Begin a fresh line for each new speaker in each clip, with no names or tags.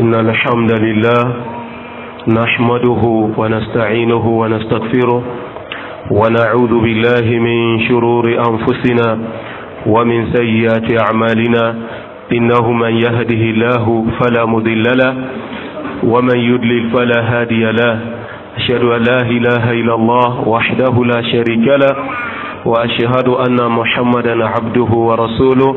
إن الحمد لله نحمده ونستعينه ونستغفره ونعوذ بالله من شرور أنفسنا ومن سيئات أعمالنا إنه من يهده الله فلا مضل له ومن يدلل فلا هادي له أشهد أن لا إله إلا الله وحده لا شريك له وأشهد أن محمدا عبده ورسوله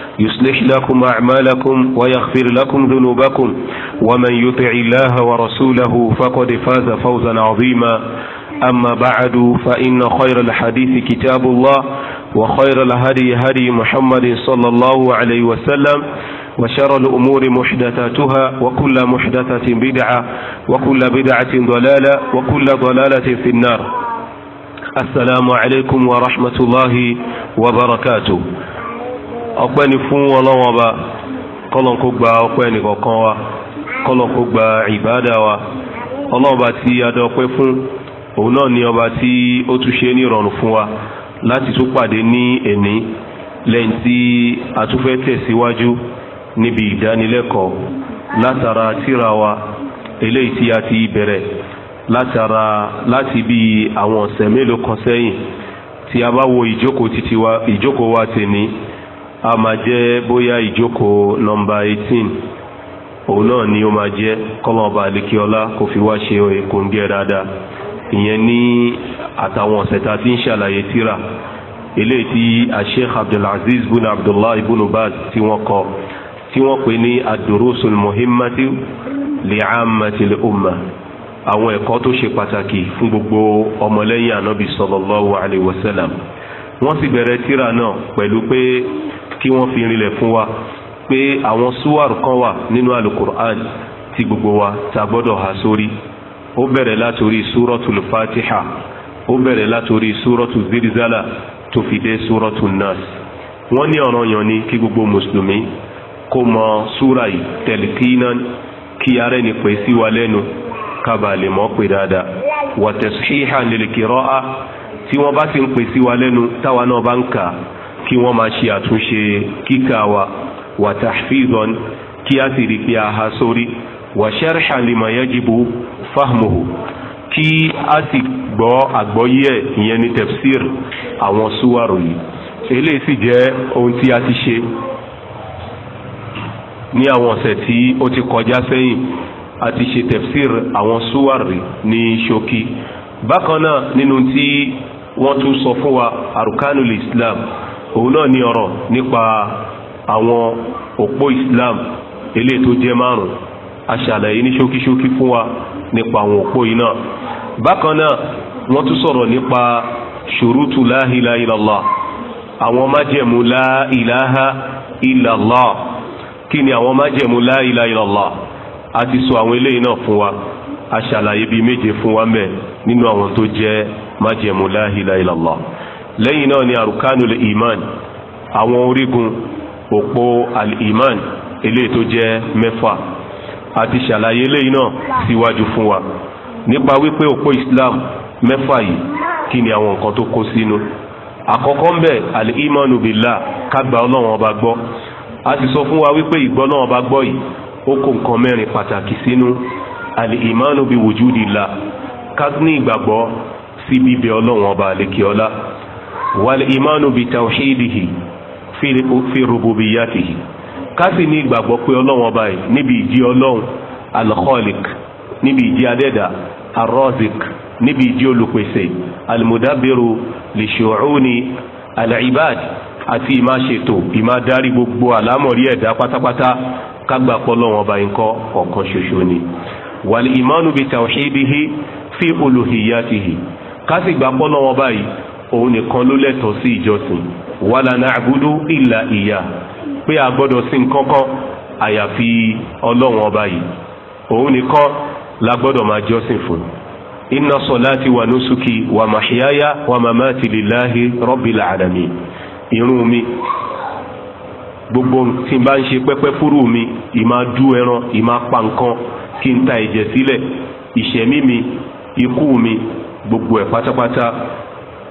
يصلح لكم أعمالكم ويغفر لكم ذنوبكم ومن يطع الله ورسوله فقد فاز فوزا عظيما أما بعد فإن خير الحديث كتاب الله وخير الهدي هدي محمد صلى الله عليه وسلم وشر الأمور محدثاتها وكل محدثة بدعة وكل بدعة ضلالة وكل ضلالة في النار السلام عليكم ورحمة الله وبركاته ọpẹ́ ni fún ọlọ́wọ́n ọba kọ́lọ́n kó gba ọpẹ́ nìkọ̀ọ̀kan wa kọ́lọ́n kó gba ìbáàdà wa ọlọ́wọ́n ọba tí a dá fún òun náà ni ọba tí ó tún ṣe ní ìrọ̀rùn fún wa láti tún pàdé ní èní lẹ́yìn tí a tún fẹ́ tẹ̀síwájú níbi ìdánilẹ́kọ̀ọ́ látara tírà wa eléyìí tí a ti bẹ̀rẹ̀ látara láti bí àwọn ọ̀sẹ̀ mélòó kan sẹ́yìn tí a bá wo ìjókòó wa tèmi a máa jẹ́ bóyá ìjókòó nọmba 18 òun náà ni ó máa jẹ́ kọ́lọ̀ ọba alikiola kò fi wá ṣe kòǹgẹ́ dáadáa ìyẹn ní àtàwọn ọ̀sẹ̀ tá ń ṣàlàyé tírà eléyìí tí asheikh abdulaziz bin abdullah ibn baz tí wọ́n kọ tí wọ́n pè ní adurusul muhimmati li'ammatil umma àwọn ẹ̀kọ́ tó ṣe pàtàkì fún gbogbo ọmọlẹ́yìn anabi sallallahu alayhi wa sallam wọ́n sì bẹ̀rẹ̀ tírà náà pẹ̀lú pé kí wọ́n fi rinlẹ̀ fún wa pé àwọn súwàrù kan wà nínú alukur'an tí gbogbo wa ta gbọ́dọ̀ ha sórí ó bẹ̀rẹ̀ látorí súrọ́tù fatiha ó bẹ̀rẹ̀ látorí súrọ́tù zirizala tó fi dé súrọ́tù nas wọ́n ní ọ̀ranyàn ni kí gbogbo mùsùlùmí kó mọ súra tẹ̀lìkínan kí kí wọ́n máa ṣe àtúnṣe kíkà wa wa tahfizan kí a sì rí pé a ha sórí wa sharhan lima yajibu fahmuhu kí a sì gbọ́ àgbọ́yé ẹ̀ ìyẹn ní tefsir àwọn súwárò yìí eléyìí sì jẹ́ ohun tí a ti ṣe ní àwọn ọ̀sẹ̀ tí ó ti kọjá sẹ́yìn a ti ṣe tefsir àwọn súwárì ní ṣókí bákan náà nínú tí wọ́n tún sọ fún wa arukanul islam òun náà ni ọ̀rọ̀ nípa àwọn òpó islam ilé tó jẹ́ márùn a ṣàlàyé ní ṣókíṣókí fún wa nípa àwọn òpó yìí náà bákan náà wọ́n tún sọ̀rọ̀ nípa ṣòrútù láhìlá ìlàlá àwọn májẹ̀mú láìláha ìlàlá kí ni àwọn májẹ̀mú láìlá ìlàlá a ti sọ àwọn eléyìí náà fún wa ìlàlá lẹ́yìn náà ni arukanul iman àwọn orígun òpó al-iman eléyìí tó jẹ́ mẹ́fà àti ṣàlàyé eléyìí náà síwájú fún wa nípa wípé òpó islam mẹ́fà yìí kí ni àwọn nǹkan tó kó sínú àkọ́kọ́ ń bẹ al-imanu billah kágbà ọlọ́run ọba gbọ́ a ti sọ fún wa wípé ìgbọ́ ọlọ́run ọba bi wujudillah ká والإيمان بتوحيده في tawhidihi fi rububiyatihi kásì ní ìgbàgbọ́ pé ọlọ́run ọba yìí níbi نبي ọlọ́run al-khaliq níbi ìjí adẹ́dà ar-razik níbi ìjí olùpèsè al-mudabiru li shu'uni al-ibad àti ìmá ṣètò ìmá darí gbogbo àlámọ̀rí ẹ̀dá pátápátá kágbà pé ọba yìí ọ̀kan ṣoṣo ni wal-imanu bi tawhidihi fi uluhiyatihi kásì gbà pé ọlọ́run ọba yìí òun nìkan ló lẹ́tọ̀ọ́ sí ìjọsìn wàlà na'budu ìlà ìyá pé a gbọ́dọ̀ sí nǹkankan àyàfi ọlọ́run ọba yìí òun nìkan la gbọ́dọ̀ máa jọ́sìn fún inna salati wa nusuki wa mahiyaya wa mamati lillahi rabbil alamin irun mi gbogbo tí n bá ń ṣe pẹ́pẹ́ fúrú mi ìmá dú ẹran ìmá pa nǹkan kí n ta ẹ̀jẹ̀ sílẹ̀ ìṣẹ̀mí mi ikú mi gbogbo ẹ̀ pátápátá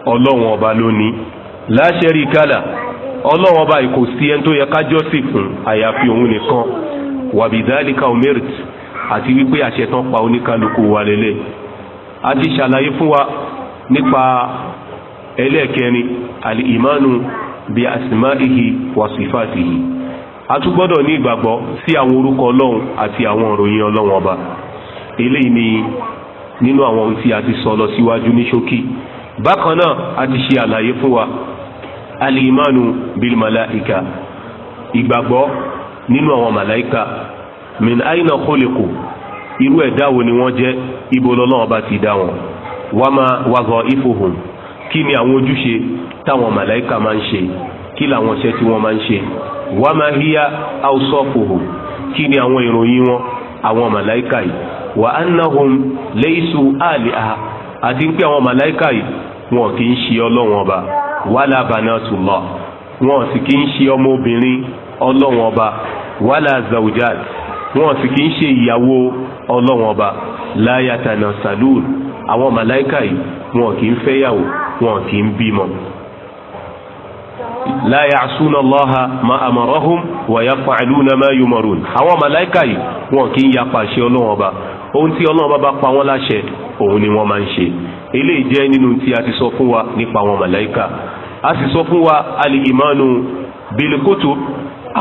ọlọ́run ọba lónìí la sharika la ọlọ́run ọba kò sí ẹni tó yẹ ká jọ́sìn fún àyàfi òun nìkan wàbídálíkà omerit àti wípé àṣẹ tán pa oníkálukú wa lélẹ̀ a ti ṣàlàyé fún wa nípa ẹlẹ́ẹ̀kẹrin alìmánu bí asìmáìhì wàsífàtìhì a tún gbọ́dọ̀ ní ìgbàgbọ́ sí àwọn orúkọ ọlọ́run àti àwọn òròyìn ọlọ́run ọba eléyìí ni nínú àwọn ohun tí a ti sọ lọ síwájú ní ṣókí bákan náà a ti ṣe àlàyé fún wa alìmánu bil malaika ìgbàgbọ́ nínú àwọn malaika min aina khuliqu irú ẹ̀dá wo ni wọ́n jẹ́ ibo lọ́lọ́wọ́ bá ti dá wọn wama waghaifuhum kí ni àwọn ojúṣe táwọn màláìka máa ń ṣe kí làwọn iṣẹ́ tí wọ́n máa ń ṣe wama hiya awsafuhum kí ni àwọn ìròyìn wọn àwọn màláìka yìí wa annahum laysu aliha àti pé àwọn màláìka yìí wọn kì í ṣe ọlọ́wọ́n ọba wàlá banatullah wọn sì kì í ṣe ọmọbìnrin ọlọ́wọ́n ọba wàlá zawjat wọn sì kì í ṣe ìyàwó ọlọ́wọ́n ọba láyàtànà sàlúùn àwọn màláìkà yìí wọn kì í fẹ́yàwó wọn kì í bímọ la ya'suna allaha ma amarahum wa yaf'aluna ma yumarun àwọn màláíkà yìí wọn kì í yapa àṣẹ ọlọ́wọ́n ọba ohun tí ọlọ́wọ́n ọba bá pa wọ́n láṣẹ òun ni wọ́n máa ń ṣe eléyìí jẹ́ nínú tí a ti sọ fún wa nípa àwọn màláìka a sì sọ fún wa alìyìmánu bilikoto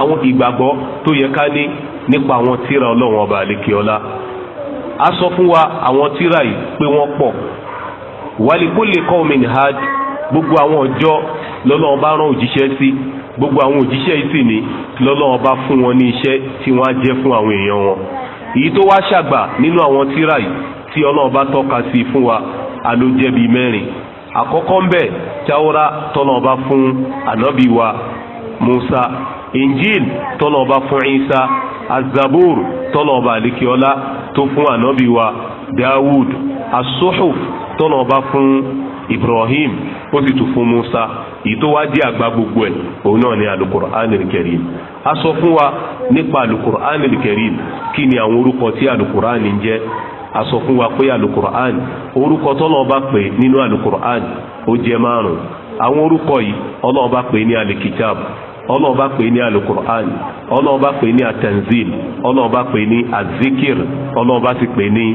àwọn ìgbàgbọ́ tó yẹ ká ní nípa àwọn tíra ọlọ́run ọba àlekèọlá a sọ fún wa àwọn tíra yìí pé wọ́n pọ̀ wàlíkólè kọ́ọ̀mìn hajj gbogbo àwọn ọjọ́ lọ́lọ́run bá rán òjíṣẹ́ sí gbogbo àwọn òjíṣẹ́ ìsìn ni lọ́lọ́run bá fún wọn ní iṣẹ́ tí wọ́n á jẹ́ fún àwọn èèyàn wọn èyí tó wá ṣàgbà nínú àwọn tíra yìí tí ọlọ́run bá tọ́ka sí fún wa alójẹ́bi mẹ́rin àkọ́kọ́ ń bẹ̀ táwọ́rá tọ́lọ́ọ̀bá fún ànábì wa Musa Injil tọ́lọ́ọ̀bá fún Isa azabur tọ́lọ́ọ̀bá alikiola tó fún ànábì wa Dawud asuhuf tọ́lọ́ọ̀bá fún Ibrahim ó sì tún fún Musa èyí tó wá jẹ́ àgbà gbogbo ẹ̀ òun náà ni alukur'an al-karim a sọ fún wa nípa alukur'an al-karim kí ni àwọn orúkọ tí alukur'an ń jẹ́ a sọ fún wa pé alukur'an orúkọ tọ́lọ́ọ̀bá pè nínú alukur'an ó jẹ márùn-ún àwọn orúkọ yìí ọlọ́ọ̀bá pè ní alikitab ọlọ́ọ̀bá pè ní kwe ọlọ́ọ̀bá pè ní atanzil pè ní azikir ọlọ́ọ̀bá pè ní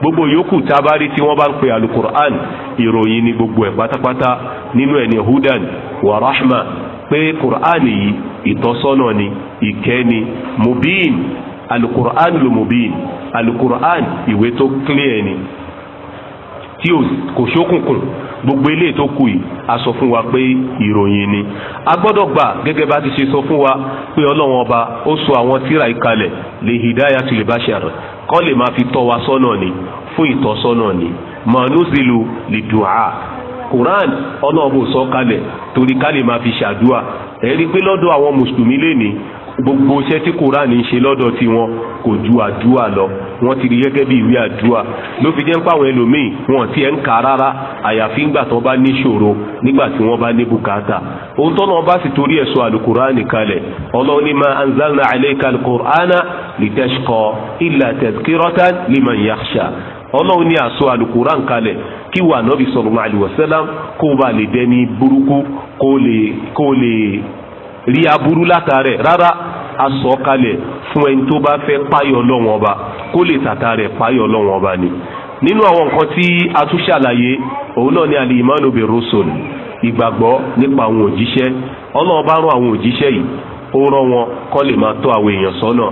gbogbo yòókù tá a bá rí tí wọ́n bá ń pè ìròyìn ni gbogbo ẹ̀ pátápátá nínú hudan wa rahma pé yìí ìtọ́sọ́nà ni mubin alukur'an lomobin alukur'an ìwé tó clear ni tí kò ṣókùnkùn gbogbo ilé tó kù yìí a sọ fún wa pé ìròyìn ni a gbọ́dọ̀ gbà gẹ́gẹ́ bá ti ṣe sọ fún wa pé ọlọ́run ọba ó sọ àwọn tírà ìkalẹ̀ lè hidayatul bashar kó lè máa fi tọ́ wa sọ́nà ni fún ìtọ́sọ́nà ni manuzilu li du'a quran ọlọ́run ò sọ kalẹ̀ torí ká lè máa fi ṣàdúà ẹ̀rí pé lọ́dọ̀ àwọn mùsùlùmí lé ní gbogbo iṣẹ́ tí kùránì ń ṣe lọ́dọ̀ tí wọn kò ju àdúà lọ wọ́n ti rí gẹ́gẹ́ bí ìwé àdúà ló fi jẹ́ ń pàwọn ẹlòmíì wọn ti ẹ̀ ń kà rárá àyàfi ńgbà tó bá ní ṣòro nígbà tí wọ́n bá ní bùkátà ohun tọ́nà bá sì torí ẹ̀ sọ kalẹ̀ ọlọ́run ní ma anzalna alayka alukurana litashqa illa tazkiratan liman yakhsha ọlọ́run ní àsọ alukuran kalẹ̀ kí wà nọ́bì sallallahu alaihi wasallam kó o bá lè dẹni burúkú kó o lè rí aburú látàrẹ̀ rárá asọ̀kalẹ̀ fún ẹni tó bá fẹ́ páyọ̀ lọ́wọ́n ọba kó lè tàtàrẹ̀ páyọ̀ lọ́wọ́n ọba ni nínú àwọn nǹkan tí a tún ṣàlàyé òun náà ni alìmánu bẹ̀rù sọ̀lù ìgbàgbọ́ nípa àwọn òjíṣẹ́ ọlọ́run bá rán àwọn òjíṣẹ́ yìí ó rán wọn kó lè máa tọ́ àwọn èèyàn sọ́nà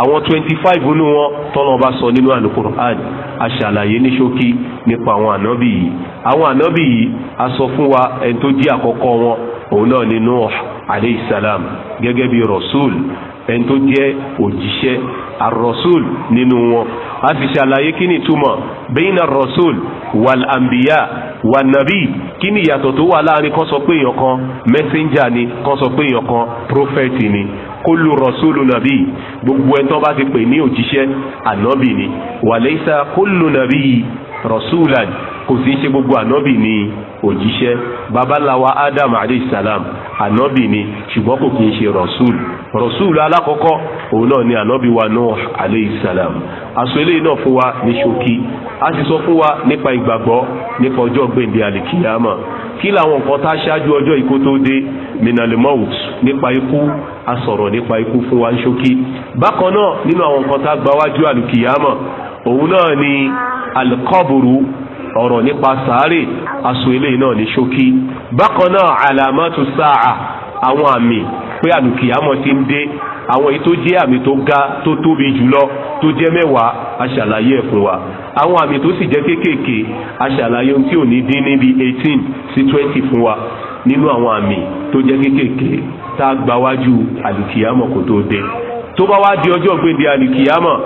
àwọn twenty five nínú wọn tọ́nà bá sọ nínú alukur'an aṣàlàyé ní ṣókí nípa àwọn ànábì yìí àwọn ànábì yìí a sọ fún wa ẹni tó jí àkọ́kọ́ wọn òun náà ni Nuh alayhi salam gẹ́gẹ́ bí rasul ẹni tó jẹ́ òjíṣẹ́ arọ́sùl nínú wọn a sì ṣàlàyé kí ni túmọ̀ bẹ́yìn arọ́sùl wàlàmbíyà wànàbí kí ni ìyàtọ̀ tó wà láàrin kan sọ pé èèyàn kan mẹ́sẹ́njà ni kan sọ pé èèyàn kan prófẹ́tì ni kólú rọ̀súlù nàbí gbogbo ẹ̀tọ́ bá ti pè ní òjíṣẹ́ ànábì ni wàlẹ́sà kólú nàbí rasulan kò sí ṣe gbogbo ànábì ní òjíṣẹ́ babaláwa adam aleyhisselam ànábì ní ṣùgbọ́n kò kì í ṣe rasul rasul alákọ̀ọ́kọ́ òun náà ni ànábì wa nuh aleyhisselam aṣọ eléyìí náà fún wa ní ṣókí a sì sọ fún wa nípa ìgbàgbọ́ nípa ọjọ́ gbèǹde alikiyama kí làwọn nǹkan tá a ṣáájú ọjọ́ ikú tó dé minalimout nípa ikú a sọ̀rọ̀ nípa ikú fún wa ní ṣókí bákan náà nínú àwọn nǹkan tá a gbáwájú alikiyama òun náà ni alikọ́bùrù ọ̀rọ̀ nípa sàárè aṣọ eléyìí náà ní ṣókí bákan náà àlàmátù sáà àwọn àmì pé àlùkìyàmọ̀ ti ń dé àwọn èyí tó jẹ́ àmì tó ga tó tóbi jùlọ tó jẹ́ mẹ́wàá aṣàlàyé ẹ̀ fún wa àwọn àmì tó sì jẹ́ kéékèèké aṣàlàyé ohun tí ò ní dín níbi eighteen sí twenty fún wa nínú àwọn àmì tó jẹ́ kéékèèké tá a gbáwájú àlùkìyàmọ̀ kò tó dé tó bá wá di ọjọ́ gbèdé àlùkìyàmọ̀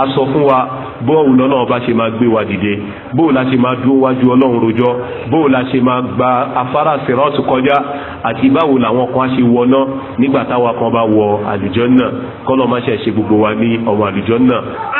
a sọ fún wa bóòwù lọ́nà ọba ṣe máa gbé wa dìde bóòwù la ṣe máa dúró wájú ọlọ́run rojọ́ bóòwù la ṣe máa gba afárá sírọ́ọ̀tù kọjá àti báwo làwọn kan ṣe wọná nígbà táwa kan bá wọ àlùjànnà kọ́lọ́ má ṣe ṣe gbogbo wa ní ọmọ àlùjànnà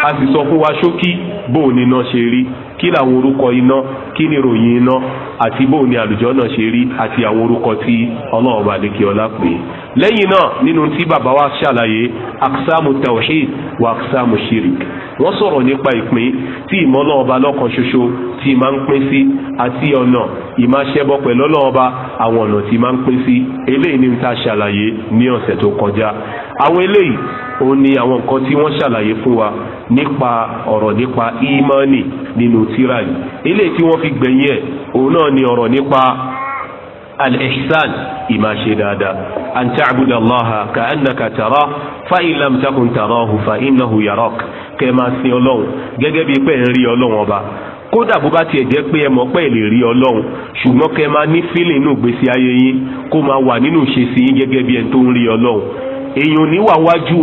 a sì sọ fún wa ṣókí bóòwù ni ṣe rí kí làwọn orúkọ iná kí ni ìròyìn iná àti bóun ni àlùjọ náà ṣe rí àti àwọn orúkọ tí ọlọ́run bá lékè ọlá pè é lẹ́yìn náà nínú tí bàbá wa ṣàlàyé aksamu tawhid wa aksamu shirik wọ́n sọ̀rọ̀ nípa ìpín tí ìmọ̀ ọlọ́run bá lọ́kan ṣoṣo tí máa ń pín sí àti ọ̀nà ìmáṣẹ́bọ pẹ̀lú ọlọ́run àwọn ọ̀nà tí máa ń pín sí eléyìí ni ta ṣàlàyé ní ọ̀sẹ̀ tó kọjá àwọn eléyìí òun ni àwọn nǹkan tí wọ́n ṣàlàyé fún wa nípa ọ̀rọ̀ nípa ìmánì nínú tíra yìí eléyìí tí wọ́n fi gbẹ̀yìn ẹ̀ òun náà ni ọ̀rọ̀ nípa al-ihsan ìmá ṣe dáadáa an ta'budu allaha ka annaka tara fa in lam takun tarahu fa innahu yarak kẹ́ máa sin ọlọ́run gẹ́gẹ́ bíi pé ń rí ọlọ́run ọba kódà bó bá tiẹ̀ jẹ́ pé ẹ mọ̀ pé lè rí ọlọ́run ṣùgbọ́n kẹ́ máa ní fílì inú ìgbésí ayé yín kó máa wà nínú ìṣesí yín gẹ́gẹ́ bí ẹni tó ń rí ọlọ́run èèyàn ò wájú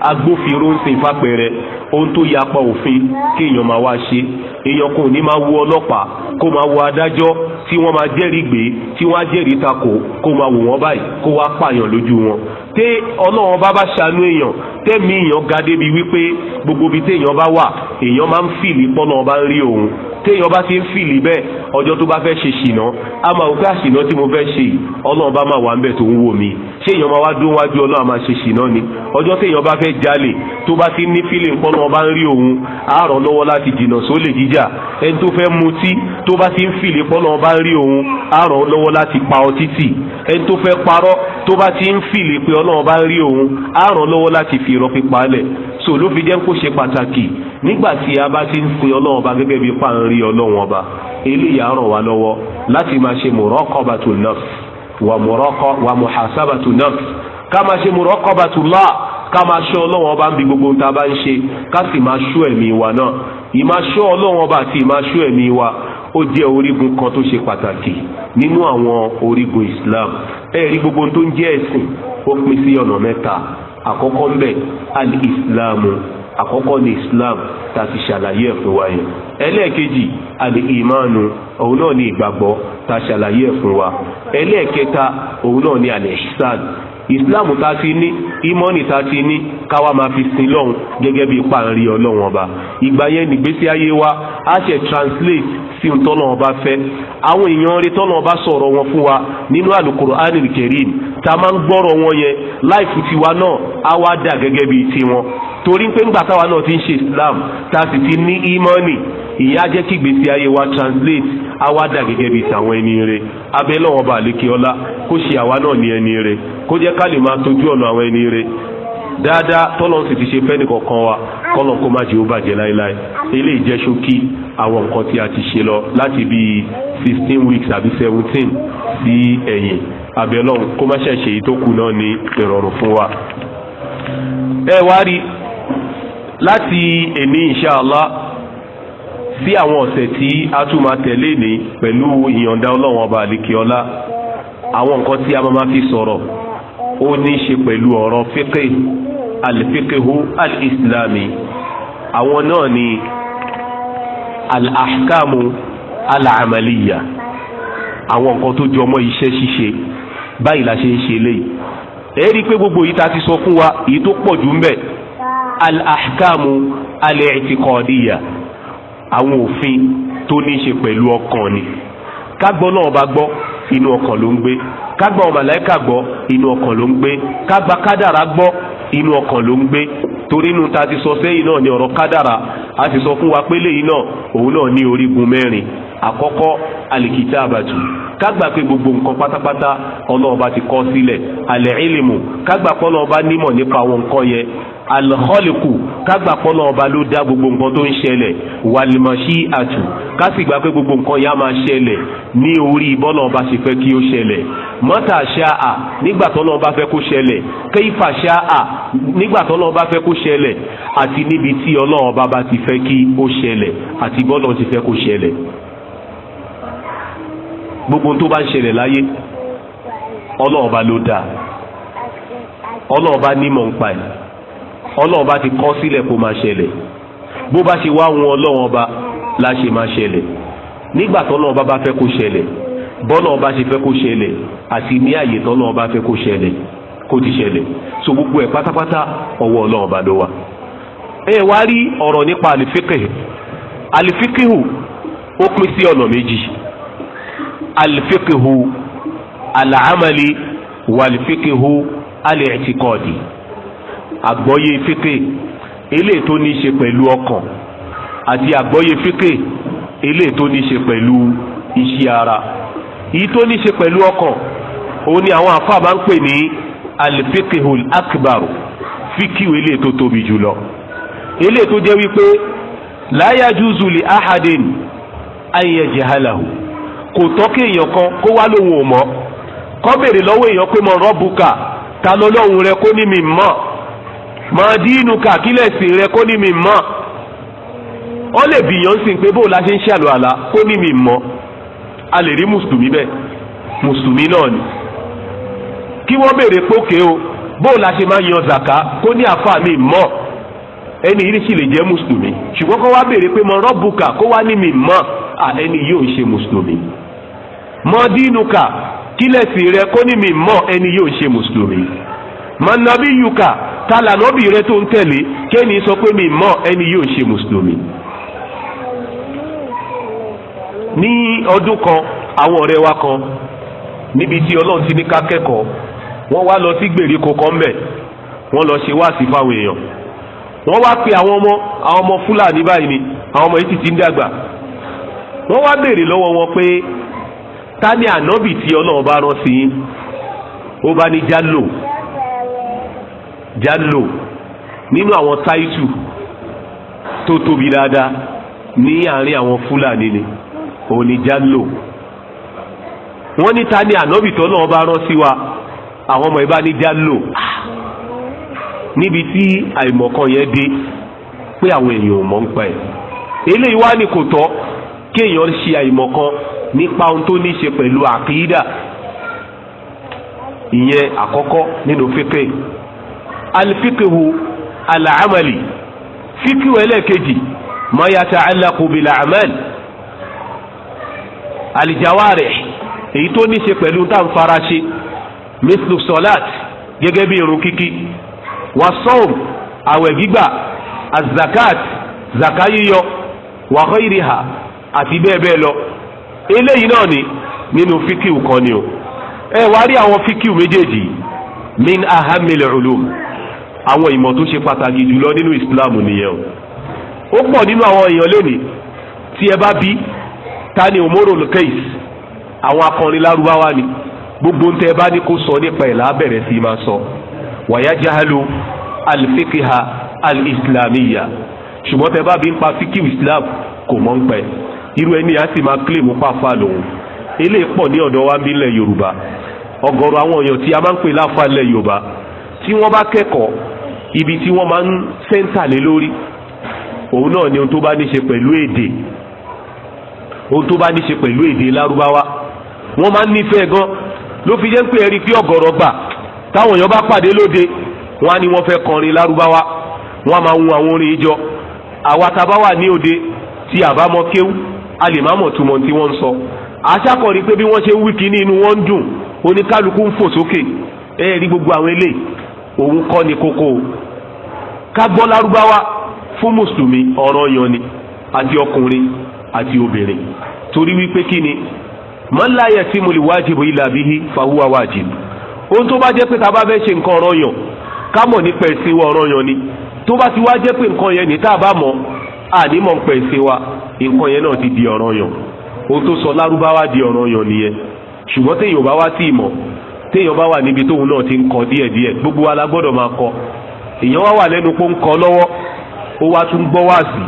agbófinró ń sin fápẹrẹ ohun tó yapa òfin kí èèyàn máa wá ṣe èèyàn kò ní máa wo ọlọ́pàá kó máa wo adájọ́ tí wọ́n máa jẹ́rìí gbé tí wọ́n á jẹ́rìí takò kó máa wò wọ́n báyìí kó wá pààyàn lójú wọn té ọlọ́run bá bá ṣàánú èèyàn tẹ́mi èèyàn ga débi wípé gbogbo ibi téèyàn bá wà èèyàn máa ń fìlì pọ́nà bá ń rí òun téèyàn bá ti ń fìlì bẹ́ẹ̀ ọjọ́ tó bá fẹ́ ṣe ṣìnà á máa wò pé àṣìnà tí mo fẹ́ ṣe ọlọ́run bá máa wà ń bẹ̀ tó ń wò mí kéèyàn máa wá dún wájú ọlọ́run máa ṣe ṣìnà ni ọjọ́ téèyàn bá fẹ́ jalè tó bá ti ní fílẹ̀ nǹkan náà bá ń rí òun àárọ̀ lọ́wọ́ láti jìnnà sólè jíjà ẹni tó fẹ́ mutí tó bá ti ń fìlẹ̀ pọ́n náà bá ń rí òun àárọ̀ lọ́wọ́ láti pa ọtí tì ẹni tó fẹ́ parọ́ tó bá ti ń fìlẹ̀ pé ọlọ́run bá ń rí òun àárọ̀ lọ́wọ́ láti fi irọ́ pípa lẹ̀ so ló fi jẹ́ kó ṣe pàtàkì nígbà tí a bá ti ń pe ọlọ́run ọba gẹ́gẹ́ bí pa ń rí ọlọ́run ọba eléyàá ràn wá lọ́wọ́ láti máa ṣe mọ̀rọ́kọ̀ọ́bà tó nọ́ọ̀sì wà mọ̀rọ́kọ́ wà mọ̀hásábàtú nafs ká máa ṣe mọ̀rọ́kọ́bàtú lá ká máa ṣọ́ ọlọ́wọ́n bá ń bi gbogbo tá a bá ń ṣe ká sì máa ṣọ́ ẹ̀mí wa náà ìmáṣọ́ ọlọ́wọ́n bá àti ìmáṣọ́ ẹ̀mí wa ó jẹ́ orígun kan tó ṣe pàtàkì nínú àwọn orígun Islam ẹ̀rí gbogbo tó ń jẹ́ ẹ̀sìn ó pín sí ọ̀nà mẹ́ta àkọ́kọ́ ń bẹ al àkọ́kọ́ ní islam tá a ti ṣàlàyé ẹ̀ fún wa yẹn ẹlẹ́ẹ̀kejì àlè ìmánu òun náà ní ìgbàgbọ́ tá ṣàlàyé ẹ̀ wa ẹlẹ́ẹ̀kẹta òun náà ní àlè ìsàn Islam tá a ti ní ìmọ̀ọ́nì tá a ti ní káwa máa fi sin lọ́hùn gẹ́gẹ́ bí ipa ń ọba ìgbà yẹn nìgbésí ayé wa á ṣe translate sí ohun tọ́lọ́run ọba fẹ́ àwọn èèyàn rí tọ́lọ́run ọba sọ̀rọ̀ wọn fún wa nínú Al-Qur'anil Karim tá a máa ń gbọ́rọ̀ wọn yẹn láìfù tiwa náà á wá dà gẹ́gẹ́ bí tiwọn torí pé ńgbà táwa náà ti ń ṣe Islam tá a sì ti ní ìmọ̀ọ́nì ìyà jẹ́ kí gbèsè ayé wa translate àwa dà gẹ́gẹ́ bíi tàwọn ẹni rẹ̀ abẹ́ lọ́wọ́ bá lékè ọlá kó ṣe àwa náà ní ẹni rẹ̀ kó jẹ́ ká lè máa tójú ọ̀nà àwọn ẹni rẹ̀ dáadáa tọ́lọ́n sì ti ṣe fẹ́ nìkọ̀ọ̀kan wa kọ́lọ́n kó má jẹ́ ó bàjẹ́ láéláé eléyìí jẹ́ ṣókí àwọn nǹkan tí a ti ṣe lọ láti bíi sixteen weeks àbí seventeen sí ẹ̀yìn abẹ́ ọlọ́run kó má ṣẹ̀ṣẹ̀ yìí tó kù náà ní ìrọ̀rùn fún wa. ẹ wá rí láti èmi insha Allah sí àwọn ọ̀sẹ̀ tí a tún máa tẹ̀lé ní pẹ̀lú ìyọ̀ǹda ọlọ́run ọba àlekè ọlá àwọn nǹkan tí a máa fi sọ̀rọ̀ ó ní í ṣe pẹ̀lú ọ̀rọ̀ fíkè alfikihu alislami àwọn náà ni alahkamu alaamaliya àwọn nǹkan tó jọmọ́ iṣẹ́ ṣíṣe báyìí la ṣe ń ṣe léyìí èyí pé gbogbo yìí ta ti sọ fún wa èyí tó pọ̀ jù ń bẹ alahkamu alitikọ̀ọ́díyà àwọn òfin tó ní í ṣe pẹ̀lú ọkàn ni kágbọ́ náà bá gbọ́ inú ọkàn ló ń gbé kágbà ọmọlẹ́kà gbọ́ inú ọkàn ló ń gbé kágbà kádàrà gbọ́ inú ọkàn ló ń gbé torí inú ta ti sọ sẹ́yìn náà ní ọ̀rọ̀ kádàrà a sì sọ fún wa pé léyìn náà òun náà ní orígun mẹ́rin àkọ́kọ́ alikita abatu kágbà pé gbogbo nǹkan pátápátá ọlọ́ọ̀ba ti kọ́ sílẹ̀ al-ilmu kágbà pé ọlọ́ọ̀ba nímọ̀ nípa àwọn nǹkan yẹn al-khaliqu kágbà pé ọlọ́ọ̀ba ló dá gbogbo nǹkan tó ń ṣẹlẹ̀ wal-mashi'atu kásìgbà pé gbogbo nǹkan yá máa ṣẹlẹ̀ ní orí bọ́lọ́ọ̀ba ṣe fẹ́ kí ó ṣẹlẹ̀ mọ́tà ṣáà nígbà tọ́lọ́ọ̀ba fẹ́ kó ṣẹlẹ̀ kayfa ṣáà nígbà tọ́lọ́ọ̀ba fẹ́ kó ṣẹlẹ̀ àti níbi tí ọlọ́ọ̀ba bá ti fẹ́ kí ó ṣẹlẹ̀ àti bọ́lọ́ọ̀ ti fẹ́ kó ṣẹlẹ̀ gbogbo tó bá ń ṣẹlẹ̀ láyé ọlọ́ọ̀ba ló dáa ọlọ́ọ̀ba nímọ̀ ń pa ẹ̀ ọlọ́ọ̀ba ti kọ́ sílẹ̀ kó máa ṣẹlẹ̀ bó bá ṣe wá wọn ọlọ́ọ̀ba la ṣe máa ṣẹlẹ̀ nígbà tọ́lọ́ọ̀ba bá fẹ́ kó ṣẹlẹ̀ bọ́lọ́ọ̀ba ṣe fẹ́ kó ṣẹlẹ̀ àti ní àyè tọ́lọ́ọ̀ba fẹ́ kó ṣẹlẹ̀ kó ti ṣẹlẹ̀ so gbogbo ẹ̀ pátápátá ọwọ́ ọlọ́ọ̀ba ló wà. ẹ wá rí ọ̀rọ̀ nípa àlìfíkè àlìfíkè hù ó pín sí ọ̀nà méjì alifikihu alaamali walifikihu aliẹtikọọdi àgbọ́yé fike eléyìí tó ní í ṣe pẹ̀lú ọkàn àti àgbọ́yé fike eléyìí tó ní í ṣe pẹ̀lú iṣẹ́ ara èyí tó ní í ṣe pẹ̀lú ọkàn òun ni àwọn àfáà bá ń pè ní alifikihu akbar fikihu eléyìí tó tóbi jùlọ eléyìí tó jẹ́ wípé láyájú zuli ahadin ayẹjẹ halahu kò tọ́ kí èèyàn kan kó wá lóhùn ò mọ́ kọ́ béèrè lọ́wọ́ èèyàn pé mọ rọ́bùkà ta ló lọ́hùn rẹ kó ní mi mọ̀ mọ dínú kà kílẹ̀ sí rẹ kó ní mi mọ̀ ó lè bìyàn sí pé bó la ṣe ń ṣàlù àlá kó ní mi mọ̀ a lè rí mùsùlùmí bẹ́ẹ̀ mùsùlùmí náà ni kí wọ́n béèrè pókè o bó la ṣe máa yan zàká kó ní àfa mi mọ̀ ẹni yìí sì lè jẹ́ mùsùlùmí ṣùgbọ́n kó wá béèrè pé mọ rọ́bùkà kó wá ní mi mọ̀ ẹni yìí ò ṣe mùsùlùmí mọdínúkà kílẹ̀sì rẹ kó ní mi mọ̀ ẹni yóò ṣe mùsùlùmí mọ̀nàbíyùkà tàlànàbí rẹ tó ń tẹ̀lé kéènì sọ pé mi mọ̀ ẹni yóò ṣe mùsùlùmí. ní ọdún kan àwọn ọ̀rẹ́ wa kan níbi tí ọlọ́run ti ní ká kẹ́kọ̀ọ́ wọ́n wá lọ sí gbèríko kan mbẹ̀ wọ́n lọ ṣe wáàsí fáwọn èèyàn wọ́n wá pe àwọn ọmọ àwọn ọmọ fúlàní báyìí ni àwọn ọmọ yìí ti ti ń dàgbà wọ́n wá béèrè lọ́wọ́ wọn pé Tani anobi ànábì tí ọlọ́run bá rán sí yín ó bá ní jálò jálò nínú àwọn táìtù tó tóbi dáadáa ní àárín àwọn fúlàní ni òun ni jálò wọ́n ní ta ni ànábì tí ọlọ́run bá rán sí wa àwọn ọmọ ìbá ní jálò níbi tí àìmọ̀kan yẹn dé pé àwọn èèyàn ò mọ̀ ń pa ẹ̀ eléyìí wá ní kò tọ́ kéèyàn ṣe àìmọ̀kan nípa ohun tó ní ṣe pẹ̀lú àkìídà ìyẹn àkọ́kọ́ nínú fíkè alifíkèhu alaamali fíkèhu ẹlẹ́ẹ̀kejì ma yata'allaqu bil a'mal alijawarih èyí tó ní ṣe pẹ̀lú tá à ń fara ṣe mislu salat gẹ́gẹ́ bí irun kíkí wasọ́ọ̀m àwẹ̀ gbígbà azakat zakayiyo wa àti bẹ́ẹ̀ bẹ́ẹ̀ lọ eléyìí náà ni nínú fíkìw kan ni o ẹ wá rí àwọn fíkìw méjèèjì min ahamil ulum àwọn ìmọ̀ tó ṣe pàtàkì jùlọ nínú islam nìyẹn o ó pọ̀ nínú àwọn èèyàn lónìí tí ẹ bá bí ta ni omoro case àwọn akọrin lárúbáwá ni gbogbo ń tẹ ẹ bá ní kó sọ nípa ẹ̀ lábẹ̀rẹ̀ sí máa sọ wàyà jahalo alifikiha alislamiya ṣùgbọ́n tẹ bá bí ń pa fíkìw islam kò mọ̀ ń pẹ́ irú ẹni á sì máa kílèmù pàfà lòun eléyìí pọ̀ ní ọ̀dọ̀ wa bí ilẹ̀ yorùbá ọ̀gọ̀rọ̀ àwọn èèyàn tí a máa ń pè láfa ilẹ̀ yorùbá tí wọ́n bá kẹ́kọ̀ọ́ ibi tí wọ́n máa ń sẹ́ńtà lé lórí òun náà ni ohun tó bá ní ṣe pẹ̀lú èdè ohun tó bá ní ṣe pẹ̀lú èdè lárúbáwá wọ́n máa ń nífẹ̀ẹ́ gan ló fi jẹ́ pé ẹ̀rí pé ọ̀gọ̀rọ̀ gbà táwọn èèyàn bá pàdé lóde wọ́n á ní wọ́n fẹ́ kọrin lárúbáwá wọ́n á máa hun àwọn orin ìjọ àwa tá a bá wà ní òde tí àbámọ́ kéwú a lè má mọ̀ túmọ̀ tí wọ́n ń sọ aṣákọ̀rí pé bí wọ́n ṣe ń wí kíní inú wọn ń dùn oníkálukú ń fò sókè ẹ rí gbogbo àwọn eléyìí òun kọ́ ni kókó ká gbọ́ lárúbáwá fún mùsùlùmí ọ̀ràn yan ni àti ọkùnrin àti obìnrin torí wípé kí ni man la yatimu li wajibu illa bihi fahuwa wajib ohun tó bá jẹ́ pé ta bá fẹ́ ṣe nǹkan ọ̀ràn yan ká mọ̀ nípa ẹ̀sìn wa ọ̀ràn yan ni tó bá ti wá jẹ́ pé nǹkan yẹn ní tá a bá mọ̀ àní mọ̀ nípa ẹ̀sìn wa nǹkan yẹn náà ti di ọ̀ràn yàn ohun tó sọ lárúbáwá di ọ̀ràn yàn nìyẹn ṣùgbọ́n téèyàn bá wá sí ìmọ̀ téèyàn bá wà níbi tóun náà ti ń kọ díẹ̀díẹ̀ gbogbo wa la gbọ́dọ̀ máa kọ èèyàn wá wà lẹ́nu pé ń kọ lọ́wọ́ ó wá tún gbọ́ wá sí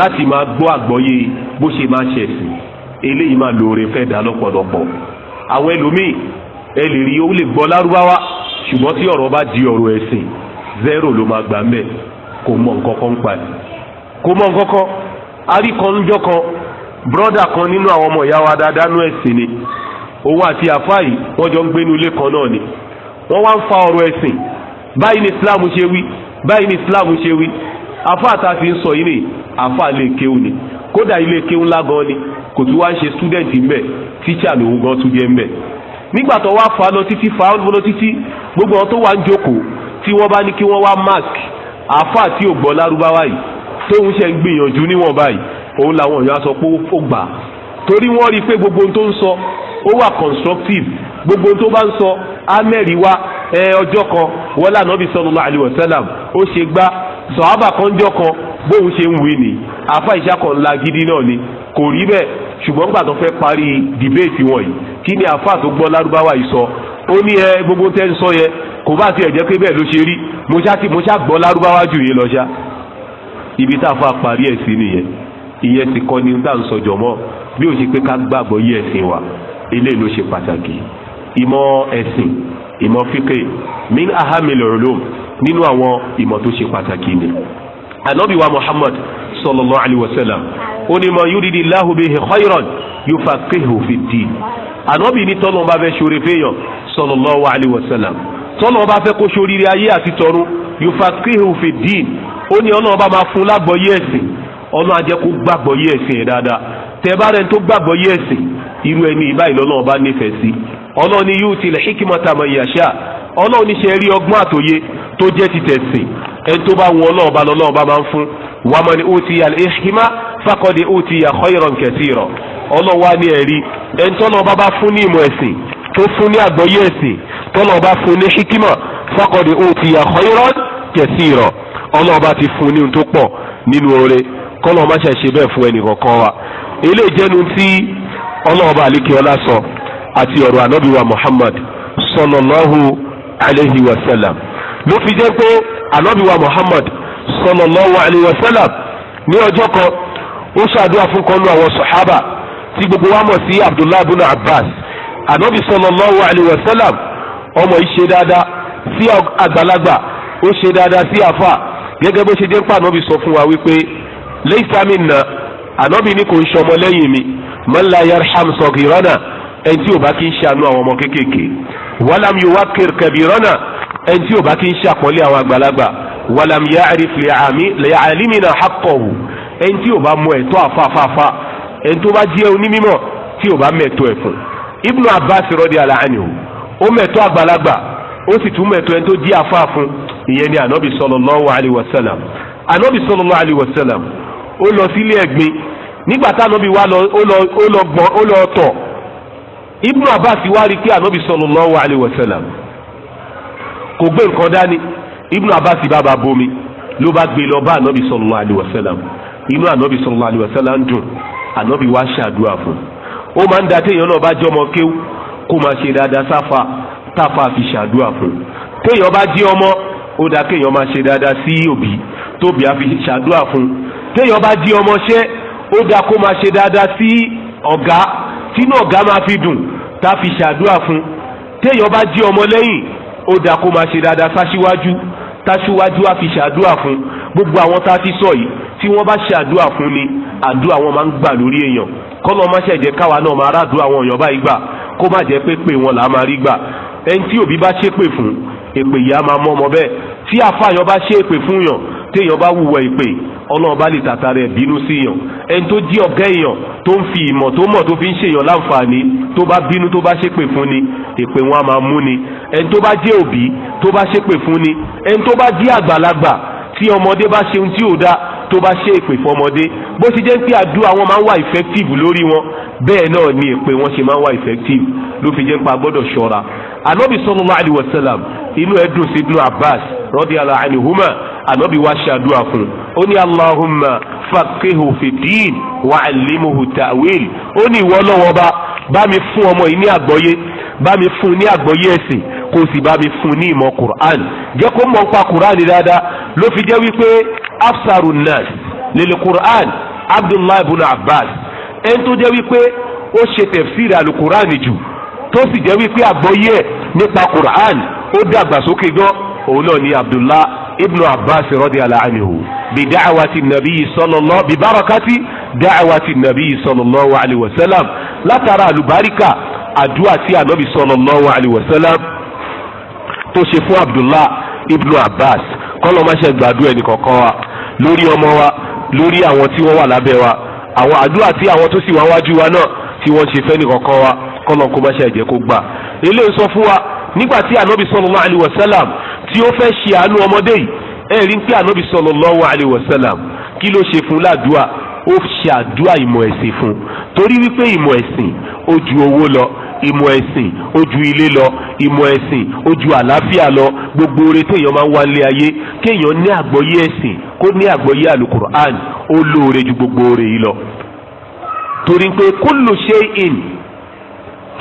láti máa gbọ́ àgbọ́yé bó ṣe máa ṣẹ̀ sí eléyìí máa lóore fẹ́ dá lọ́pọ̀lọpọ̀ àwọn ẹlòmíì ẹ lè rí ó lè gbọ́ lárúbáwá ṣùgbọ́n tí ọ̀rọ̀ bá di ọ̀rọ̀ ẹ̀sìn zero ló máa gbà mẹ́ kò mọ nǹkan kan pa kò mọ nǹkan kan àríkànjọ́ kan brọ́dà kan nínú àwọn ọmọ ìyá wa dáadáa nú ẹ̀sìn ni òun àti àfáà yìí wọ́n jọ ń gbénu ilé kan náà ni wọ́n wá ń fa ọ̀rọ̀ ẹ̀sìn báyìí ni islam ṣe wí báyìí ni islam ṣe wí àfáà tá a fi ń sọ yìí ni àfáà lè kéwù ni kódà ilé kéwù ńlá gan ni kò tún wá ń ṣe student mbẹ tíṣà lòun gan tún jẹ mbẹ nígbà tó wá fa lọ títí fa lọ títí gbogbo àwọn tó wá ń jókòó tí wọ́n bá ní kí wọ́n wá mark àfáà tí ò lárúbáwá yìí tóun ṣe ń gbìyànjú níwọ̀n báyìí òun làwọn èèyàn á sọ pé ó gbà torí wọ́n rí i pé gbogbo ohun tó ń sọ ó wà constructive gbogbo ohun tó bá ń sọ amẹ́rì wá ọjọ́ kan wọ́n lànà bí sallallahu alaihi wasallam ó ṣe gbá sọ̀hábà kan jọ́ kan bóun ṣe ń wí ni àfa ìṣàkàn ńlá gidi náà ni kò rí bẹ́ẹ̀ ṣùgbọ́n gbà tó fẹ́ parí dìbéètì wọn yìí kí ni àfa tó gbọ́ lárúbáwá yìí sọ ó ní ẹ gbogbo tẹ́ ń sọ yẹ kò bá tiẹ̀ jẹ́ pé bẹ́ẹ̀ ló ṣe rí mo ṣá gbọ́ lárúbáwá jù yìí lọ ibi tá a fa parí ẹ̀ sí nìyẹn ìyẹn ti kọ́ ni tá à ń sọjọ́ mọ́ bí ó ṣe pé ká gbàgbọ́ yí ẹ̀sìn wa eléyìí ló ṣe pàtàkì ìmọ̀ ẹ̀sìn ìmọ̀ fíkè min ahamil ulum nínú àwọn ìmọ̀ tó ṣe pàtàkì ni anabi wa muhammad sallallahu alayhi wa sallam ó ní man yuridillahu bihi khayran yufaqihu fi ddin anabi ní tọ́lọ́ bá fẹ́ ṣoore fẹ́yàn sallallahu alayhi tọ́lọ́ bá fẹ́ kó ṣoríire ayé àti tọ́run yufaqihu fi ddin ó ní ọlọ́run bá máa fún lágbọ̀ọ́yé ẹ̀sìn ọlọ́run á jẹ́ kó gbàgbọ́yé ẹ̀sìn yẹn dáadáa tẹ bá rẹ tó gbàgbọ́yé ẹ̀sìn irú ẹni ìbáyìí lọ́lọ́run bá nífẹ̀ẹ́ sí ọlọ́run ni yóò tilẹ̀ hikimata mọ̀ yàṣà ọlọ́run ní ṣe rí ọgbọ́n àtòyé tó jẹ́ ti tẹ̀sìn ẹni tó bá wọn ọlọ́run bá máa ń fún wa man utiya al-hikma faqad utiya khayran katira ọlọ́run wá ní ẹ̀rí ẹni tọ́lọ́ bá bá fún ní ìmọ̀ ẹ̀sìn tó fún ní àgbọ́yé ẹ̀sìn tọ́lọ́ bá fún ní hikima ọlọ́ọ̀ba ti fún un ní ohun tó pọ̀ nínú oore kọ́lọ́ má ṣe ṣe bẹ́ẹ̀ fún ẹnì kọ̀ọ̀kan wa eléyìí jẹ́nu tí ọlọ́ọ̀ba àlékeọlá sọ àti ọ̀rọ̀ ànábì wa Muhammad sallallahu alayhi wa sallam ló fi jẹ́ pé ànábì Muhammad sallallahu alayhi wa sallam ní ọjọ́ kan ó ṣàdúrà fún kan lu àwọn sàhábà tí gbogbo wa mọ̀ sí Abdullahi bin Abbas ànábì sallallahu alayhi wa sallam ọmọ yìí ṣe dáadáa sí àgbàlagbà ó ṣe dáadáa sí àfà gẹ́gẹ́ bó ṣe jẹ́ pé ànábì sọ fún wa wípé laysa minna ànábì ní kò ń ṣọmọ lẹ́yìn mi man la yarham saghirana ẹni tí ò bá kí ń ṣàánú àwọn ọmọ kéékèèké walam yuwaqqir kabirana ẹni tí ò bá kí ń ṣàpọ́nlé àwọn àgbàlagbà walam ya'rif li'alimina haqqahu ẹni tí ò bá mọ ẹ̀tọ́ àfàfàfà ẹni tó bá jẹ́ onímọ̀ tí ò bá mẹ̀tọ́ ẹ̀ fún Ibnu Abbas radiyallahu anhu ó mẹ̀tọ́ àgbàlagbà ó sì tún mẹ̀tọ́ ẹni tó jí àfáà fún ìyẹn ni anabi sallallahu alayhi wa sallam anabi sallallahu alayhi wa sallam ó lọ sílé ẹ̀gbin nígbà tá anabi wa lọ ó lọ gbọ́n ó lọ tọ̀ ibnu abbas wá rí i pé anabi sallallahu alayhi wa sallam kò gbé nǹkan dání ibnu abbas bá ba bomi ló bá gbé lọ bá anabi sallallahu alayhi wa sallam inú anabi sallallahu alayhi wa sallam ń dùn anabi wa ṣàdúrà fún ó máa ń da téèyàn náà bá jọmọ kéwú kó máa ṣe dáadáa sáfà táfà fi ṣàdúrà fún téèyàn bá jí ọmọ ó dáa kéèyàn máa ṣe dáadáa sí òbí tóbi àfi ṣàdúrà fún un téèyàn bá di ọmọṣẹ́ ó dáa kó máa ṣe dáadáa sí ọ̀gá tínú ọ̀gá máa fi dùn tá a fi ṣàdúrà fún un téèyàn bá di ọmọ lẹ́yìn ó dáa kó máa ṣe dáadáa sáṣíwájú táṣíwájú á ṣàdúrà fún gbogbo àwọn tá a ti sọ yìí tí wọ́n bá ṣàdúrà fún ni àdúrà wọn máa ń gbà lórí èèyàn kọ́lọ́ má ṣe jẹ́ káwa náà máa ràdúrà wọn èèyàn báyìí gbà kó má jẹ́ pé pé wọn là máa rí gbà ẹni tí òbí bá ṣépè fún èpè yìí a máa mọ́ ọmọ bẹ́ẹ̀ tí àfàyàn bá ṣe èpè fún yàn téèyàn bá wùwọ̀ èpè ọlọ́run bá lè tàta rẹ̀ bínú sí yàn ẹni tó jí ọ̀gá èèyàn tó ń fi ìmọ̀ tó mọ̀ tó fi ń ṣèyàn láǹfààní tó bá bínú tó bá ṣépè fún ni èpè wọn a máa mú ni ẹni tó bá jẹ́ òbí tó bá ṣépè fún ni ẹni tó bá jẹ́ àgbàlagbà tí ọmọdé bá ṣe ohun tí ò dáa tó bá ṣe èpè fọmọdé bó ti jẹ́ pé àdúrà wọn máa ń wà effective lórí wọn bẹ́ẹ̀ náà ni èpè wọn ṣe máa ń wà effective ló fi jẹ́ pé a gbọ́dọ̀ ṣọ́ra anabi sallallahu alayhi wa sallam inú ẹ dùn sí ibnu abbas radiyallahu anhuma anabi wa ṣe àdúrà fún ó ní allahumma faqihu fi din wa allimuhu ta'wil ó ní ìwọ lọ́wọ́ bá bá mi fún ọmọ yìí ní àgbọ́yé bá mi fún ní àgbọ́yé ẹ̀sìn kó sì bá mi fún ní ìmọ̀ Qur'an jẹ́ kó mọ̀ nípa Qur'an dáadáa ló fi jẹ́ wípé absaru nas lil Qur'an Abdullahi ibn Abbas ẹni tó jẹ́ wípé ó ṣe tẹ̀fsíìrì alukur'an jù tó sì jẹ́ wípé àgbọ́yé ẹ̀ nípa Qur'an ó dàgbà sókè gan òun náà ni Abdullah ibn Abbas radiyallahu anhu bi da'wati nabi sallallahu bi barakati da'wati nabi sallallahu alayhi wa sallam látara alubarika àdúrà tí ànábì sallallahu alaihi wasallam tó ṣe fún Abdullah ibnu Abbas kọ́lọ́ má ṣe gbàdúrà ẹnì kọ̀ọ̀kan wa lórí ọmọ wa lórí àwọn tí wọ́n wà lábẹ́ wa àwọn àdúrà tí àwọn tó sì wá wájú wa náà tí wọ́n ṣe fẹ́ni kọ̀ọ̀kan wa kọ́lọ́ kó má ṣe ẹ̀jẹ̀ kó gbà eléyìí sọ fún wa nígbà tí ànábì sallallahu alaihi wasallam tí ó fẹ́ ṣe àánú ọmọdé yìí ẹ̀rí ń pé ànábì sallallahu alaihi wasallam kí ló ṣe fún ládùúà ó ṣe àdúrà ìmọ̀ ẹ̀sìn fún un torí wípé ìmọ̀ ẹ̀sìn ó ju owó lọ ìmọ̀ ẹ̀sìn ó ju ilé lọ ìmọ̀ ẹ̀sìn ó ju àlàáfíà lọ gbogbo oore téèyàn máa ń wá lé ayé kéèyàn ní àgbọ́yé ẹ̀sìn kó ní àgbọ́yé alukur'an ó lóore ju gbogbo oore yìí lọ torí pé kullu shay'in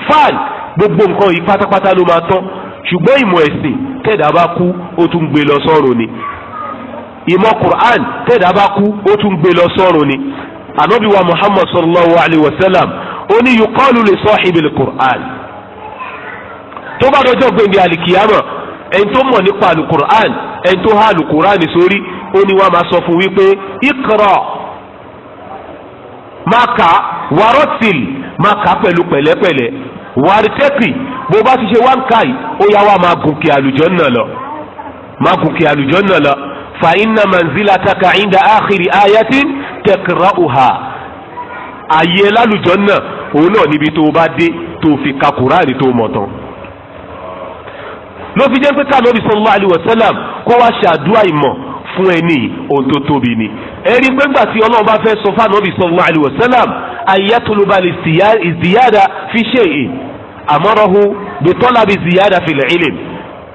fan gbogbo nǹkan yìí pátápátá ló máa tán ṣùgbọ́n ìmọ̀ ẹ̀sìn tẹ̀dá bá kú ó tún gbé lọ sọ́run ni ìmọ̀ Qur'an tẹ̀dá bá kú ó tún gbé lọ sọ́run ni anabi wa Muhammad sallallahu alayhi wa sallam ó ní yuqalu li sahibil Qur'an tó bá dọjọ́ gbẹ̀ngẹ̀ alikiyama ẹni tó mọ̀ nípa alukur'an ẹni tó ha alukur'an sórí ó ní wàá máa sọ fún wípé ikra máa kà wàrọ́tìl máa kà pẹ̀lú bó bá ti ṣe wá ń kà yìí ó yá wàá máa gùn kí àlùjànnà lọ máa gùn kí àlùjànnà lọ fa inna manzilataka inda akhiri ayatin taqra'uha ayé lálùjọ náà òun náà níbi tó o bá dé tó o fi ka kuraani tó o mọ̀ tán ló fi jẹ́ pé ká lórí sallallahu alaihi wasallam kó wá ṣàdúrà ìmọ̀ fún ẹni ohun tó tóbi ni ẹ̀rí pé ńgbà tí ọlọ́run bá fẹ́ sọ fún ànábì sallallahu alaihi wasallam ayatollah ziyada fi shay'in amarahu bi talabi ziyada fil ilm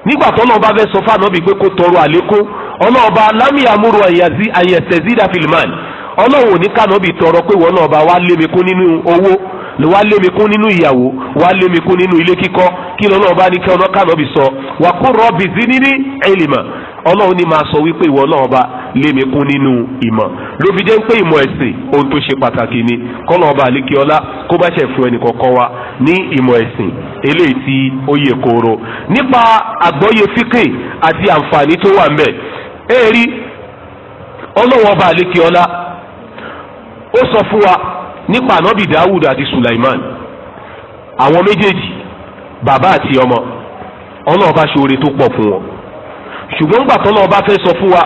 nígbà tí ọlọ́run bá fẹ́ sọ fún ànábì pé kó tọrọ àlékún ọlọ́ọ̀ba alámìyàmúrò àyẹ̀sẹ̀zídà filimán ọlọ́wọ̀n ní kànáàbì tọrọ pé wọn náà bá wá lé mi kún nínú owó wá lé mi kún nínú ìyàwó wá lé mi kún nínú ilé kíkọ́ kí lọ́nà ọba ní kí ọ̀nà kànáàbì sọ wà kó rọ́ọ̀bì sí níní ẹ̀lìmà ọlọ́run ní máa sọ wípé ìwọ náà ọba lé mi kún nínú ìmọ̀ ló fi jẹ́ pé ìmọ̀ ẹ̀sìn ohun tó ṣe pàtàkì ni kọ́nà ọba àlékiọlá kó bá ṣe fún ẹnìkọ̀ọ̀kan wa ní ìmọ̀ ẹ̀sìn eléyìí tí ó yẹ kóró nípa àgbọ́yé fíkè àti àǹfààní tó wà ń bẹ̀ Eri, ọlọ́wọ́ ọba àlékè ọlá ó sọ fún wa nípa ànábì Dawud àti Sulaiman àwọn méjèèjì bàbá àti ọmọ ọlọ́ọ̀ba ṣe oore tó pọ̀ fún wọn ṣùgbọ́n nígbà tọ́lọ́ọ̀ba fẹ́ sọ fún wa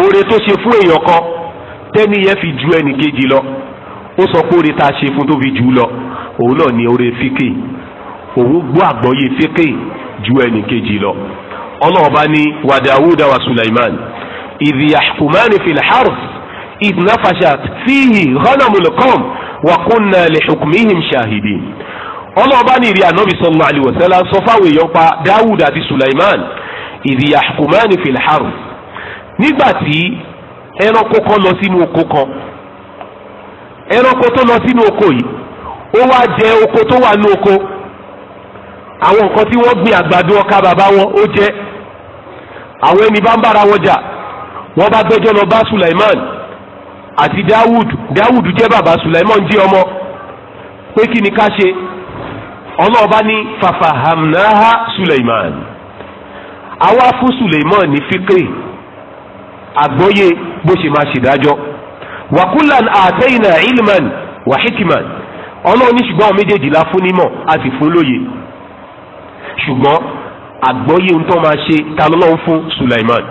oore tó ṣe fún èèyàn kan tẹ́ni yẹn fi ju ẹnì kejì lọ ó sọ pé oore tá a ṣe fún tó fi jù ú lọ òun náà ní oore fíkè òun gbọ́ àgbọ́yé fíkè ju ẹnì kejì lọ ọlọ́run bá ní wa Dawuda wa Sulaiman idh yahkumani fil harth idh nafashat fihi ghanamul qawm wa kunna li hukmihim shahidin ọlọ́run bá ní ìrì ànábì sallallahu alaihi wasallam sọ fáwọn èèyàn pa Dawud àti Sulaiman idh yahkumani fil harth nígbà tí ẹranko kan lọ sínú oko kan ẹranko tó lọ sínú oko yìí ó wá jẹ oko tó wà nú oko àwọn nǹkan tí wọ́n gbin àgbàdo ọkà bàbá wọn ó jẹ́ àwọn ẹni bá ń bára wọn jà wọ́n bá gbẹ́jọ́ lọ bá Sulaiman àti Dawud Dawud jẹ́ bàbá Sulaiman jẹ́ ọmọ pé kí ni ká ṣe ọlọ́ọ̀bá ní fafahamnaha Sulaiman àwa fún Sulaiman ní fikiri àgbọ́yé bó ṣe máa ṣèdájọ́ wàkúlàn àtẹ́yìnà ilman wàhíkìmán ọlọ́ọ̀ni ṣùgbọ́n àwọn méjèèjì la fún nímọ̀ a fún lóye ṣùgbọ́n àgbọ́yé ohun tó máa ṣe ta lọ́lọ́run fún Sulaiman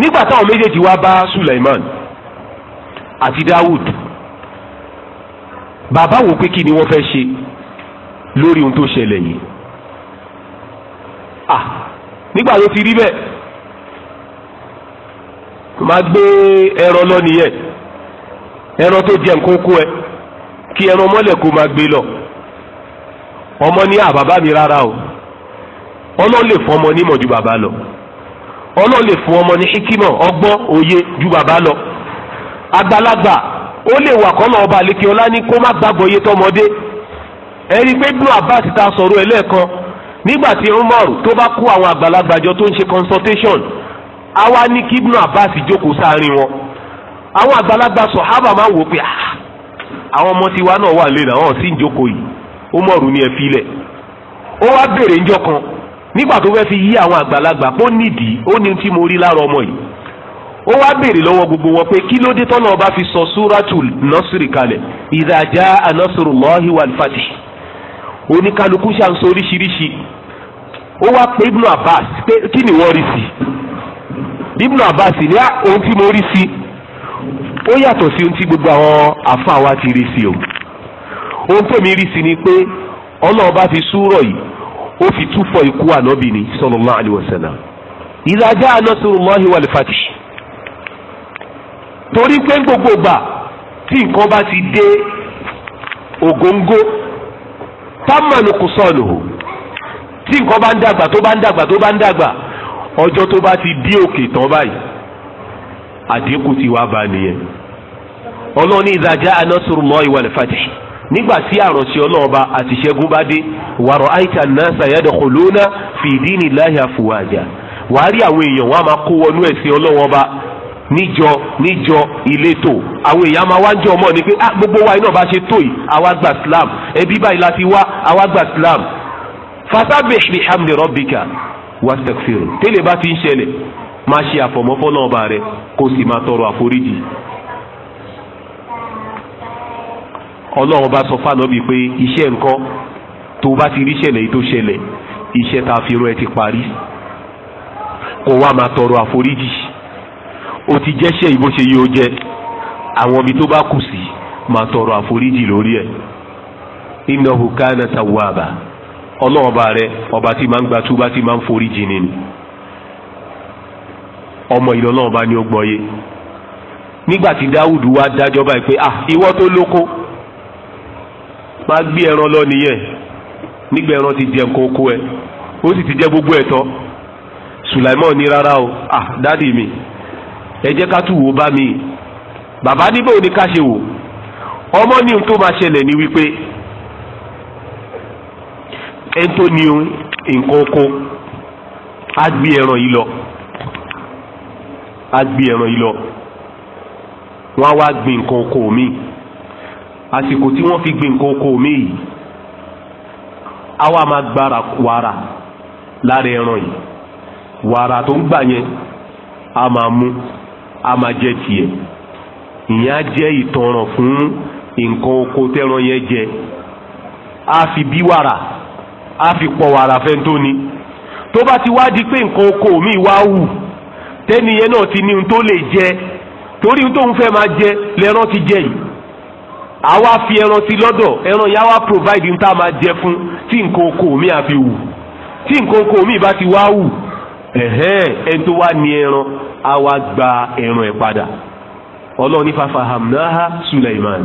nígbà táwọn méjèèjì wá bá Sulaiman àti Dawud bàbá wò pé kí ni wọ́n fẹ́ ṣe lórí ohun tó ṣẹlẹ̀ yìí ah nígbà tó ti rí bẹ́ẹ̀ máa gbé ẹran lọ nìyẹn ẹran tó jẹ nǹkan kó ẹ kí ẹran mọ́lẹ̀ kó máa gbé lọ ọmọ ní àbàbá mi rárá o ọlọ́ọ̀ lè fún ọmọ nímọ̀ ju bàbá lọ ọlọ́ọ̀ lè fún ọmọ ní hikimọ̀ ọgbọ́n òye ju bàbá lọ àgbàlagbà ó lè wà kọ́nà ọba àlekè ọlá ní kó má gbàgbọ́ iye tọmọdé ẹni pé Ibn Abbas ta sọ̀rọ̀ ẹlẹ́ẹ̀kan nígbà tí Umar tó bá kó àwọn àgbàlagbà jọ tó ń ṣe consultation àwa ní kí Ibn Abbas jókòó sáárín wọn àwọn àgbàlagbà sọ̀hábà máa wò pé ah, àwọn ọmọ tiwa náà wà lẹ́nu àwọn ò sí ìjókòó yìí Umaru ni ẹ filẹ̀ ó wá béèrè ńjọ kan nígbà tó fẹ́ fi yí àwọn àgbàlagbà pé ó nídìí ó ní tí mo rí lára ọmọ yìí ó wá béèrè lọ́wọ́ gbogbo wọn pé kí ló dé tọ́nà ọba fi sọ súrátù nọ́sìrì kalẹ̀ idha jaa nasrullahi wal fath oníkálukú ṣàǹsọ oríṣiríṣi ó wá pé Ibnu Abbas pé kí ni wọ́n rí sí Ibnu Abbas ní ah, ohun tí mo rí sí ó yàtọ̀ sí ohun tí gbogbo àwọn àfa wa ti rí sí o ohun tẹ̀mí rí sí ni pé ọlọ́run bá fi súrọ̀ yìí ó fi túfọ̀ ikú ànábì ni sallallahu alaihi wasallam idha jaa nasrullahi wal fath torí pé gbogbo gbà tí nǹkan bá ti dé ògóńgó támánù kò o tí nǹkan bá ń dàgbà tó bá ń dàgbà tó bá ń dàgbà ọjọ́ tó bá ti dé òkè tán báyìí àdínkù ti wá bá nìyẹn ọlọ́ni idha jaa nasrullahi wal fath. nígbà tí àròsí ọlọ́ọ̀ba àti ṣẹ́gun bá dé wàrọ̀ àìtà nàṣà yadkhuluna fi dinillahi afwaja wàá rí àwọn èèyàn wọn a máa kó wọnú ẹ̀sìn ọlọ́wọ́ba níjọ níjọ ìletò àwọn èèyàn máa wá jọ ọmọ ni pé ah gbogbo wa iná bá ṣe tó yìí àwa gba Islam ẹbí báyìí láti wá àwa gba Islam fasabbih bihamdi rabbika wastaghfiru tẹ́lẹ̀ bá ti ń ṣẹlẹ̀ máa ṣe àfọ̀mọ́fọ́ náà bá rẹ kó sì máa tọrọ àforíjì ọlọ́run bá sọ fáànà bíi pé iṣẹ́ nǹkan tó bá ti rí ìṣẹ̀lẹ̀ yìí tó ṣẹlẹ̀ iṣẹ́ tá a fi rán ẹ ti parí kó wá máa tọrọ àforíjì ó ti jẹ́ṣẹ́ yìí bó ṣe yí ó jẹ́ àwọn ibi tó bá kù sí máa tọrọ àforíjì lórí ẹ̀ innahu kana tawwaba ọlọ́run bá rẹ ọba tí máa ń gba túbá tí máa ń foríjì nínú ọmọ ìlọ́lọ́run bá ní ọgbọ́n yé nígbà tí dáwùdù wá dájọ́ báyìí pé ah ìwọ tó lóko pàápàá gbé ẹran lọ nìyẹn nígbà ẹran ti jẹ nǹkan oko ẹ ó sì ti jẹ gbogbo ẹ̀ tán Sulaiman ní rárá o ah dáàdì mi ẹ jẹ́ ká tù wò bá mi bàbá níbẹ̀ ò ní ká ṣe wò ọmọ ní ohun tó máa ṣẹlẹ̀ ni wípé ẹ tó ní nǹkan oko á gbé ẹran yìí lọ á gbé ẹran yìí lọ wọ́n á wá gbin nǹkan oko míì àsìkò tí wọ́n fi gbin nǹkan oko mi yìí àwa máa gbára wàrà lára ẹran yìí wàrà tó ń gbà yẹn a máa mú a máa jẹ tiẹ̀ ìyẹn á jẹ́ ìtanràn fún nǹkan oko tẹ́ran yẹn jẹ a fi bí wàrà a fi pọ̀ wàrà fẹ́ tó ni tó bá ti wá di pé nǹkan oko mi wá wù tẹ́niyẹn náà ti ní ohun tó lè jẹ torí ohun tóun fẹ́ máa jẹ lẹ́ran ti jẹ yìí àwa fi ẹran sí lọ́dọ̀ ẹran yà wá provide ní tá a máa jẹ fún tí nǹkan oko mi àfi wù tí nǹkan oko mi bá ti wá wù ẹ̀hẹ́n ẹni tó wá ní ẹran á wá gba ẹran ẹ̀ padà ọlọ́run ní fafahamnaha Sulaiman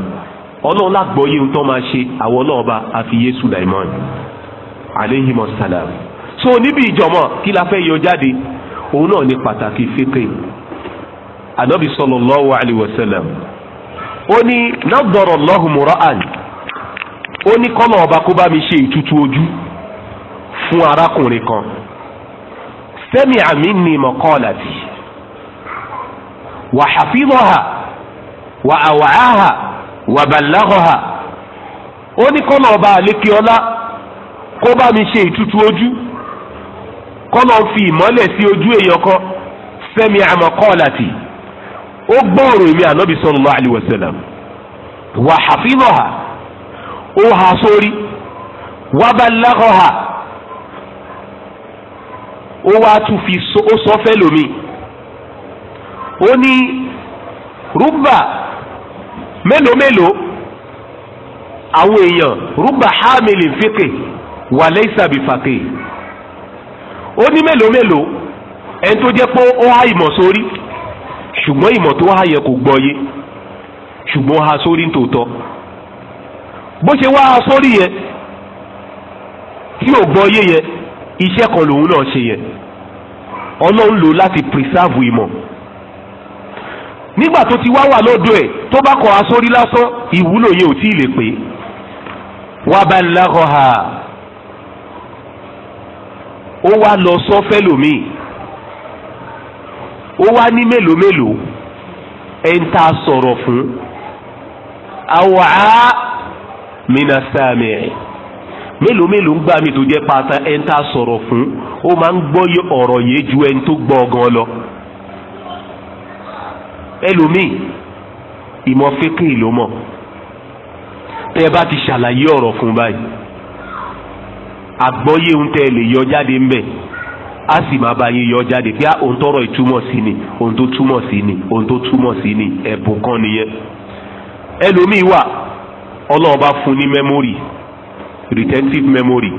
ọlọ́run lágbọ́yé ń tọ́ máa ṣe àwọn ọlọ́ọ̀ba àfiyé Sulaiman aleyhimu salam so níbi ìjọmọ kí la fẹ́ yọ jáde òun náà ní pàtàkì fíkè anabi sallallahu alayhi wa sallam ó ní nàdọ̀rọ̀ lọ́hùnmùrọ̀ àn ó ní ọba kó bá mi ṣe ìtútù ojú fún arákùnrin kan sẹ́mi àmì ni mọ̀kọ́ọ̀láti wà hàfíìlọ́hà wà àwàáhà wà bàláhọ́hà ó ní ọba àlékiọlá kó bá mi ṣe ìtutù ojú kọ́nà fi ìmọ́lẹ̀ sí ojú èèyàn kan ó gbọ́ ọ̀rọ̀ èmi ànábì sallallahu alaihi wasallam wa hafizaha ó ha sórí wa ballaghaha ó wá tún fi ó sọ fẹ́ lómi ó ní rúbà mélòó mélòó àwọn èèyàn rúbà hamilin fiqi wa laysa bi ó ní mélòó mélòó ẹni tó jẹ́ pé ó há ìmọ̀ sórí. ṣùgbọ́n ìmọ̀ tó wá yẹ kò gbọ́ ṣùgbọ́n ha sórí nítòótọ́ bó ṣe wá ha sórí yẹ tí ò gbọ́ ye, yẹ iṣẹ́ kan lòun náà ṣe yẹ ọlọ́run lò láti preserve ìmọ̀ nígbà tó ti wá wà lọ́dọ̀ ẹ̀ tó bá kọ́ asórí lásán ìwúlò yẹn ò tí ì lè pé wá bá ń lákọ̀ ha ó wá lọ sọ fẹ́lòmíì ó wá ní mélòó mélòó ẹ̀ ń ta sọ̀rọ̀ fún àwa mina sáàmì ẹ̀ mélòó mélòó ń gbà mí tó jẹ́ pátá ẹ̀ ń ta sọ̀rọ̀ fún ó máa ń gbọ́ ọ̀rọ̀ yìí ju ẹni tó gbọ́ gan lọ ẹlòmíì ìmọ̀ fẹ́kẹ́ ìlú mọ̀ tẹ́ ẹ bá ti ṣàlàyé ọ̀rọ̀ fún báyìí àgbọ́yé ń tẹ́ ẹ lè yọ jáde ń bẹ̀ a sì máa bá yín yọ jáde pé ah, ohun tọrọ ìtumọ̀ sí ni ohun tó túmọ̀ sí ni ohun tó túmọ̀ sí ni ẹ̀bùn kan nìyẹn ẹlòmíì wà ọlọ́run bá fún ní mẹ́mórì retentive memory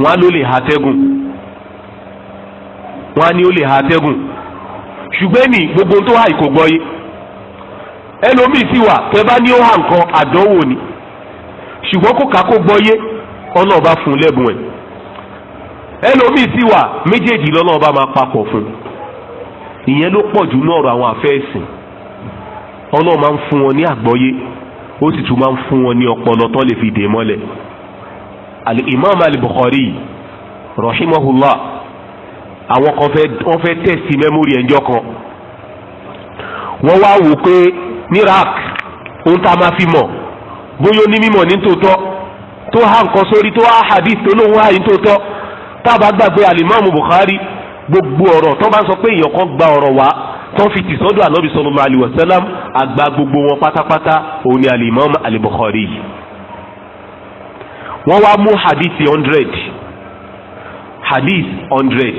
wọ́n á ló lè ha tẹ́gùn wọ́n á ní ó lè ha tẹ́gùn ṣùgbọ́n ní gbogbo tó hà kò gbọ́ ẹlòmíì sì wà tẹ́ bá ní ó hà nǹkan àdánwò ni ṣùgbọ́n kò ká kó gbọ́ yé ọlọ́run ẹlòmíì sì wà méjèèjì lọ́nà ọba máa papọ̀ fún ìyẹn ló pọ̀ jù náà ọ̀rọ̀ àwọn àfẹ́ẹ̀sìn ọlọ́run máa ń fún wọn ní àgbọ́yé ó sì tún máa ń fún wọn ní ọpọlọ tó lè fi dè mọ́lẹ̀ bukhari rahimahullah àwọn kan wọ́n fẹ́ tẹ̀sí mẹ́mórì kan wọ́n wá wò pé ní rak a máa fi mọ̀ bóyá ó ní mímọ̀ ní tòótọ́ tó há nǹkan tábà gbàgbé alimami Bukhari gbogbo ọ̀rọ̀ tó bá sọ pé èèyàn kan gba ọ̀rọ̀ wá tó fi tì sọ́dọ̀ anabi sallallahu alaihi wasallam àgbà gbogbo wọn pátápátá òun ni alimami alibukhari yìí wá mú hadith hundred hadith hundred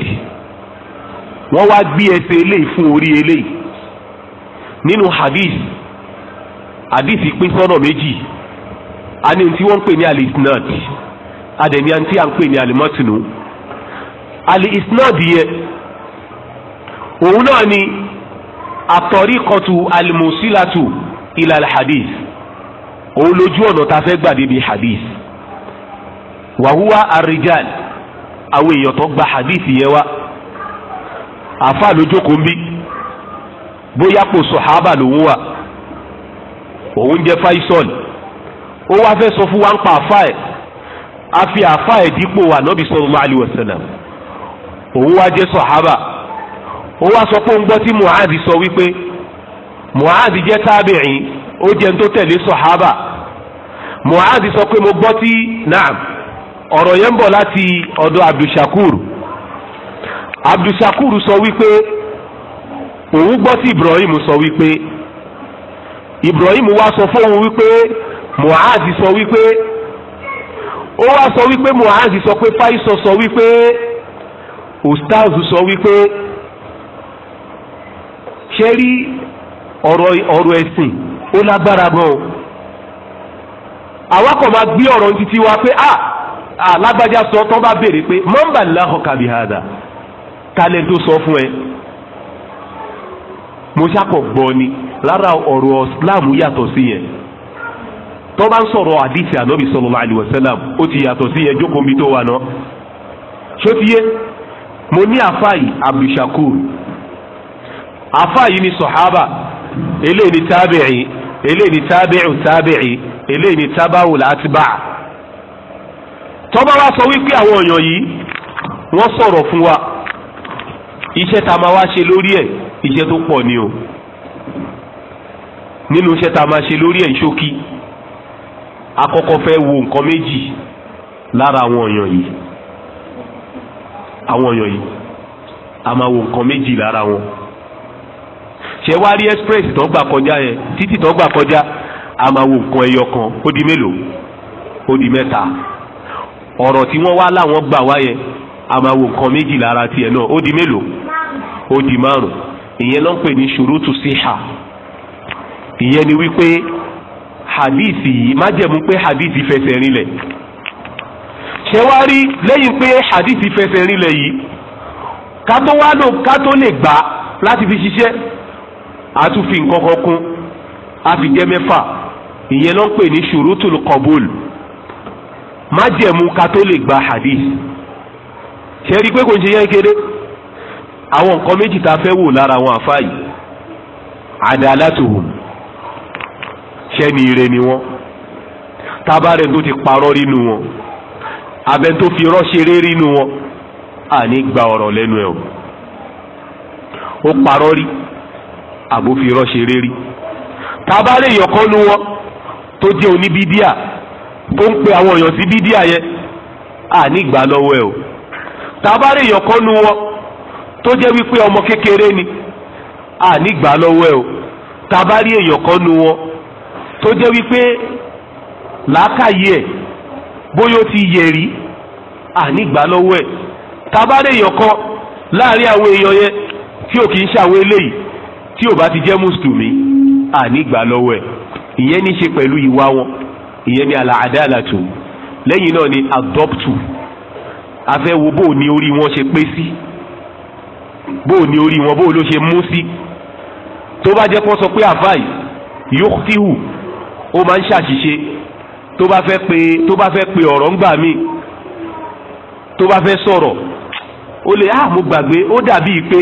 wọ́n wá gbé ẹsẹ̀ eléyìí fún orí eléyìí nínú hadith hadith pín sọ́nà méjì a ní tí wọ́n pè ní alisnad a dẹ̀ ń pè ní alimọ́tìnú àlè isnad yẹn òun náà ni àtọ̀ríkọ̀tù àlùmùsílàtù ìlàlẹ̀ hadith òun lójú ọ̀nà tá a fẹ́ gbà débi hadith wàhúwà àrìjàl àwọn èèyàn tó gba hadith yẹn wá àfa lójókòó ń bí bóyá kò sọ̀hábà lòun wà òun jẹ́ faisal ó wá fẹ́ sọ fún wa ń pa àfa ẹ̀ a fi àfa ẹ̀ dípò ànábì sallallahu alaihi wasallam òun wá jẹ́ sọ̀hábà ó wá sọ pé òun gbọ́ tí mu'adh sọ wípé mu'adh jẹ́ tábìrín ó jẹ́ tó tẹ̀lé sọ̀hábà mu'adh sọ pé mo gbọ́ tí naam ọ̀rọ̀ yẹn ń bọ̀ láti ọ̀dọ̀ abdulshakur abdulshakur sọ wípé òun gbọ́ tí ibrahim sọ wípé ibrahim wá sọ fóun wípé mu'adh sọ wípé ó wá sọ wípé mu'adh sọ pé paiso sọ wípé. ustaz sọ wípé ṣé rí ọrụ ọ̀rọ̀ ẹ̀sìn ó lágbára gan o àwa kàn máa gbé ọ̀rọ̀ títí wa pé a ah, alágbájá ah, sọ tán bá béèrè pé mọ́ńbà láhùn kàbíhàdà talẹ̀ tó sọ fún ẹ mo ṣàkọ̀ gbọ́ ni lára ọ̀rọ̀ islam yàtọ̀ sí yẹn tó bá ń sọ̀rọ̀ àdìsí ànábì sallallahu alaihi ó ti yàtọ̀ sí yẹn jókòó mi tó wà náà ṣó ti mo ní àfáàyè abdulshakur àfáàyè ni sọ̀hábà eléyìí ni tábìrì eléyìí ni tábìrì tábìrì eléyìí ni tábàwò láti bá a. tọ́ba wa sọ wípé àwọn èèyàn yìí wọ́n sọ̀rọ̀ fún wa iṣẹ́ tá a máa wá ṣe lórí ẹ̀ iṣẹ́ tó pọ̀ ni o nínú iṣẹ́ tá a máa ṣe lórí ẹ̀ ṣókí a fẹ́ wo nǹkan méjì lára àwọn èèyàn yìí àwọn èèyàn yìí a máa wo nǹkan méjì lára wọn ṣé wá rí express tó gbà kọjá yẹn títì tó gbà kọjá a máa wo nǹkan ẹyọ kan ó di mélòó ó di mẹ́ta ọ̀rọ̀ tí wọ́n wá láwọn gbà wá yẹn a máa wo nǹkan méjì lára tiẹ̀ náà ó di mélòó ó di márùn ìyẹn ló ń pè ní ṣùrùtù síhà ìyẹn ni wípé hadith yìí májẹ̀mú pé hadith fẹsẹ̀ rinlẹ̀ ṣẹwárí lẹ́yìn pé hadithi fẹsẹ̀ rinlẹ̀ yìí ká tó wá lò ká tó lè gbà láti fi ṣiṣẹ́ àtúnfi nǹkan kún àfijẹ́ mẹ́fà ìyẹn ló ń pè ní ṣurutul qabul májẹ̀mú ká tó lè gba hadith ṣe rí i pé kò ń ṣe yẹn kéré àwọn nǹkan méjì tá a fẹ́ wò lára àwọn àfa yìí ṣẹ́ni ire ni wọ́n tábàárẹ̀ tó ti parọ́ nínú wọn abẹ tó fi rọ́ṣeré rínú wọn àní gba ọ̀rọ̀ lẹ́nu ẹ̀ o ó parọ́ rí àbó fi rọ́ṣeré rí tabalẹ̀ yọ̀kọ́ nu wọn tó jẹ́ oníbídíà tó ń pe àwọn èèyàn sí bídíà yẹn àní gbà lọ́wọ́ ẹ̀ o tabalẹ̀ yọ̀kọ́ nu wọn tó jẹ́ wípé ọmọ kékeré ni àní gbà lọ́wọ́ ẹ̀ o tabalẹ̀ èèyàn kan wọn tó jẹ́ wípé làákàyè ẹ̀ bóyá ti yẹ̀ rí ànígbà lọ́wọ́ ẹ̀ tabare èèyàn kan láàrin àwọn èèyàn yẹn tí ò kì í ṣàwọn eléyìí tí ò bá ti jẹ́ mùsùlùmí ànígbà lọ́wọ́ ẹ̀ ìyẹn ní ṣe pẹ̀lú ìwà wọn ìyẹn ní àlàádáàlàtò lẹ́yìn náà ni adoptu afẹ́ wo bó o ní orí wọn ṣe pé sí bó o ní orí wọn bó o ló ṣe mú sí tó bá jẹ́ kó sọ pé àfáì yóò tíhù ó máa ń ṣàṣìṣe tó bá fẹ́ pé ọ̀rọ̀ ń gbà míì tó bá fẹ́ sọ̀rọ̀ ó lè á ah, mo gbàgbé ó dàbí pé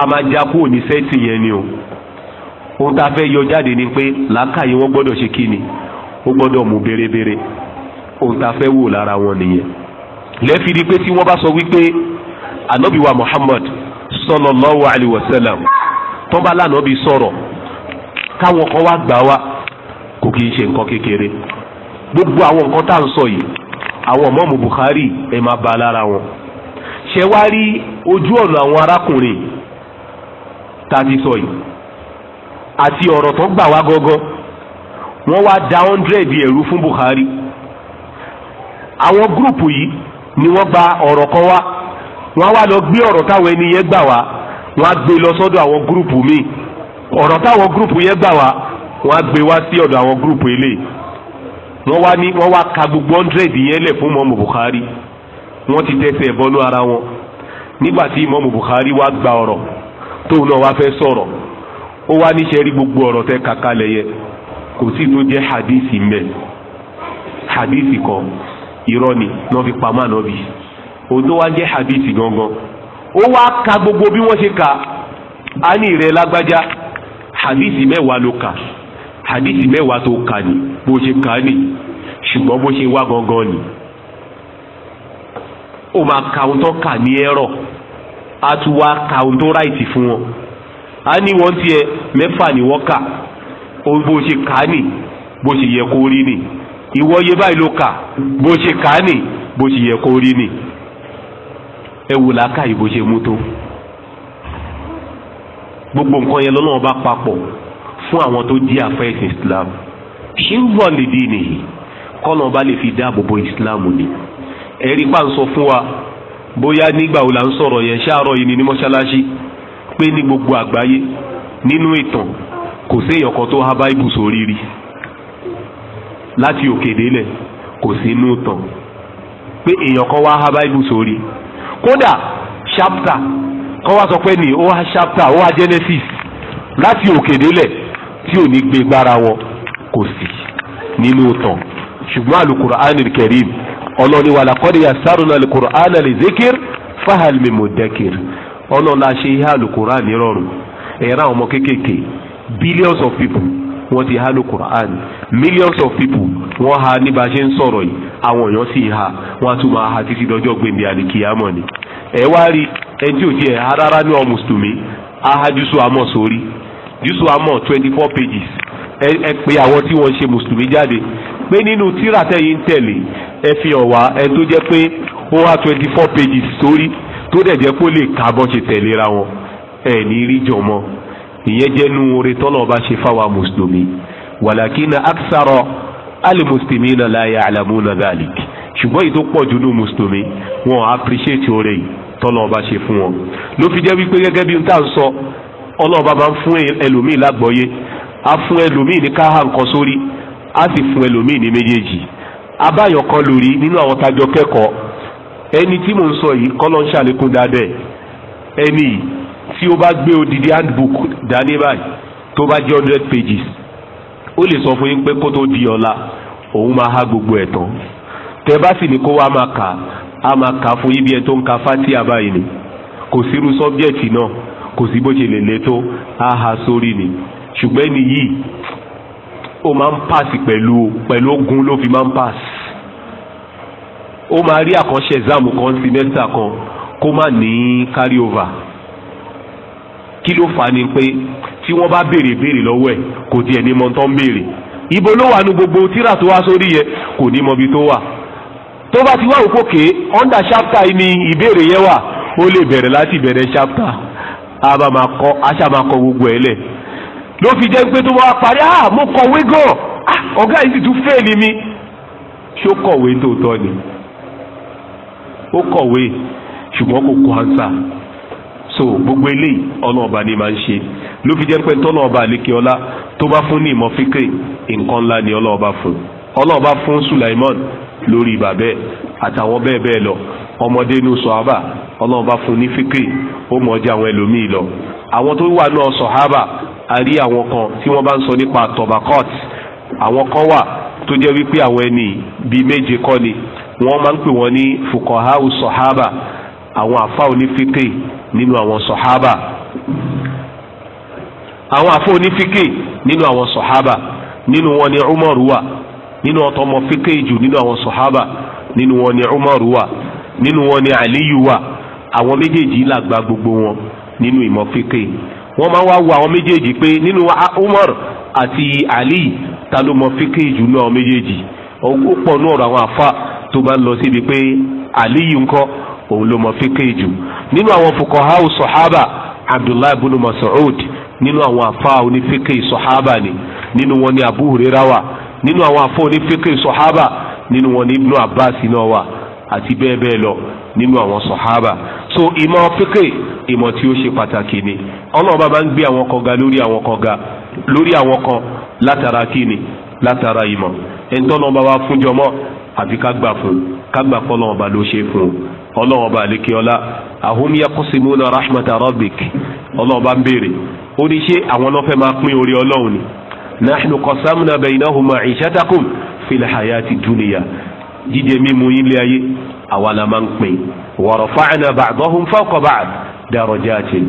a máa já kúrò ní sẹ́ẹ̀tì yẹn ni o ohun tá a fẹ́ yọ jáde ni pé làákàyè wọn gbọ́dọ̀ ṣe kí ni ó gbọ́dọ̀ mú bérebére ohun tá a fẹ́ wò lára wọn nìyẹn lẹ́ẹ̀fi di pé tí wọ́n bá sọ wípé anabiwa Muhammad sallallahu alayhi wa sallam tọ́ba bi sọ̀rọ̀ káwọn kan wá gbà wá kò kì í ṣe nǹkan kékeré gbogbo àwọn nǹkan tá à ń sọ yìí àwọn ọmọọmọ Bukhari ẹ máa bá lára wọn ṣe wá rí ojú ọ̀nà àwọn arákùnrin tá a ti sọ yìí àti ọ̀rọ̀ tó gbà wá gọ́gọ́ wọ́n wá da hundred ẹ̀rú fún Bukhari àwọn gúrùpù yìí ni wọ́n gba ọ̀rọ̀ kan wá wọ́n wá lọ gbé ọ̀rọ̀ táwọn ẹni yẹn gbà wá wọ́n á gbé lọ sọ́dọ̀ àwọn gúrùpù míì ọ̀rọ̀ táwọn gúrùpù yẹn gbà wá wọ́n á gbé wá sí ọ̀dọ̀ àwọn gúrùpù eléyìí wọ́n wá ní wọ́n wá ka gbogbo hundred yẹn lẹ̀ fún mọ́mù Bukhari wọ́n ti tẹ́sẹ̀ bọ́nú ara wọn nígbà tí mọ́mù Bukhari wá gba ọ̀rọ̀ tóun náà wá fẹ́ sọ̀rọ̀ ó wá níṣẹ́ rí gbogbo ọ̀rọ̀ tẹ́ kakalẹ̀ yẹ kò sí tó jẹ́ hadisi mẹ́ hadisi kan irọ́ ni náà fi pamọ́ ànábì òun tó wá jẹ́ hadisi gangan ó wá ka gbogbo bí wọ́n ṣe ka á ní ìrẹ́ lágbájá hadisi mẹ́wàá ló ka hadisi mẹ́wàá tó ka ni bó ṣe kà á nìyí ṣùgbọ́n bó ṣe wá gangan nìyí ó máa ka ohun tó kà ní ẹ̀rọ á tún wá ka ohun tó ráìtì fún wọn á ní wọ́n tiẹ̀ mẹ́fà ni wọ́n kà ó bó ṣe kà á nìyí bó ṣe yẹ kó rí nìyí ìwọ yẹ báyìí ló kà bó ṣe kà á nìyí bó ṣe yẹ kó rí nìyí ẹ wò làákàyè bó ṣe mú tó gbogbo nǹkan yẹn lọ́nà ọba papọ̀ fún àwọn tó jí àfẹ́ ìsìn Islam ṣírùbọ̀n lè dín nìyí kọ́nà ọba lè fi dáàbò bo islam ni ẹ̀rí pa ń sọ fún wa bóyá nígbà wo la ń sọ̀rọ̀ yẹn ṣáàrọ̀ yìí ni ní mọ́ṣáláṣí pé ní gbogbo àgbáyé nínú ìtàn kò séèyàn kan tó há báìbù sórí rí láti òkè délẹ̀ kò sí inú ìtàn pé èèyàn kan wá há báìbù sórí kódà ṣáptà kan wá sọ pé ní ó há ṣáptà ó há genesis láti òkè délẹ̀ tí ò ní gbé gbára wọn kò sí nínú tán ṣùgbọ́n alukur'an karim ọlọ́ni wàlá kọ́ni yasaruna alukur'an alizikir fahal mi mudakir ọlọ́la ṣe ihe alukur'an nírọ̀rùn ẹ̀rọ àwọn ọmọ kéékèèké billions of people wọ́n ti ha alukur'an millions of people wọ́n ha ní bá a ṣe ń sọ̀rọ̀ yìí àwọn èèyàn sì ha wọ́n á tún máa ha títí dọjọ́ gbèǹdé àlìkìyàmọ̀ ni ẹ wá rí ẹni ò tiẹ̀ rárá ní ọ mùsùlùmí aha jùsù àmọ̀ sórí jùsù àmọ̀ twenty four pages ẹ pé àwọn tí wọ́n ṣe mùsùlùmí jáde pé nínú tíra tẹ́yìn ń tẹ̀lé ẹ fi hàn wá ẹ tó jẹ́ pé ó wá twenty four pages sórí tó dẹ̀ jẹ́ pé ó lè ka bọ́ ṣe tẹ̀léra wọn ẹ ní rí jọmọ ìyẹn jẹ́ nu oore tọ́lọ̀ bá ṣe fáwa mùsùlùmí wàlàkínà aksarọ alimusulmi náà láyé alamuna dalik ṣùgbọ́n èyí tó pọ̀ jù nù mùsùlùmí wọn appreciate oore yìí tọ́lọ̀ bá ṣe fún wọn ló fi jẹ́ wípé gẹ́gẹ́ bí n ta sọ ọlọ́ọ̀bá máa ń fún ẹlòmíì lágbọ́yé a fún ẹlòmíì ní káhà nǹkan sórí a sì fún ẹlòmíì ní méjèèjì abáyọ̀ kan lórí nínú àwọn tájọ kẹ́kọ̀ọ́ ẹni tí mò ń sọ yìí kọ́ ló ń ṣàlékún dáadáa ẹni tí ó bá gbé odidi handbook dání báyìí tó bá jẹ́ hundred pages ó lè sọ fún yín pé kó tó di ọ̀la òun máa há gbogbo ẹ̀ tán tẹ bá sì ní kó wá máa kà á máa kà fún yín bí ẹ tó ń ka fatia báyìí ni kò sírú sọ́bjẹ̀tì náà kò sí bó ṣe lè le tó á há sórí ni ṣùgbọ́n ẹni yìí ó máa ń pass pẹ̀lú pẹ̀lú ogun ló fi máa ń pass ó máa rí àkànṣe exam kan semester kan kó má ní carry over kí ló fà á ni pé tí wọ́n bá béèrè béèrè lọ́wọ́ ẹ̀ kò tiẹ̀ ní mọ tó ń béèrè ibo ló wà nu gbogbo tíra tó wá sórí yẹ kò ní mọ ibi tó wà tó bá ti wá òkòkè under chapter ni ìbéèrè yẹn wà ó lè bẹ̀rẹ̀ láti bẹ̀rẹ̀ chapter a bá máa kọ́ aṣá máa kọ gbogbo ẹ̀ lẹ̀ ló fi jẹ́ pé tó bá parí ah mo kọ̀wé gan ah ọ̀gá yìí sì tún fẹ́ẹ̀lì mi ṣó kọ̀wé tòótọ́ ni ó kọ̀wé ṣùgbọ́n kò kọ́ ansa so gbogbo eléyìí ọ̀nà ọba ni máa ń ṣe ló fi jẹ́ pé tọ́nà ọba àlékè ọlá tó bá fún ní ìmọ̀ nǹkan ńlá ni ọlọ́ọ̀ba fún ọlọ́ọ̀ba fún Sulaiman lórí bàbẹ́ àtàwọn bẹ́ẹ̀ bẹ́ẹ̀ lọ ọmọdé inú sọ̀hábà ọlọ́ọ̀ba fún ní fíkè ó mọ̀ ọjà àwọn ẹlòmíì lọ àwọn tó wà náà sọ̀hábà a rí àwọn kan tí wọ́n bá ń sọ nípa tobacot àwọn kan wà tó jẹ́ wípé àwọn ẹni bíi méje kọ́ ni wọ́n máa ń pè wọ́n ní fukọ̀háù sọ̀hábà àwọn àfa onífíkè nínú àwọn sọ̀hábà àwọn àfa onífíkè nínú àwọn sọ̀hábà nínú wọn ni umaru wà nínú ọtọ ọmọ fíkè jù nínú àwọn sọ̀hábà nínú wọn ni umaru nínú wọn ni aliyu àwọn méjèèjì là gba gbogbo wọn nínú ìmọ̀ fíkè wọ́n máa ń wá wo àwọn méjèèjì pé nínú Umar àti Ali ta ló mọ fíkì jù nínú àwọn méjèèjì ó pọ̀ nú ọ̀rọ̀ àwọn àfa tó bá ń lọ síbi pé Ali yìí ń kọ́ òun ló mọ fíkì jù nínú àwọn fuqahau sọ̀hábà Abdullahi ibn Mas'ud nínú àwọn àfa onífíkì sọ̀hábà ni nínú wọn ni Abu Hurairah wà nínú àwọn àfa onífíkì sọ̀hábà nínú wọn ni Ibn Abbas náà wà àti bẹ́ẹ̀ bẹ́ẹ̀ lọ nínú àwọn sọ̀hábà so ìmọ̀ fíkè ìmọ̀ tí ó ṣe pàtàkì ni ọlọ́ọ̀bá bá ń gbé àwọn kan ga lórí àwọn kan ga lórí àwọn kan látara kíni látara ìmọ̀ ẹ̀ńtọ́nà ọba wa fúnjọ mọ́ àfi ká gbà fún ká gbà pọ́ ọlọ́ọ̀bá ló ṣe fún ọlọ́ọ̀bá àlékeọlá ahum yaqsimuna rahmata rabbik ọlọ́ọ̀bá ń béèrè ó ní ṣé àwọn náà máa pín orí ọlọ́run ni nahnu qasamna baynahum ma'ishatakum fil hayati dunya jíjẹ mímu yín lé ayé àwa la máa ń pè wa rafa'na ba'dahum fawqa ba'd darajatin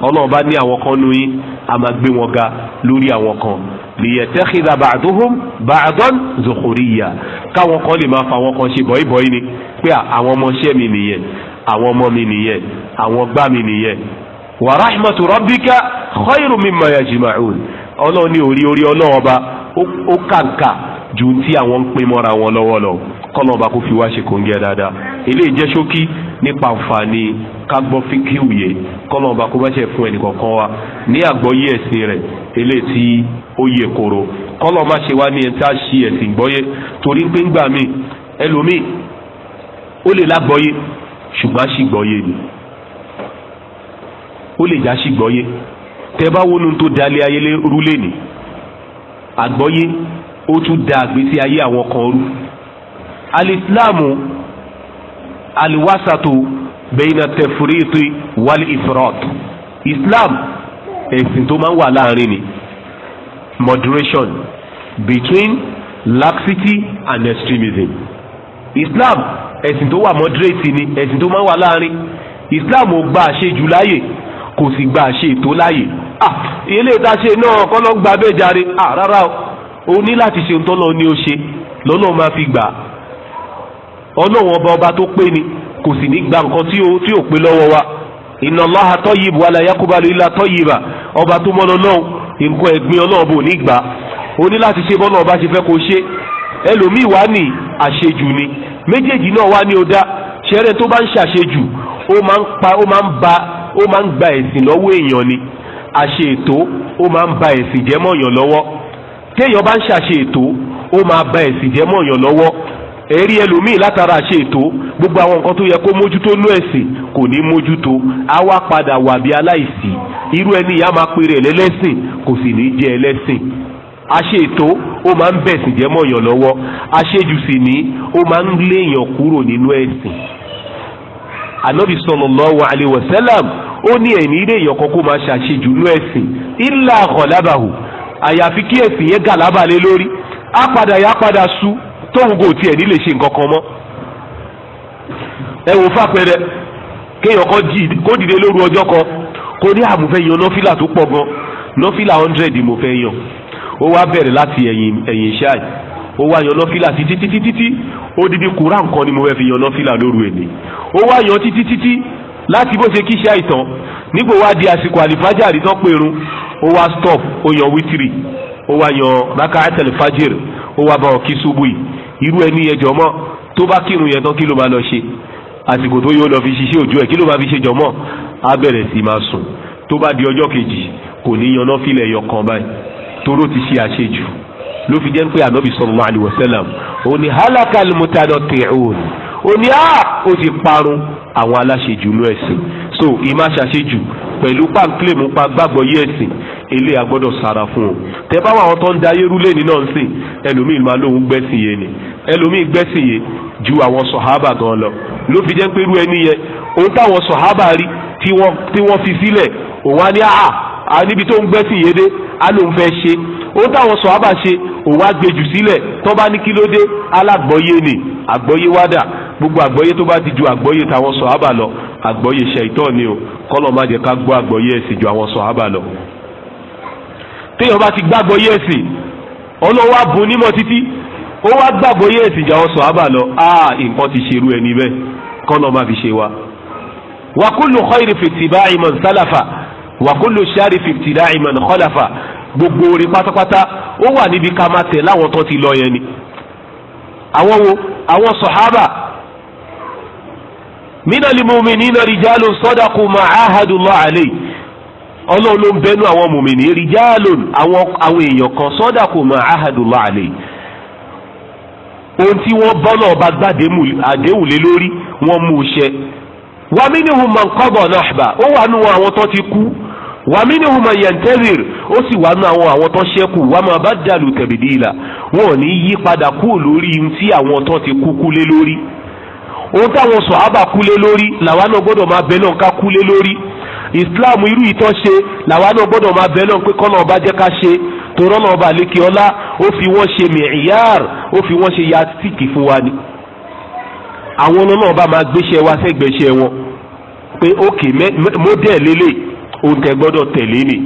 ọlọ́run bá ní àwọn kan nu yín a máa gbé wọn ga lórí àwọn kan liyattakhidha ba'duhum ba'dan zukhuriyya káwọn kan lè máa fa àwọn kan ṣe bọ́ìbọ́ì ni pé àwọn ọmọọṣẹ́ mi nìyẹn àwọn ọmọ mi nìyẹn àwọn gbá mi nìyẹn wa rahmatu rabbika khayru mimma ọlọ́run ní orí orí ọlọ́run ọba ó kàǹkà ju tí àwọn ń pè mọ́ra wọn lọ́wọ́ lọ kọ́nà ọba kó fi wá ṣe kòńgẹ́ dáadáa eléyìí jẹ́ ṣókí nípa àǹfààní kágbọ́ fíkìwìyẹ kọ́nà ọba kó bá ṣe fún ẹnìkọ̀ọ̀kan wa ní àgbọ́yé ẹ̀sìn rẹ̀ eléyìí tí ó yẹ kóró kọ́nà ọba ṣe wá ní ẹni tá a ẹ̀sìn gbọ́yé torí pé ńgbà míì ẹlòmíì ó lè lágbọ́yé ṣùgbọ́n á gbọ́yé ni ó lè já sì gbọ́yé tẹ bá wónú tó dalẹ̀ ayé rúlé ni àgbọ́yé ó tún da àgbésí ayé àwọn kan rú alìsílámù aliwasatu bẹ́yìn tẹ̀fúrìtì wàlí ìfúrọ́t islam ẹ̀sìn tó máa ń wà láàrin ni moderation between laxity and extremism islam ẹ̀sìn tó wà moderate ni ẹ̀sìn tó máa ń wà láàrin islam ò gba àṣejù láàyè kò sì gba àṣe ètò láàyè ah eléyìí tá a ṣe náà kọ́ ló gba abẹ́jáde ah rárá o ó ní láti ṣe ntọ́lọ́ ní ó ṣe lọ́nà máa fi gbà ọlọ́wọ́n ọba ọba tó pé ni kò sì ní gba nǹkan tí ò pé lọ́wọ́ wa inna Allaha tayyib wala yakubalu illa tayyiba ọba tó mọ́ lọ́wọ́ nǹkan ẹ̀gbin ọlọ́wọ́ bò ní gbà ó ní láti ṣe bọ́lá ọba ṣe fẹ́ kó ṣe ẹlòmíì wá ní àṣejù ni méjèèjì náà wá ní ó dá ṣẹ́rẹ́ tó bá ń ṣàṣejù ó máa ń pa ó máa ń ba ó máa ń gba ẹ̀sìn lọ́wọ́ èèyàn ni àṣe ètò ó máa ń ba ẹ̀sìn jẹ́ mọ́yàn lọ́wọ́ téèyàn bá ń ṣàṣe ètò ó máa ba ẹ̀sìn jẹ́ mọ̀yàn lọ́wọ́ èrí ẹlòmíì látara ṣe ètò gbogbo àwọn nǹkan tó yẹ kó mójútó nú ẹ̀sìn kò ní mójútó á wá padà wà bí aláìsí irú ẹni ìyá máa pèrè ẹlẹ́lẹ́sìn kò sì ní jẹ́ ẹlẹ́sìn àṣe ètò ó máa ń bẹ̀sìn jẹ́ mọ̀yàn lọ́wọ́ àṣejù sì ní ó máa ń léèyàn kúrò nínú ẹ̀sìn anabi sallallahu alayhi wa sallam ó ní ẹ̀mí ilé èèyàn kan kó máa ṣàṣejù nú ẹ̀sìn illa ghalabahu àyàfi kí ẹ̀sìn yẹn gàlábà lé lórí á padà yá padà sú tóun kò tiẹ̀ ní lè ṣe nǹkan kan mọ́ ẹ wò fàpẹrẹ kéèyàn kan jí kó dìde lóru ọjọ́ kan kó ní àmúfẹ́ yan nọ́fìlà tó pọ̀ gan nọ́fìlà hundred mo fẹ́ yan ó wá bẹ̀rẹ̀ láti ẹ̀yìn ẹ̀yìn ṣáì ó wá yan nọ́fìlà títí ó dídí kúrà nǹkan ni mo fẹ́ fi yan nọ́fìlà lóru èlé ó wá yan títí láti bó ṣe kíṣe àìtàn nígbò wá di àsìkò àlìfájàrí tán pèrún ó wá stop ó yan wítìrì ó wá yan rákàtà àlìfájìrì ó wá bá ọkí ṣubú yìí irú ẹni yẹn jọmọ tó bá kírun yẹn tán kí ló máa lọ ṣe àsìkò tó yóò lọ fi ṣiṣẹ́ òjò ẹ̀ kí ló máa fi ṣe jọmọ á bẹ̀rẹ̀ sí máa sùn tó bá di ọjọ́ kejì kò ní yan náà filẹ̀ yọ kan báyìí toró ti ṣe àṣejù ló fi jẹ́ pé ànábì sallallahu alaihi wasallam òní halakal mutadọ̀tẹ̀ òní ó á ó ti parun àwọn aláṣejù nú ẹ̀sìn so ìmá ṣàṣejù pẹ̀lú pàǹklẹ̀ mú pa gbàgbọ́ yé ẹ̀sìn ilé agbọ́dọ̀ sára fún o tẹ bá àwọn tó ń da ayérúlé ní náà ń sìn ẹlòmíì máa lóun gbẹ́sìn yé ni ẹlòmíì gbẹ́sìn yé ju àwọn sọ̀hábà gan lọ ló fi jẹ́ pé irú ẹni yẹn ohun táwọn sọ̀hábà rí tí wọ́n fi sílẹ̀ òun á ní àá níbi tó ń gbẹ́sìn yé dé á lóun fẹ́ ṣe ó táwọn sọ̀hábà ṣe òun á gbé jù sílẹ̀ tó bá ní kí ló dé alágbọ́yé ni àgbọ́yé wádà gbogbo àgbọ́yé tó bá ti ju àgbọ́yé táwọn sọ̀hábà lọ àgbọ́yé ṣẹ̀tọ́ ni o kọ́lọ̀ má jẹ́ ká gbọ́ àgbọ́yé ẹ̀sìn ju àwọn sọ̀hábà lọ. téèyàn bá ti gbàgbọ́yé ẹ̀sìn ọlọ́wọ́ àbò onímọ̀ títí ó wá gbàgbọ́yé ẹ̀sìn ju àwọn sọ̀hábà lọ ah nǹkan ti ṣerú ẹni bẹ́ẹ̀ kọ́lọ̀ má fi ṣe wa. wàkúlù kọ́ ìrìfètì ìmọ̀ nsálàfà wàkúlù sáré fìtìlá ìmọ̀ nkọ́láfà gbogbo orí pátápátá ó wà níbi ká máa tẹ̀ láwọn tó ti lọ yẹn ni àwọn wo àwọn sọ̀hábà minal rijalun sadaqu ma ahadullah alayhi ọlọ́run ló ń bẹnu àwọn rijalun àwọn àwọn èèyàn kan ohun tí wọ́n bọ́lá ọba gbàdé àdéhùn lé lórí wọ́n mú un ṣẹ wa minhum wà mí ni hùmà yantazir ó sì wà nù àwọn àwọn tó ṣẹ́kù wà má badalu tabdila wọn ò ní yí padà kú lórí tí àwọn tó ti kú kú lé lórí ohun táwọn sọ̀hábà kú lé lórí làwa náà gbọ́dọ̀ máa bẹ náà ká kú lé lórí islam irú ìtọ́ ṣe làwa náà gbọ́dọ̀ máa bẹ náà pé kọ́nà ọba jẹ́ ká ṣe torọ́ náà ọba àlékè ọlá ó fi wọ́n ṣe mìíyàr ó fi wọ́n ṣe yastik fún wa ni àwọn náà ọba máa gbéṣẹ́ wa sẹ́gbẹ̀ṣẹ́ wọn pé ókè mọ́dẹ̀ lélẹ́yìí ohun tẹ gbọ́dọ̀ tẹ̀lé ni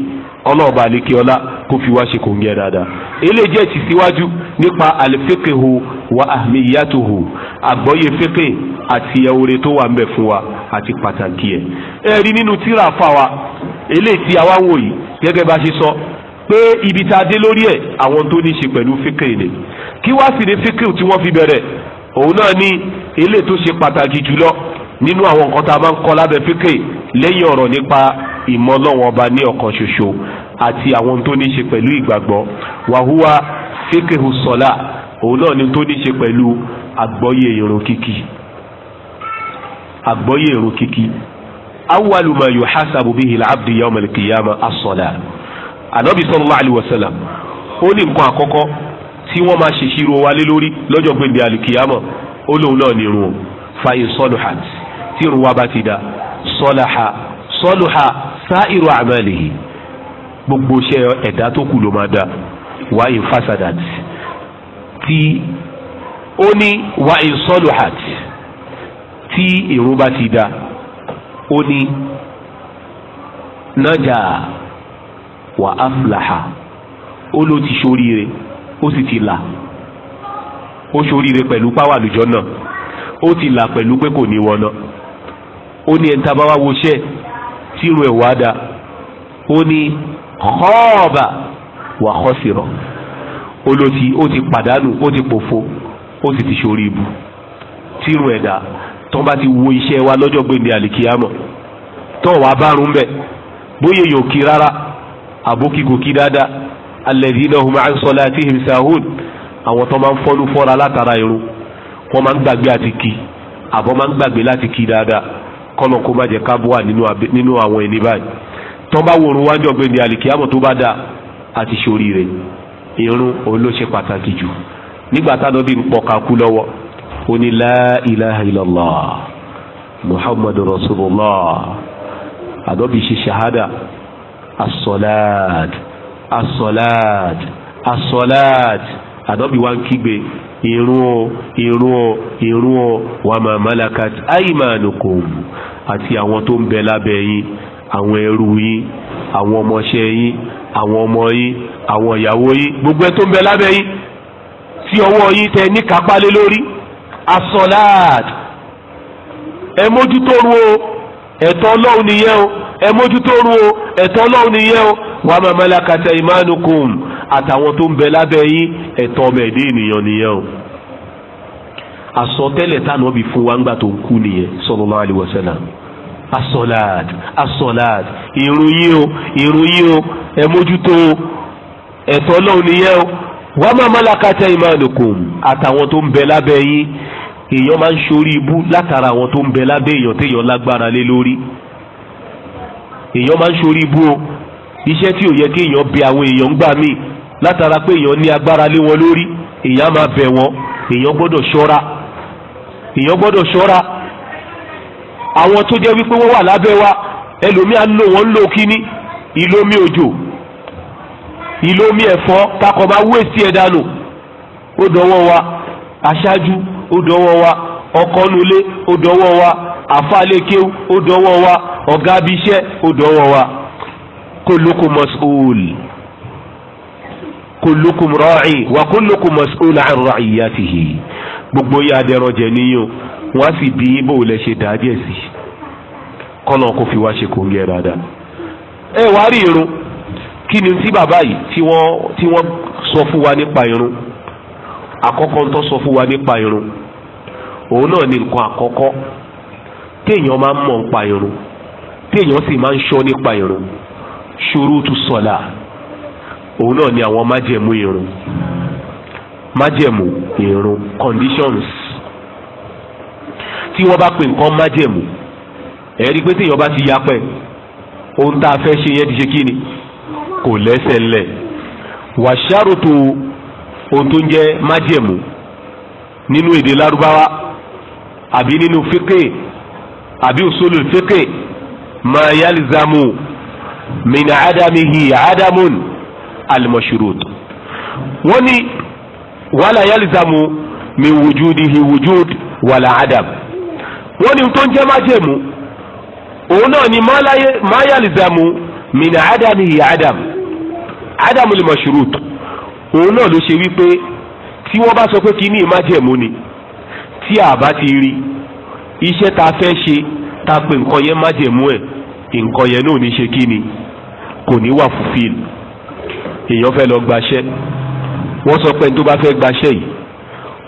ọlọ́ọ̀ba alekeola kó fi wá ṣe kò ń gẹ dáadáa eléyìí ti síwájú nípa àlefékèho wa àmìyàtòho àgbọ́yé fékè àti ẹ̀wòrè tó wà ń bẹ fún wa àti pàtàkì ẹ̀ ẹ rí nínú tíra fa wa eléyìí tí a wá ń wò yìí gẹ́gẹ́ bá ṣe sọ pé ibi tá a dé lórí ẹ̀ àwọn tó ní í ṣe pẹ̀lú fékè ni kí wá sì ní fékè tí wọ́n fi bẹ̀rẹ̀ òun náà ní eléyìí tó ṣe pàtàkì jùlọ nínú àwọn nǹkan tá a máa ń kọ́ lábẹ́ fékè lẹ́yìn ọ̀rọ̀ nípa ìmọ̀ Ọlọ́run ọba ní ọ̀kan ṣoṣo àti àwọn tó ní ṣe pẹ̀lú ìgbàgbọ́ wàhúwa fíkèhù sọlá òun náà ni tó ní ṣe pẹ̀lú àgbọ́yé irun kíkí àgbọ́yé irun kíkí awwalu ma yuhasabu bihi al-abdu yawm al-qiyamah as-sala alayhi wa sallam ó ní nǹkan àkọ́kọ́ tí wọ́n máa ṣe ṣírò wálé lórí lọ́jọ́ gbèndé alùkìyàmọ̀ ó lóun náà ní irun fàyè sọlùhà tí irun wa bá ti da sọlùhà sọlùhà sa'iru amalihi gbogbo iṣẹ́ ẹ̀dá tó kù ló máa dá wáyé fasadat tí ó ní wáyé sọlùhàt tí èrò bá ti dá ó ní nájà wà áfìlàhà ó ló ti ṣoríire ó sì ti là ó ṣoríire pẹ̀lú páwà àlùjọ náà ó ti là pẹ̀lú pé kò ní wọná ó ní ẹ̀ńtàbáwá wo ṣẹ́ẹ̀ tírú ẹ̀ wá dá ó ní kọ́ọ̀bà wà khasira olóòtí ó ti pàdánù ó ti pòfo ó sì ti ṣorí ibu tírú ẹ̀ dá bá ti wo iṣẹ́ wa lọ́jọ́ gbèndé àlìkíyàmọ̀ tó wà á bárun bẹ̀ bóyá yóò kí rárá àbókíkò kí dáadáa alladhina hum an salatihim sahun àwọn tó máa ń fọ́nú fọ́ra látara irun wọ́n máa ń gbàgbé àti kí àbọ̀ máa ń gbàgbé láti kí dáadáa kọ́nà kó má jẹ́ ká wà nínú àwọn ẹni báyìí tán bá wòrun wájú ọ̀gbẹ́ni àlìkíyàmọ̀ tó bá dà àti ṣoríire irun òun ló ṣe pàtàkì jù nígbà tá a lọ bí ń pọkà kú lọ́wọ́ ó ní la ilaha illallah muhammadu rasulullah ṣe ṣahada asọ́láàd asọ́láàd asọ́láàd àdọ́bí wa ń kígbe irun o irun o irun o wa ma malakat aymanukum àti àwọn tó ń bẹ lábẹ́ yín àwọn ẹrú yín àwọn ọmọọṣẹ́ yín àwọn ọmọ yín àwọn ìyàwó yín gbogbo ẹ tó ń bẹ lábẹ́ yín tí ọwọ́ yín tẹ ní kápálé lórí asọ́láàd ẹ mójútó ru o ẹ̀tọ́ ọlọ́run nìyẹn o ẹ mójútó ru o ẹ̀tọ́ ọlọ́run nìyẹn o wàá máa mẹ́lá kàtà ìmánukum àtàwọn tó ń bẹ lábẹ́ yín ẹ̀tọ́ ọmọ ẹ̀dẹ́ ènìyàn nìyẹn o àsọtẹ́lẹ̀ táwọn ọbí fún wa ńgbà tó ń kú nìyẹn sallallahu alaihi wasallam asọlad asọlad ìròyìn o ìròyìn o ẹ mójútó o ẹ̀tọ́ Ọlọ́run nìyẹn o wà á máa malakata imanukum àtàwọn tó ń bẹ lábẹ́ yín èèyàn máa ń ṣorí ibú látara àwọn tó ń bẹ lábẹ́ èèyàn téèyàn lágbára lé lórí èèyàn máa ń ṣorí ibú o iṣẹ́ tí ò yẹ kí èèyàn bẹ àwọn èèyàn ń gbà míì látara pé èèyàn ní agbára lé wọn lórí èèyàn máa bẹ̀ wọ́n èèyàn gbọ́dọ̀ ṣọ́ra èèyàn gbọ́dọ̀ ṣọ́ra àwọn tó jẹ́ wípé wọ́n wà lábẹ́ wa ẹlòmíì á lò wọ́n lò kíní ìlómi òjò ìlómi ẹ̀fọ́ kakọ̀ bá wé sí ẹ̀ dànù ó dọwọ́ wa aṣáájú ó dọwọ́ wa ọkọ̀nulé ó dọwọ́ wa àfàlẹ́kẹ́wù ó dọwọ́ wa ọ̀gá abiṣẹ́ ó dọwọ́ wa kullukum mas'ul kullukum ra'i wa kullukum mas'ul an ra'iyatihi gbogbo yìí adẹrọjẹ níyàn wọn á sì bí bó lẹ ṣe dá díẹ̀ sí kọ́nà kó fi wá ṣe kò ń yẹ dáadáa. ẹ wàá rí irun kí ni tí bàbá yìí tí wọ́n tí wọ́n sọ fún wa nípa irun àkọ́kọ́ ń tọ́ sọ fún wa nípa irun òun náà ni nǹkan àkọ́kọ́ téèyàn máa ń mọ̀ nípa irun téèyàn sì máa ń ṣọ́ nípa irun ṣòro tu sọ̀la òun náà ni àwọn májẹ̀mú irun májẹ̀mú ìrun conditions tí wọ́n bá pè nǹkan májẹ̀mú ẹ̀rí pé téèyàn bá ti yapẹ̀ ohun tá a fẹ́ ṣe yẹn ti ṣe kí ni kò lẹ́sẹ̀ ńlẹ̀ wàṣàròtò ohun tó ń jẹ́ májẹ̀mú nínú èdè lárúbáwá àbí nínú fíkè àbí òṣòlù fíkè máa yálìzàmù min àdámihì àdámùn àlùmọ̀ṣùrù wọ́n ní wala yalzamu min wujudihi wujud wala adam wọ́n ní tó ń jẹ́ májẹ̀mú òun náà ni ma yalzamu min adamihi adam adamul mashrut òun náà ló ṣe wípé tí wọ́n bá sọ pé kí ní májẹ̀mú ni tí a bá ti rí iṣẹ́ ta fẹ́ ṣe ta pé nǹkan yẹn májẹ̀mú ẹ̀ nǹkan yẹn náà ní ṣe kí ni kò ní wà fulfill èèyàn fẹ́ lọ gbaṣẹ́ wọ́n sọ pé tó bá fẹ́ gbaṣẹ́ yìí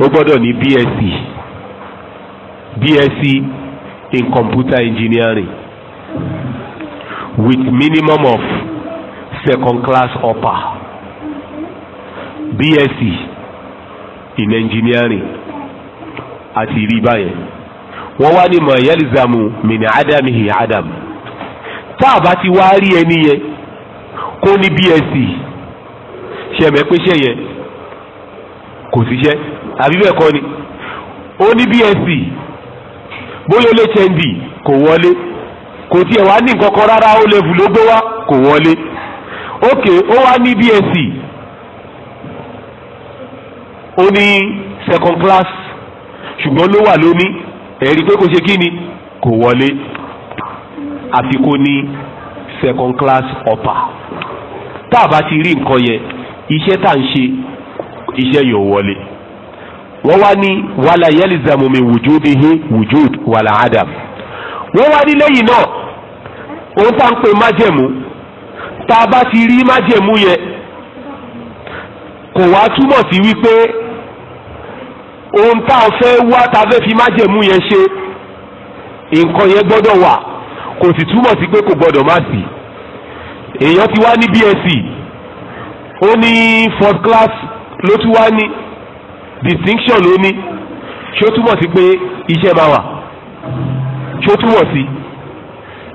ó gbọ́dọ̀ ní BSc BSc in computer engineering with minimum of second class upper BSc in engineering àti rí báyẹn wọ́n wá ní mọ̀ yẹ́lìzàmù mìíràn ádámìhì ádámù tá a bá ti wá rí ẹni yẹn kó ní BSc ṣẹ̀mẹ́ pé ṣẹ̀yẹn kò síṣẹ́ àbí bẹ́ẹ̀ kọ́ ni ó ní bsc bóyá ó lé hnd kò wọlé kò tiẹ̀ wá ní nǹkan kan rárá ó lè ló gbé wá kò wọlé ok ó wá ní bsc ó ní second class ṣùgbọ́n ló wà lóní ẹ̀rí pé kò ṣe kí ni kò wọlé àfi kó ní second class upper tá a bá ti rí nǹkan yẹn iṣẹ́ tá à ń ṣe iṣẹ́ yóò wọlé wọ́n wá ní wàlà yẹlizàmù mi wùjúdihi wùjúd wàlà adam wọ́n wá ní lẹ́yìn náà ó fà ń pè májẹ̀mú tá a bá ti rí májẹ̀mú yẹn kò wá túmọ̀ sí wípé ohun tá a fẹ́ wá tá a fẹ́ fi májẹ̀mú yẹn ṣe nǹkan yẹn gbọ́dọ̀ wà kò sì túmọ̀ sí pé kò gbọ́dọ̀ má sí èèyàn ti wá ní bsc ó ní fourth class ló tún wá ní distinction ló ní ṣé ó túmọ̀ sí pé iṣẹ́ máa wà ṣé ó túmọ̀ sí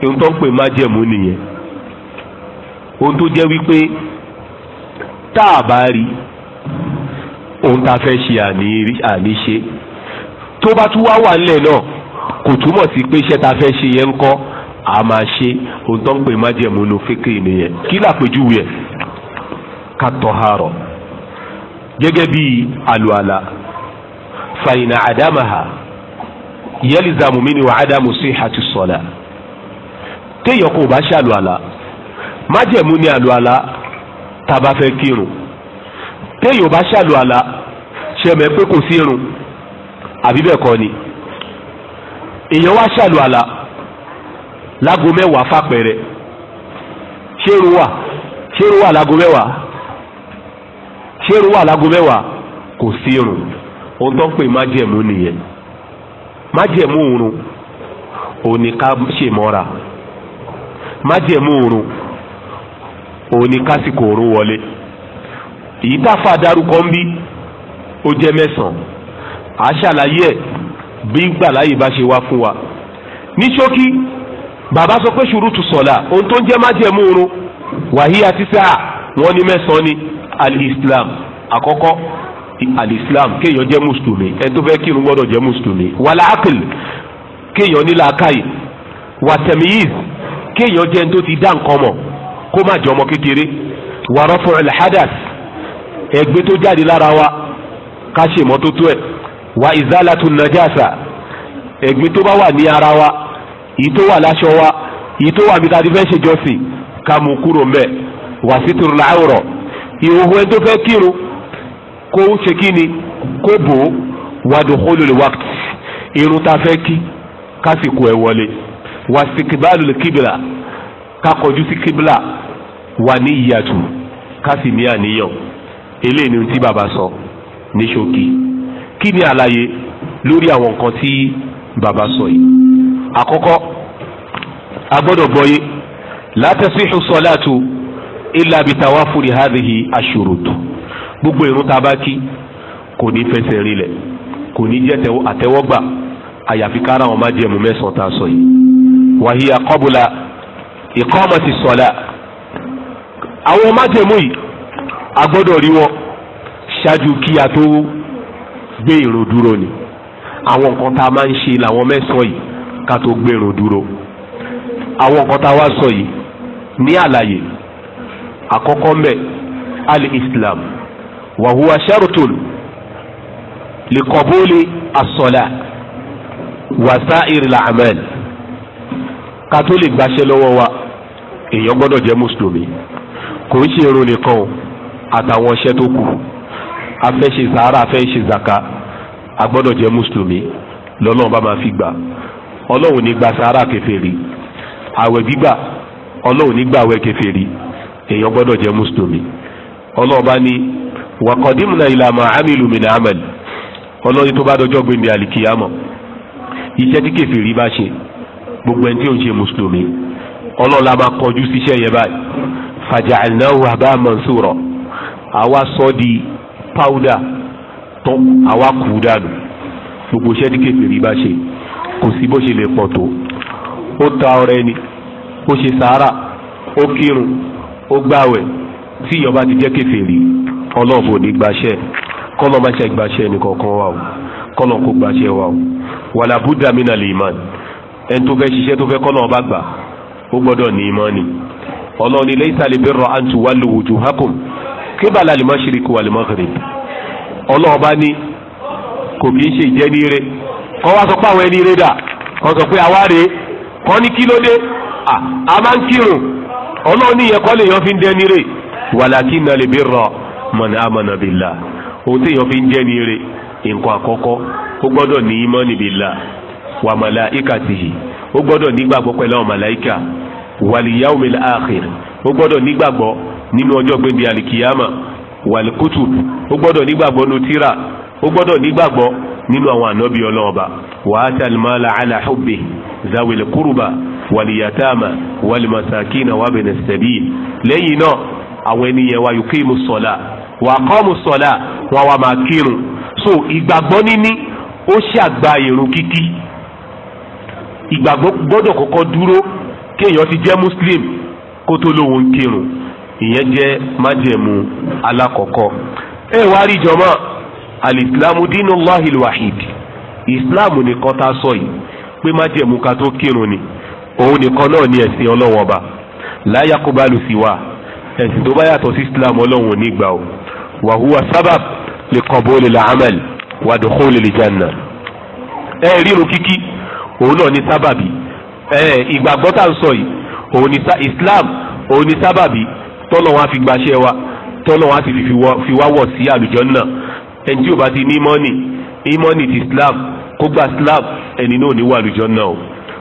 ohun tó ń pè májẹ̀mú nìyẹn ohun tó jẹ́ wípé tá a bá rí ohun tá a fẹ́ ṣe àní ṣe tó bá tún wá wà nílẹ̀ náà kò túmọ̀ sí pé iṣẹ́ tá a fẹ́ ṣe yẹn ń kọ́ a máa ṣe ohun tó ń pè májẹ̀mú ló fẹ́kẹ̀ nìyẹn kí làpèjúwe ẹ̀ ká tọ́ àárọ̀ gẹ́gẹ́ bí aluala fàyìnà àdámàhà yẹlizàmù mi ni wà ádámù sí àti sọlá téèyàn kò bá ṣe aluala májẹ̀mú ni aluala tá a bá fẹ́ kírun téèyàn bá ṣe aluala ṣe mẹ́ pé kò sí irun àbí bẹ́ẹ̀ kọ́ ni èèyàn wá ṣe aluala láago mẹ́wàá fàpẹ̀rẹ̀ ṣé irun wà ṣé irun wà láago mẹ́wàá ṣérun wà lágo mẹ́wàá kò sí irun ohun tó ń pè májẹ̀mú nìyẹn májẹ̀mú irun òun ni ká ṣe mọ́ra májẹ̀mú irun òun ni kásìkò irun wọlé èyí táfà darúkọ ń bí ó jẹ́ mẹ́sàn-án à á ṣàlàyé ẹ̀ bí gbàláyè bá ṣe wá fún wa ní ṣókí bàbá sọ pé ṣùrùtù sọ̀la ohun tó ń jẹ́ májẹ̀mú irun wàhíyà tísà wọ́n ní mẹ́sàn-án ni al-islam àkọ́kọ́ al-islam kéèyàn jẹ́ mùsùlùmí ẹni tó fẹ́ kírun gbọ́dọ̀ jẹ́ mùsùlùmí wàlá akil kéèyàn ní làákàyè wàtẹ̀míyìí kéèyàn jẹ́ ẹni tó ti dá nǹkan mọ̀ kó má jẹ́ ọmọ kékeré wàrọ́fọ̀ al-hadas ẹgbẹ́ tó jáde lára wa ká ṣe mọ́tótó ẹ̀ wa izalatu najasa ẹ̀gbin tó bá wà ní ara wa èyí tó wà láṣọ wa èyí tó wà bí ta ti fẹ́ ṣe jọ́sìn ká mú kúrò mbẹ́ wa sitrul ìhòòhò ẹni tó fẹ́ kírun kó ṣe kí ni kó bò ó wadukhulul waqt irun tá a fẹ́ kí kásìkò ẹ̀ wọlé wastiqbalul kibla kakọjú sí kibla wà ní ìyàtù kásì ní àníyàn eléyìí ni tí bàbá sọ ní ṣókí kí ni àlàyé lórí àwọn nǹkan tí bàbá sọ yìí àkọ́kọ́ a gbọ́dọ̀ gbọ́yé la tasihu salatu illa bi tawafuri hadhihi ashurutu gbogbo irun tá a bá kí kò ní fẹsẹ̀ rinlẹ̀ kò ní jẹ́ àtẹ́wọ́gbà àyàfi kára wọn má jẹ́ mu mẹ́sàn-án tá a sọ yìí wàhíyà qabla iqamati sọ̀la àwọn májẹ̀mú yìí a rí wọn ṣáájú kí a tó gbé ìrun dúró ni àwọn nǹkan tá a máa ń ṣe làwọn mẹ́sàn-án yìí ká tó gbé ìrun dúró àwọn nǹkan tá a wá sọ yìí ní àlàyé àkọ́kọ́ mbẹ al-islam wa huwa shartun li qabuli as-sala wa sa'ir al-amal kátó lè gbaṣẹ́ lọ́wọ́ wa èèyàn gbọ́dọ̀ jẹ́ mùsùlùmí kò ń ṣe irun nìkan àtàwọn iṣẹ́ tó kù afẹ́ ṣe sàárà zaka a gbọ́dọ̀ jẹ́ mùsùlùmí bá máa fi gbà ọlọ́run ní gba sàárà kèfèrí àwẹ̀ gbígbà ọlọ́run ní gba àwẹ̀ kèfèrí èèyàn gbọ́dọ̀ jẹ́ mùsùlùmí ọlọ́ọ̀bá ni wàkọ̀dìmùnà ìlànà amílù mi nà amẹ́lì ọlọ́ọ̀ni tó bá dọjọ́ gbé ní àlìkìyàmọ̀ iṣẹ́ tí kèfèrí bá ṣe gbogbo ẹni tí ò ń ṣe mùsùlùmí ọlọ́ọ̀la máa kọjú síṣẹ́ yẹn báyìí fàjà àìnáwó àbá mansura àwa sọ di páúdà tó àwa kù dànù gbogbo iṣẹ́ tí kèfèrí bá ṣe kò sí bó ṣe lè pọ̀ tó ó ta ọrẹ ni ó ṣe sàárà ó kírun ó gbàwẹ̀ tí ìyọba ti jẹ́ kèfèrí ọlọ́ọ̀bù ò ní gbaṣẹ́ kọ́lọ́ máa ṣe gbaṣẹ́ nìkankan wa o kọ́lọ́ kò gbaṣẹ́ wa o wàlà búdà mí nàlè ìmán ẹni tó fẹ́ ṣiṣẹ́ tó fẹ́ kọ́lọ́ ọba gbà ó gbọ́dọ̀ ní ìmán ni ọlọ́ọ̀ni laysa libirra an tuwallu wujuhakum qibala al-mashriqi wal-maghrib ọlọ́ọ̀ba ní kò kì í ṣe ìjẹ́ ní ire kọ́ wá sọ pé àwọn ẹni ire dà kọ́ sọ pé àwa kọ́ ní kí à á máa ń kírun ọlọ́run ní ìyẹn kọ́ lè yan fi ń dẹni rè walakinna al-birra man amana billah ohun tí èèyàn fi ń dẹni rè nǹkan àkọ́kọ́ ó gbọ́dọ̀ ní imani billah wa malaikatihi ó gbọ́dọ̀ nígbàgbọ́ pẹ̀lú àwọn màláìkà wal yawmil akhir ó gbọ́dọ̀ nígbàgbọ́ nínú ọjọ́ gbẹ̀ndì alikiyama wal kutub ó gbọ́dọ̀ nígbàgbọ́ nínú tírà ó gbọ́dọ̀ nígbàgbọ́ nínú àwọn ànábì ọlọ́ọ̀ba wàá tàlmálà ala hubbi zawil kuruba wàlìyàtàmà wàlìmàsàkínà wàbẹ̀nẹ̀ sẹ̀bí lẹ́yìn náà àwọn ẹni yẹn wa yòókè mu sọ̀la wà kọ́ mu sọ̀la wọn wà máa kírun so ìgbàgbọ́ níní ó ṣàgbà ìrun kíkí ìgbàgbọ́ gbọ́dọ̀ kọ́kọ́ dúró kéèyàn ti jẹ́ muslim kó tó lóun kírun ìyẹn jẹ́ májẹ̀mú alákọ̀ọ́kọ́ ẹ wá rí jọmọ́ alìsílámù dínú láhìlú wàhídì ìsìlámù nìkan tá a sọ yìí pé májẹ̀mú ká tó kírun ni òun nìkan náà ni ẹ̀sìn ọlọ́wọ́n ọba láyà kó bá lù sí ẹ̀sìn tó bá yàtọ̀ sí islam ọlọ́wọ́n nígbà o wàhùwà sábàb lè kọ̀bọ̀ lè la amal wà dùkọ́ lè lè jànà. ẹ ríru kíkí òun náà ni sábàbí ẹ ìgbàgbọ́ tá à ń sọ yìí òun ni islam òun ni sábàbí tọ́lọ̀ wọn á fi gbaṣẹ́ wa tọ́lọ̀ wọn á sì fi wá wọ̀ sí àlùjànnà ẹni tí ò bá ti ní mọ́nì ìmọ́nì ti islam kó gba islam ẹni náà ní wà àlùjànnà o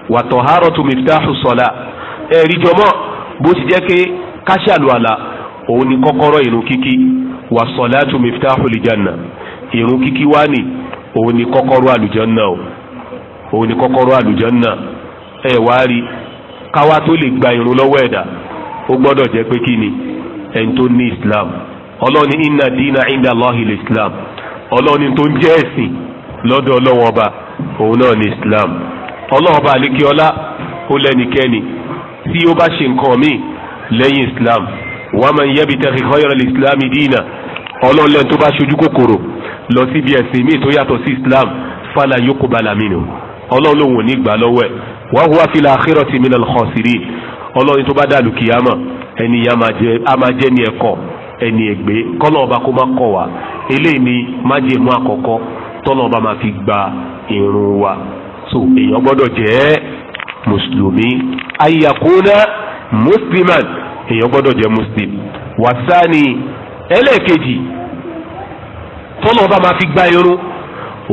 wa taharatu miftahu sọlá ẹ̀rí jọmọ́ bó ti jẹ́ pé káṣàlùwàlà òun ni kọ́kọ́rọ́ ìrun kíkí wa salatu miftahu lìjànà ìrun kíkí wá ní òun ni kọ́kọ́rọ́ àlùjànà o òun ni kọ́kọ́rọ́ àlùjànà ẹ̀ wá rí káwa tó gba ìrun lọ́wọ́ ẹ̀dá ó gbọ́dọ̀ jẹ́ pé kí ni tó ní islam ọlọ́ni inna dina inda allahi l'islam ọlọ́ni tó ń jẹ́ ẹ̀sìn lọ́dọ̀ ọlọ́wọ́n òun náà ní islam ọlọ́run bá àlékè ọlá ó lẹ́nikẹ́ni tí ó bá ṣe nǹkan míì lẹ́yìn islam wa man yabtaghi ghayra al-islam dina ọlọ́run lẹ́nu tó bá ṣojú kòkòrò lọ síbi ẹ̀sìn míì tó yàtọ̀ sí islam fala yuqbala minhu ọlọ́run lòun ò ní gbà lọ́wọ́ ẹ̀ wa huwa fil akhirati minal khasirin ọlọ́run tó bá dàlù kìyàmà ẹni yà máa jẹ́ ní ẹ̀kọ́ ẹni ẹ̀gbẹ́ kọ́lọ́ so èèyàn gbọ́dọ̀ jẹ́ mùsùlùmí ayakuna musliman èèyàn gbọ́dọ̀ jẹ́ muslim wasani ẹlẹ́ẹ̀kejì tọ́lọ́ba máa fi gba irun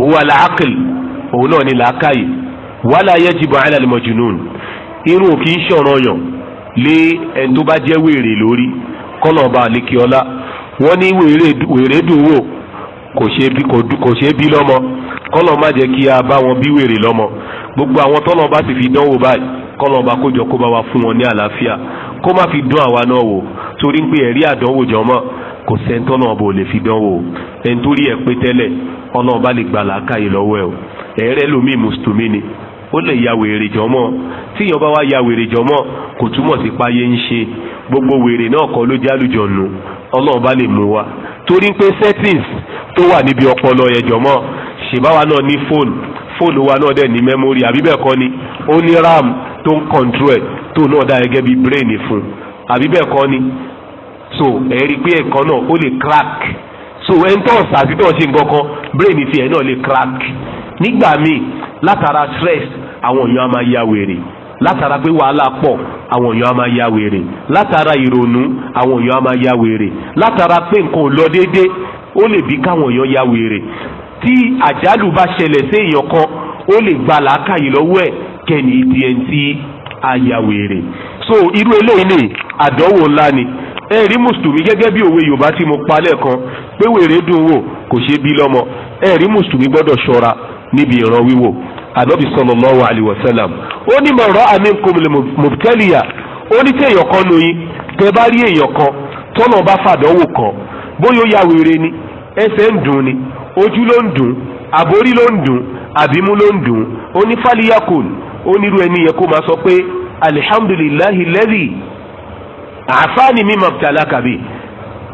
òun àlàákìl òun náà ní làákàyè wàhálà yajibu ala al-majnun irun ò kì í ṣọ̀ràn yàn lé ẹni tó bá jẹ́ wèrè lórí kọ́lọ́ba àlekíọ́lá wọ́n ní wèrè dùn wò kò ṣe bí lọ́mọ kọ́lọ̀ má jẹ́ kí a bá wọn bí wèrè lọ́mọ gbogbo àwọn tọ́lọ̀ bá sì fi dánwò báyìí kọ́lọ̀ bá kójọ kó bá wa fún wọn ní àlàáfíà kó má fi dán àwa náà wò torí pé ẹ̀rí àdánwò jọmọ́ kò sẹ́ńtọ́ náà bò lè fi dánwò ẹni torí ẹ̀ pé tẹ́lẹ̀ ọlọ́run lè gbà làákàyè lọ́wọ́ ẹ̀ ẹ̀rẹ́ lómi mùsùlùmí ni ó lè ya wèrè jọmọ́ tíyàn bá wá ya wèrè jọmọ́ kò túmọ̀ sí páyé ń ṣe gbogbo wèrè náà kọ́ ló jẹ́ àlùjọ̀nù ọlọ́run bá lè mú wa torí pé settings tó wà níbi ọpọlọ yẹn jọmọ́ ṣèbáwa náà ní fóònù fóònù wa náà dẹ̀ ní mẹ́mórì àbí bẹ́ẹ̀ kọ́ ni ó ní ram tó ń control ẹ̀ tó náà dá gẹ́gẹ́ bí brain fún àbí bẹ́ẹ̀ kọ́ ni so ẹ̀rí pé ẹ̀kan náà ó lè crack so ẹni tó ọ̀sà àti tó ọ̀sìn kankan brain tiẹ̀ náà lè crack nígbà míì látara stress àwọn èèyàn á máa ya wèrè látara pé wàhálà pọ̀ àwọn èèyàn á máa ya wèrè látara ìrònú àwọn èèyàn á máa ya wèrè látara pé nǹkan ò lọ déédéé ó lè bí káwọn èèyàn ya wèrè tí àjálù bá ṣẹlẹ̀ sí èèyàn kan ó lè gba làákàyè lọ́wọ́ ẹ̀ kẹ́ni di ẹni tí a ya wèrè so irú eléyìí ni àdánwò ńlá ni ẹ rí mùsùlùmí gẹ́gẹ́ bí òwe yorùbá tí mo pa lẹ́ẹ̀kan pé wèrè dùn wò kò ṣe bí lọ́mọ ẹ rí mùsùlùmí gbọ́dọ̀ ṣọ́ra níbi ìran wíwò anabi sallallahu alayhi wa sallam ó ní man ra'a minkum mubtaliya ó ní tí èèyàn kan nu yín tẹ bá rí èèyàn kan tọ́nà bá fàdánwò kan bóyá ó ya wèrè ni ẹsẹ̀ ń dùn ni ojú ló ń dùn àbórí ló ń dùn àbímú ló ń dùn ó ní fàlíyàkùn ó nírú ẹni yẹn kó máa sọ pé alihamdulilahi lẹ́dí àfáàní mímọ tàlákàbí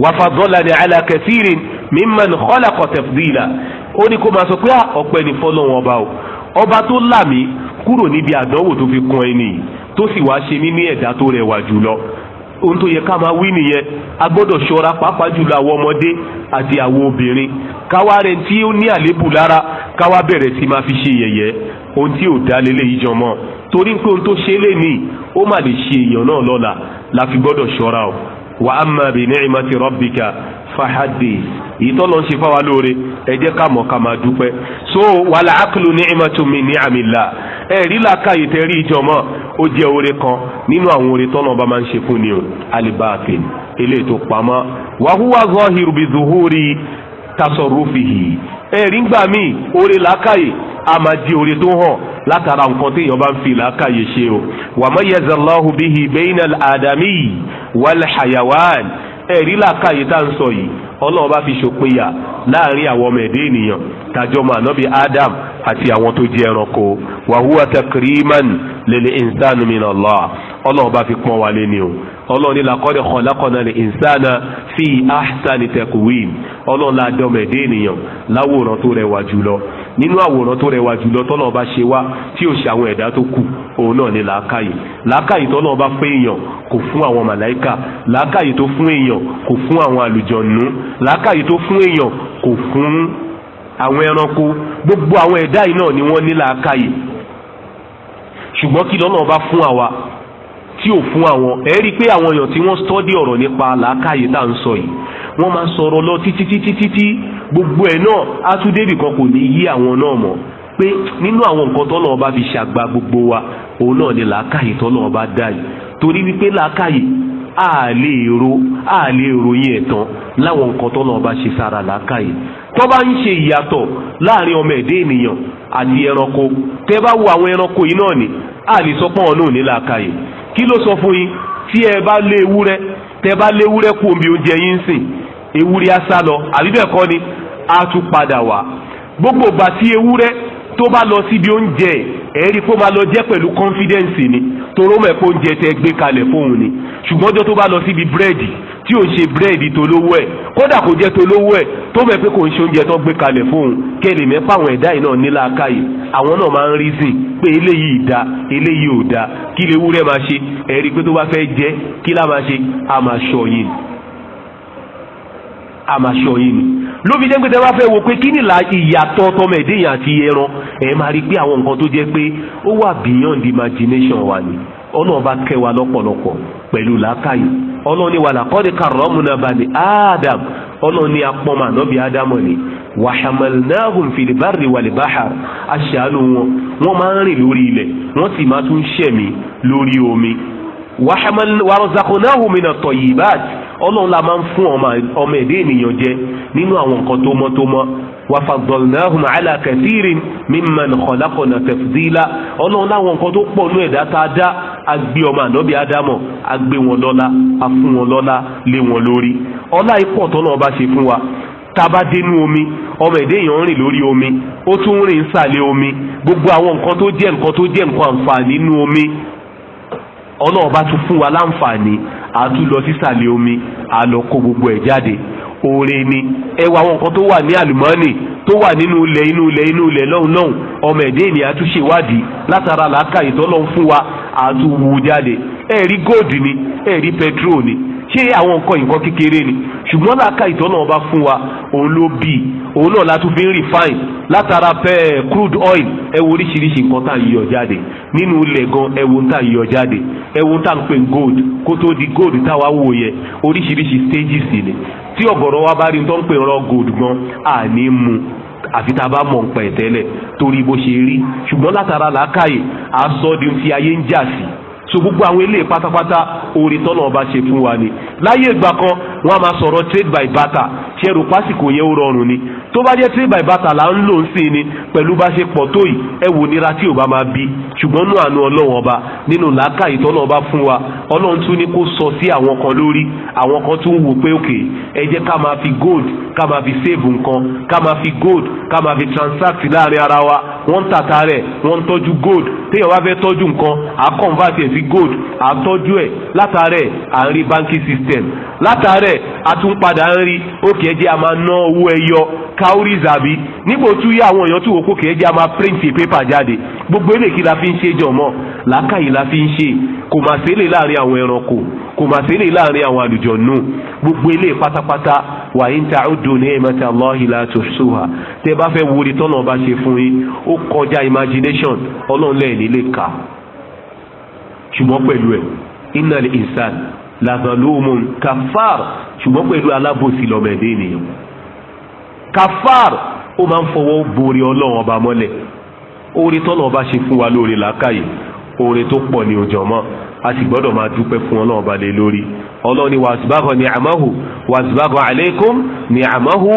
wàfàdọ́lani alákẹ́sìrín mímọ nìkọ́lá kọ̀tẹ́fìdìlà ó ní ah, ní fọlọ́wọ́n ọba ọba tó là mí kúrò níbi àdánwò tó fi kan ẹni tó sì wá ṣe mí ní ẹ̀dá tó rẹwà jùlọ ohun tó yẹ ká máa wí nìyẹn a gbọ́dọ̀ ṣọ́ra pàápàá jùlọ àwọn ọmọdé àti àwọn obìnrin káwá rẹ̀ tí ó ní àléébù lára káwá bẹ̀rẹ̀ sí máa fi ṣe yẹ̀yẹ́ ohun tí ò dá lélẹ̀ yìí jọmọ torí pé ohun tó ṣe é lé ní ó mà lè ṣe èèyàn náà lọ́la la fi gbọ́dọ̀ ṣọ́ra o wa amma bi ni'mati rabbika fahadi ìtọ́lọ̀ ń ṣe fáwa lóore ẹ ká mọ̀ ká máa dúpẹ́ so wàlà ákìlù ni'matu min ni'amillah ẹ rí làákà yìí tẹ́rí ìjọmọ́ ó jẹ́ oore kan nínú àwọn oore tọ́nà ọba máa ń ṣe fún ni o alibaatin eléyìí tó pamọ́ wa huwa zahiru bi tasọ̀rọ̀fìhì ẹ̀rí ń gbà mí oore làákàyè a máa di oore tó hàn látara nǹkan téèyàn bá ń fi làákàyè ṣe o wàmọ́ yẹzàláhu bíhi bẹ́ẹ̀nà àdàmì wàlẹ̀ hayawan ẹ̀rí làákàyè tá à ń sọ yìí ọlọ́run bá fi ṣòpinya láàrin àwọn ọmọ ẹ̀dẹ́ ènìyàn tàjọmọ̀ ànábì adam àti àwọn tó jẹ́ ẹranko wàhùwà takriman lil insani min Allah ọlọ́run bá fi pọ́n wa lé o ọlọ́run ní lakọ́dẹ̀ kọ̀lákọ̀nà lè ìsáná fi ahsani taqwim ọlọ́run la dọ́mọ̀ ẹ̀dẹ́ ènìyàn láwòrán tó rẹwà jùlọ nínú àwòrán tó rẹwà jùlọ tọ́lọ́run bá ṣe wá tí ò ṣe àwọn ẹ̀dá tó kù òun náà ní làákàyè làákàyè tọ́lọ́run bá fún èèyàn kò fún àwọn màláìkà làákàyè tó fún èèyàn kò fún àwọn àlùjọ̀nù làákàyè tó fún èèyàn kò fún àwọn ẹranko gbogbo àwọn ẹ̀dá yìí náà ni wọ́n ní làákàyè ṣùgbọ́n kí lọ́nà ọba fún àwa tí ò fún àwọn ẹ rí i pé àwọn èèyàn tí wọ́n stọ́dí ọ̀rọ̀ nípa làákàyè tá à ń sọ yìí wọ́n máa sọ̀rọ̀ lọ títí títí títí gbogbo ẹ̀ náà átúndébì kan kò ní yí àwọn náà mọ̀ pé nínú àwọn nǹkan tọ́nà ọba fi ṣàgbà gbogbo wa òun náà ni làákàyè tọ́nà ọba dá yìí torí wípé làákàyè a lè ro a lè ròyìn ẹ̀tàn láwọn nǹkan tọ́nà ọba ṣe sára làákàyè tó bá ń ṣe ìyàtọ̀ láàrin ọmọ ẹ̀dẹ́ ènìyàn àti ẹranko tẹ́ bá wo àwọn ẹranko yìí náà ni a lè sọ pé wọn náà ní làákàyè kí ló sọ fún yín tí ẹ bá lé ewúrẹ́ tẹ bá lé ewúrẹ́ kú omi oúnjẹ yín sìn ewúrẹ́ á sá lọ àbí ni á tún padà wá gbogbo ìgbà tí ewúrẹ́ tó bá lọ síbi oúnjẹ ẹ rí i kó máa lọ jẹ pẹ̀lú confidence ni toró mọ̀ ẹ́ pé oúnjẹ tẹ gbé kalẹ̀ fóun ni ṣùgbọ́n ọjọ́ tó bá lọ síbi búrẹ́dì tí ò ṣe búrẹ́dì tolówó ẹ̀ kódà kò jẹ́ tolówó ẹ̀ tó bẹ̀ pé kò ń ṣe oúnjẹ tó gbé kalẹ̀ fóun kẹ́lẹ̀ mẹ́fà àwọn ẹ̀dá yìí náà nílá káyè àwọn náà máa ń rí sìn pé eléyìí da eléyìí ò da kí lè wúrẹ́ máa ṣe ẹ̀rí pé tó bá fẹ́ jẹ kí lá máa ṣe a máa ṣọ yìí ni a máa ṣọ yìí ni ló fi jẹ́ pé tẹ́ bá fẹ́ wo pé kí nìlà ìyàtọ̀ tọmọdéyìn àti ẹran ẹ̀ máa rí pé àwọn nǹkan tó jẹ́ pé ó wà beyond imagination wa ni ọlọ́ọ̀bá kẹwàá lọ́pọ̀lọpọ̀ pẹ̀lú làákàyè ọlọ́ni wà làkọ́dí karramna bani adam ọlọ́ni apọ́mọ ànábì ádámọ̀ ni wa hamalnahum fil barri wal bahar aṣàánú wọn wọ́n máa ń rìn lórí ilẹ̀ wọ́n sì máa tún ṣẹ̀mí lórí omi wa razaqnahum minat tayyibat ọlọ́run la máa ń fún ọmọ ẹ̀dẹ́ ènìyàn jẹ nínú àwọn nǹkan tó mọ́ tó mọ́ wa faddalnahum ala kathirin mimman khalaqna tafdila ọlọ́run láwọn nǹkan tó pọ̀ nú ẹ̀dá tá a dá a gbé ọmọ ànábì ádámọ̀ a gbé wọn lọ́lá a fún wọn lọ́lá lé wọn lórí ọlá ipò tọ́nà ọba ṣe fún wa taba dénú omi ọmọ èdè èèyàn ń rìn lórí omi ó tún ń rìn nsàlẹ̀ omi gbogbo àwọn nǹkan tó jẹ́ nǹkan tó jẹ́ nǹkan àǹfààní nínú omi ọlọ́ọ̀bá tún fún wa láǹfààní àtúlọ sísàlẹ̀ omi àlọ́kó gbogbo ẹ̀ jáde oore ni ẹ wá àwọn nǹkan tó wà ní àlùmọ́ọ́nì tó wà nínú ilẹ̀ inú ilẹ̀ inú ilẹ̀ lọ́hùn lọ́hùn ọmọ ẹ̀dẹ́ ènìyàn tún ṣe ìwádìí látara làákàyè tó lọ́n fún wa àtúwò jáde ẹ rí góòdù ni ẹ rí pẹtrol ni ṣé àwọn nǹkan nǹkan kékeré ni ṣùgbọ́n làákàyè tó náà bá fún wa òun ló bí òun náà látún fi ń refine látara pẹ́ eh, crude oil ẹ wo oríṣiríṣi nǹkan tá à ń yọ jáde nínú ilẹ̀ gan ẹ wo tá à ń yọ jáde ẹ wo tá à ń pè gold kó tó di gold táwa wò yẹ oríṣiríṣi stages ni tí ọ̀gọ̀rọ̀ wa bá rí tó ń pè rọ gold gan àní mu àfi tá a bá mọ̀ ń pẹ̀ tẹ́lẹ̀ torí bó ṣe rí ṣùgbọ́n látara làákàyè àsọdì ń fi ayé ń jà sí so gbogbo àwọn eléyìí pátápátá orí tọ́nà ọba ṣe fún wa ni láyé ìgbà kan wọ́n á máa sọ̀rọ̀ trade by barter ṣẹ́rù pásìkò yẹn ó rọrùn ni tó bá jẹ́ tí bàbá tààlà ń lò ń sìn ni pẹ̀lú bá ṣe pọ̀ tó yìí ẹ wò nira tí ò bá máa bí ṣùgbọ́n nínú àánú ọlọ́run ọba nínú làákà ìtọ́nà ọba fún wa ọlọ́run tún ní kó sọ sí àwọn kan lórí àwọn kan tún wò pé òkè ẹ jẹ́ ká máa fi gold ká máa fi save nǹkan ká máa fi gold ká máa fi transact láàrin ara wa wọ́n ń tàta rẹ̀ wọ́n ń tọ́jú gold téèyàn bá fẹ́ tọ́jú nǹkan à convert ẹ̀ sí gold à tọ́jú ẹ̀ látàrẹ̀ à ń rí banking system látàrẹ̀ àtúnpadà ń rí òkè ẹ jẹ́ a máa ná owó ẹyọ cowries àbí nígbà tó yá àwọn èèyàn tó wò kó kẹ́ẹ́ jẹ́ a máa print paper jáde gbogbo eléyìí la fi ń ṣe jọ̀mọ́ làákàyè la fi ń ṣe kò mà sí èlé láàrin àwọn ẹranko kò mà sí èlé láàrin àwọn àlùjọ̀nù gbogbo eléyìí pátápátá wa in ta'uddu ni'mata Allahi la tuhsuha tẹ́ bá fẹ́ wúri tọ́nà ọba ṣe fún yín ó kọjá imagination ọlọ́run lẹ́yìn nílé ka ṣùgbọ́n pẹ̀lú ẹ̀ insan la zalumun kafar ṣùgbọ́n pẹ̀lú alábòsí lọ́mọdé ènìyàn kafar ó máa ń fọwọ́ borí ọlọ́run ọba mọ́lẹ̀ oore tọ́lọ́ ọba ṣe fún wa lóore làákàyè oore tó pọ̀ ní ọjọ́ mọ́ a sì gbọ́dọ̀ máa dúpẹ́ fún ọlọ́run ọba lé lórí ọlọ́run ni wàásùbákọ̀ ní àmọ́hù wàásùbákọ̀ àlékún ní àmọ́hù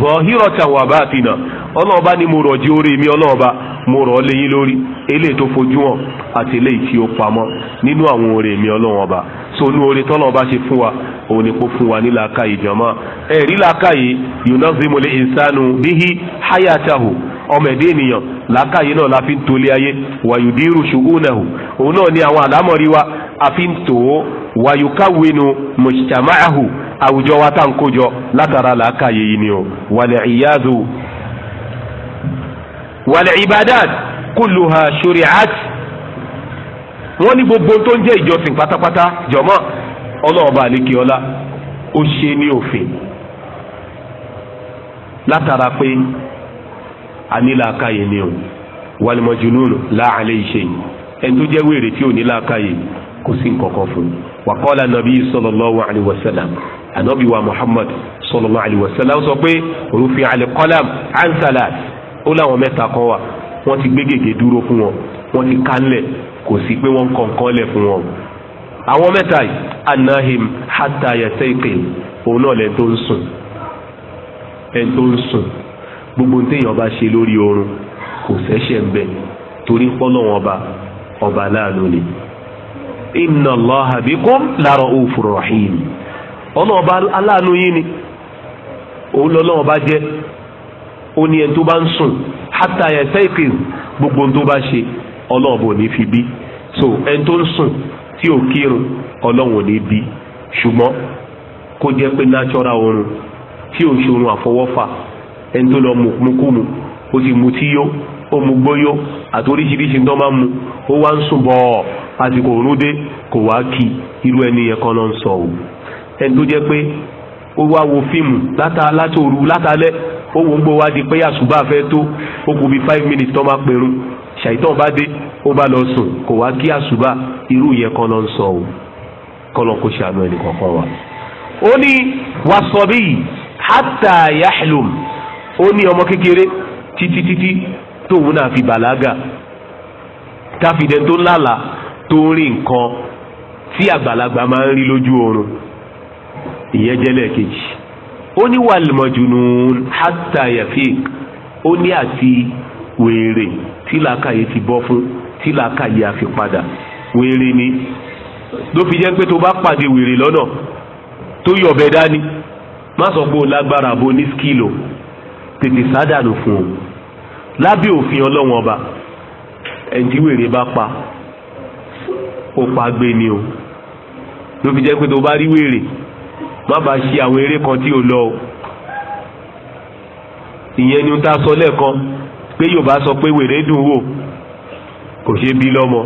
zọhírọ̀tà wà bá àfihàn ọlọ́ọ̀bá ni mo rọ̀ jí orí mi ọlọ́ọ̀bá mo rọ̀ léyìn lórí eléyìí tó fojú hàn àti eléyìí tí ó pamọ́ nínú àwọn oore mi ọlọ́ọ̀bá so ní oore tọ́lọ́ọ̀bá ṣe fún wa òun ni kó fún wa ní làákàyè jọ̀mọ́ ẹ̀rí làákàyè yunazimul insanu bihi hayatahu ọmọ ẹ̀dẹ́ ènìyàn làákàyè náà la fi ń tolé ayé wàyùdírù ṣùgbọ́nàhù òun náà ni àwọn àlámọ̀rí wa a fi ń tò ó wàyùkáwénu mùsítàmáàhù àwùjọ wa tá à ń kójọ látara làákàyè yìí ni o wàlẹ̀ ìyáàzù wàlẹ̀ ìbàdàn kùlùhà ṣùrìàt wọ́n ní gbogbo tó ń jẹ́ ìjọsìn pátápátá jọ̀mọ́ ọlọ́ọ̀bà ó ṣe ní òfin anílàákàyè ni o wàlìmọ̀jùnúnù láàlẹ́ ìṣe yìí ẹni tó jẹ́ wèrè tí ò ní làákàyè kò sí nǹkan kan fún un wàkọ́lá nàbí sallallahu alaihi wasallam ànábì wa muhammad sallallahu alaihi wasallam sọ pé rufi al-qalam an salat ó láwọn mẹ́ta kan wà wọ́n ti gbé gègé dúró fún wọn wọ́n ti kánlẹ̀ kò sí pé wọ́n ń kọ lẹ̀ fún wọn. àwọn mẹ́ta anahim hatta yastayqin òun náà lẹ́ni tó ń sùn gbogbo téèyàn bá ṣe lórí oorun kò sẹ́ṣẹ̀ torí pọ́lọ́ ọba ọba láàánú ni. inna Allaha bikum la raufur rahim ọlọ́ọ̀ba aláàánú yín ni òun lọ́lọ́ọ̀ba jẹ́ ó tó bá ń sùn gbogbo tó bá ṣe ọlọ́ọ̀ba ní fi so ẹni tó ń sùn tí ò kírun ọlọ́wọ̀n ní natural oorun tí ò ń ṣe ẹni tó lọ mú kú mu ó ti mu tí yó ó mu gbóyó àti oríṣiríṣi tó máa mu ó wá ń sùn bọ̀ àsìkò òun dé kò wá kí irú ẹni yẹn kan ń sọ o ẹni jẹ́ pé ó wá wo fíìmù látòru látàlẹ́ ó wò ń wá di pé àṣùbà fẹ́ tó ó kù bí five minutes tó máa pẹ̀rù ṣàìtàn bá dé ó bá lọ sùn kò wá kí àṣùbà irú yẹn kan náà ń sọ o kọ́lọ̀ kó ṣàánú ẹnì ó ní ọmọ kékeré títí títí tóun náà fi bàlágà táfìdẹ tó lálà tó ń rí nǹkan tí àgbàlagbà máa ń rí lójú oorun ìyẹn jẹ́lẹ̀ kejì ó ní wàlìmọ̀jùnún hátà yafik ó ní àti wèrè tí làákàyè ti bọ́ fún tí làákàyè àfi padà wèrè ni ló fi jẹ́ pé tó bá pàdé wèrè lọ́nà tó yọ̀bẹ dání má sọ pé o lágbára bo ní skilo tètè sádànù fún òun lábẹ́ òfin ọlọ́wọ́n ọba ẹ̀ǹtíwèrè bá pa ó pa gbé ni o ló fi jẹ́ pé tó bá rí wèrè má bá ṣe àwọn eré kan tí ò lọ o ìyẹn ni ta sọ lẹ́ẹ̀kan pé Yorùbá sọ pé wèrè dùn wò kò ṣe bí lọ́mọ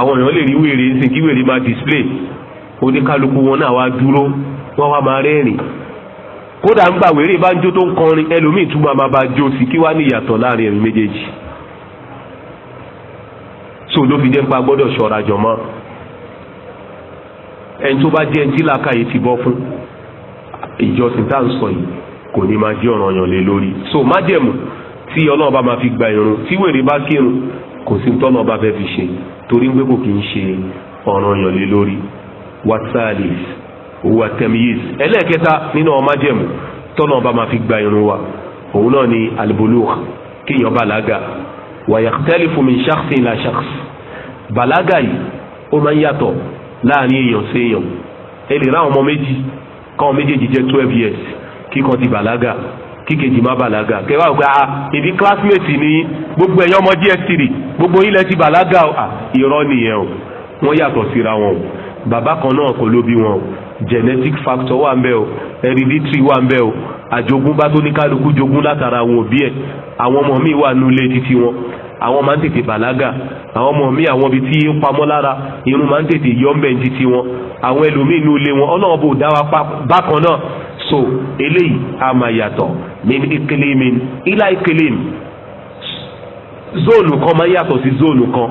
àwọn èèyàn lè rí wèrè ń wèrè máa display oníkálukú wọn náà wá dúró wọn wá máa rẹ́rìn kódà ń gbà wèrè bá ń jó tó ń kọrin ẹlòmíì túmọ̀ máa bá jó sí kí wá ní ìyàtọ̀ láàrin ẹ̀mí méjèèjì so ló fi jẹ́ pa gbọ́dọ̀ ṣọ́ra jọ̀mọ́ ẹni tó bá jẹ́ ẹni tí làákàyè ti bọ́ fún ìjọsìn tá à ń sọ yìí kò ní máa jẹ́ ọ̀ranyàn lé lórí so májẹ̀mú tí ọlọ́run bá máa fi gba irun tí wèrè bá kírun kò sí tọ́nà bá fẹ́ fi ṣe torí ń gbé kò kì í ṣe ọ̀ranyàn lé lórí whatsapp wa tẹmíyìs ẹlẹ́ẹ̀kẹta nínú àwọn májẹ̀mú tọ́nà ọba máa fi gba irun wa òun náà ni albulugh kéèyàn bàlágà wa yakhtalifu min shakhsin la shakhs bàlágà yìí ó máa ń yàtọ̀ láàrin èèyàn sí èèyàn ẹ ráwọn ọmọ méjì káwọn méjèèjì jẹ́ twelve years kíkan ti bàlágà kíkejì má bàlágà kẹwàá ọgbà a ìdí classmate ní gbogbo ẹ̀yọ́ ọmọ ds3 gbogbo ilẹ̀ ti bàlágà ah, irọ́ nìyẹn o wọ́n yàtọ̀ síra wọn o bàbá kan náà kọ́ ló wọn o genetic factor wà ń bẹ o hereditary wà ń bẹ o àjogúnbá tó ní kálukú jogún látara àwọn òbí ẹ̀ àwọn ọmọ míì wà nínú ilé títí wọn àwọn máa ń tètè bàlágà àwọn ọmọ mi àwọn ibi tí ń pamọ́ lára irun máa ń tètè yọ ọ́nbẹ̀ títí wọn àwọn ẹlòmíín ní ilé wọn ọlọ́run bò dá wa bákan náà so eléyìí a máa yàtọ̀ min ikilimin ila ikilim zóònù kan máa ń yàtọ̀ sí zóònù kan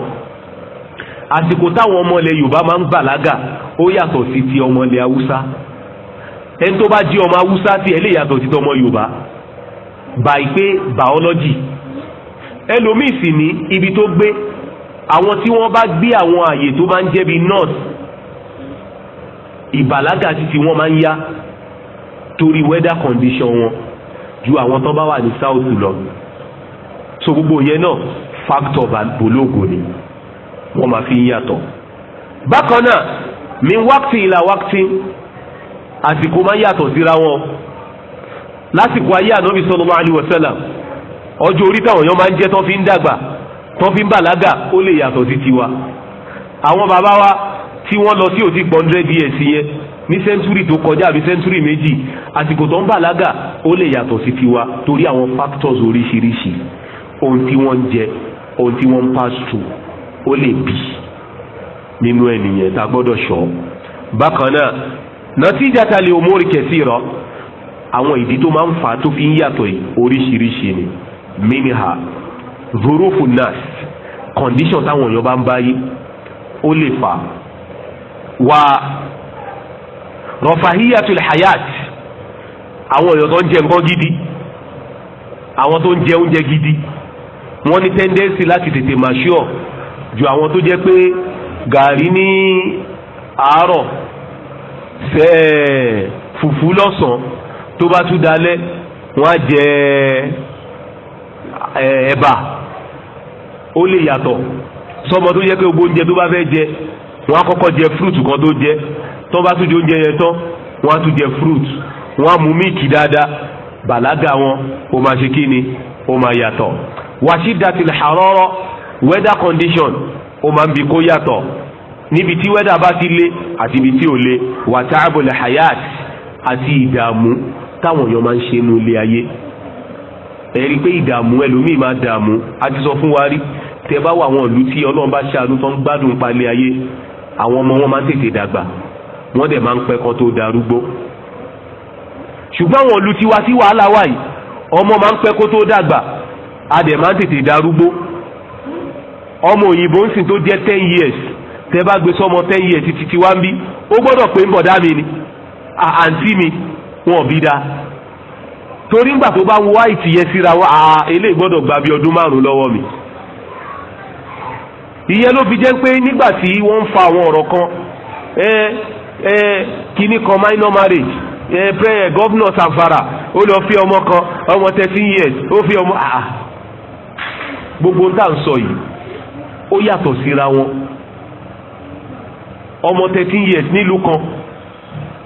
àsìkò táwọn ọmọ ilẹ̀ yorùbá máa ń bàlágà ó yàtọ̀ sí ti ọmọ ilẹ̀ haúsá ẹni tó bá jẹ́ ọmọ haúsá tí ẹ lè yàtọ̀ sí ti ọmọ yorùbá báyìí pé biology ẹlòmíì sì ní ibi tó gbé àwọn tí wọ́n bá gbé àwọn àyè tó máa ń jẹ́ bíi north ìbàlágà títí wọ́n máa ń yá torí weather condition wọn ju àwọn tó bá wà ní south lọ so gbogbo yẹn náà factor bológo ni wọ́n máa fi ń yàtọ̀ bákan náà min wákìtì ìlà wákìtì àsìkò máa ń yàtọ̀ síra wọn lásìkò ayé ànábì sallallahu alaihi wasallam ọjọ́ orí táwọn èèyàn máa ń jẹ́ tán fi ń dàgbà tán fi ń bàlágà ó lè yàtọ̀ sí tiwa àwọn bàbá wa tí wọ́n lọ sí òtí pọ̀ndrẹ́ díẹ̀ sí yẹn ní sẹ́ńtúrì tó kọjá àbí sẹ́ńtúrì méjì àsìkò tó ń bàlágà ó lè yàtọ̀ sí tiwa torí àwọn factors oríṣiríṣi ohun tí wọ́n ń jẹ ohun tí wọ́n ń pass through ó lè bì í nínú ẹnìyẹn tá a gbọ́dọ̀ ṣọ́ bákan náà natijata li umuri kathira àwọn ìdí tó máa ń fa tó fi ń yàtọ̀ oríṣiríṣi ni minha zurufu nas condition táwọn èèyàn bá ń báyé ó lè fà wá rọfahiyatul hayat àwọn èèyàn tó ń jẹ nǹkan gidi àwọn tó ń jẹ oúnjẹ gidi wọ́n ní tẹ́ndẹ́nsì láti tètè màṣúọ̀ ju àwọn tó jẹ́ pé gàrí ní àárọ̀ fùfú lọ́sàn-án tó bá tún dalẹ̀ wọ́n á jẹ ẹ̀bà ó lè yàtọ̀ sọmọ tó yẹ pé gbogbo oúnjẹ tó bá fẹ́ jẹ wọ́n á kọ́kọ́ jẹ fúrúùtù kan tó jẹ tó bá tún jẹ oúnjẹ yẹn tán wọ́n á tún jẹ fúrúùtù wọ́n á mú míìkì dáadáa bàlágà wọn ó máa ṣe kí ni ó máa yàtọ̀ wàṣídàtìl harọ́rọ́ weather condition ó máa ń bi kó yàtọ̀ níbi tí wẹ́dà bá ti le àti ibi tí ò le wàtáàbọ̀lẹ̀ hayat àti ìdààmú táwọn èèyàn máa ń ṣe nu ilé ayé ẹ̀rí pé ìdààmú ẹlòmíì máa dààmú a ti sọ fún wa rí tẹ bá wà àwọn ìlú tí ọlọ́run bá ṣàánú tó ń gbádùn palẹ̀ ayé àwọn ọmọ wọn máa ń tètè dàgbà wọ́n dẹ̀ máa ń pẹ́ kan tó darúgbó ṣùgbọ́n àwọn ìlú tiwa tí wàhálà wà ọmọ máa ń pẹ́ kó tó dàgbà a dẹ̀ máa ń tètè darúgbó ọmọ òyìnbó ń sìn tó jẹ́ ten years tẹ́ bá gbé sọmọ ten years títí tí wá ń bí ó gbọ́dọ̀ pé ń bọ̀dá mi ni àǹtí mi wọn bí da torí ńgbà tó bá ń wá ìtìyẹ síra wa àà eléyìí gbọ́dọ̀ gba bí ọdún márùn-ún lọ́wọ́ mi ìyẹn ló fi jẹ́ pé nígbà tí wọ́n ń fa àwọn ọ̀rọ̀ kan ẹ ẹ kínní kan minor marriage ẹ prayer governor Samfara ó lọ fi ọmọ kan ọmọ thirteen years ó fi ọmọ àà gbogbo ń tà ń sọ yìí ó yàtọ̀ síra wọn ọmọ thirteen years nílùú kan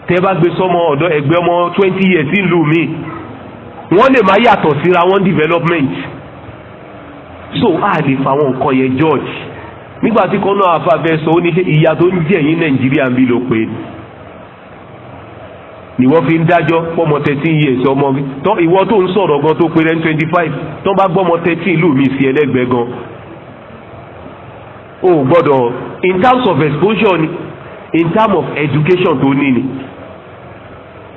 tẹ́ bá gbé sọmọ ọ̀dọ̀ ẹgbẹ́ ọmọ 20 years nílùú mi wọ́n lè má yàtọ̀ síra wọn development so a lè fa àwọn nǹkan yẹn george nígbà tí kọ́nà àfàfẹ́ sọ ó ní ṣe ìyá tó ń jẹ yín nàìjíríà ń bí ló pé ni wọ́n fi ń dájọ́ pọ́mọ thirteen years ọmọ mi tọ́ ìwọ tó ń sọ̀rọ̀ gan tó pé rẹ́ twenty five tọ́ bá gbọ́mọ thirteen ìlú mi sí ẹlẹ́gbẹ̀ẹ́ gan o gbọ́dọ̀ in terms of exposure ni in terms of education tó ní ni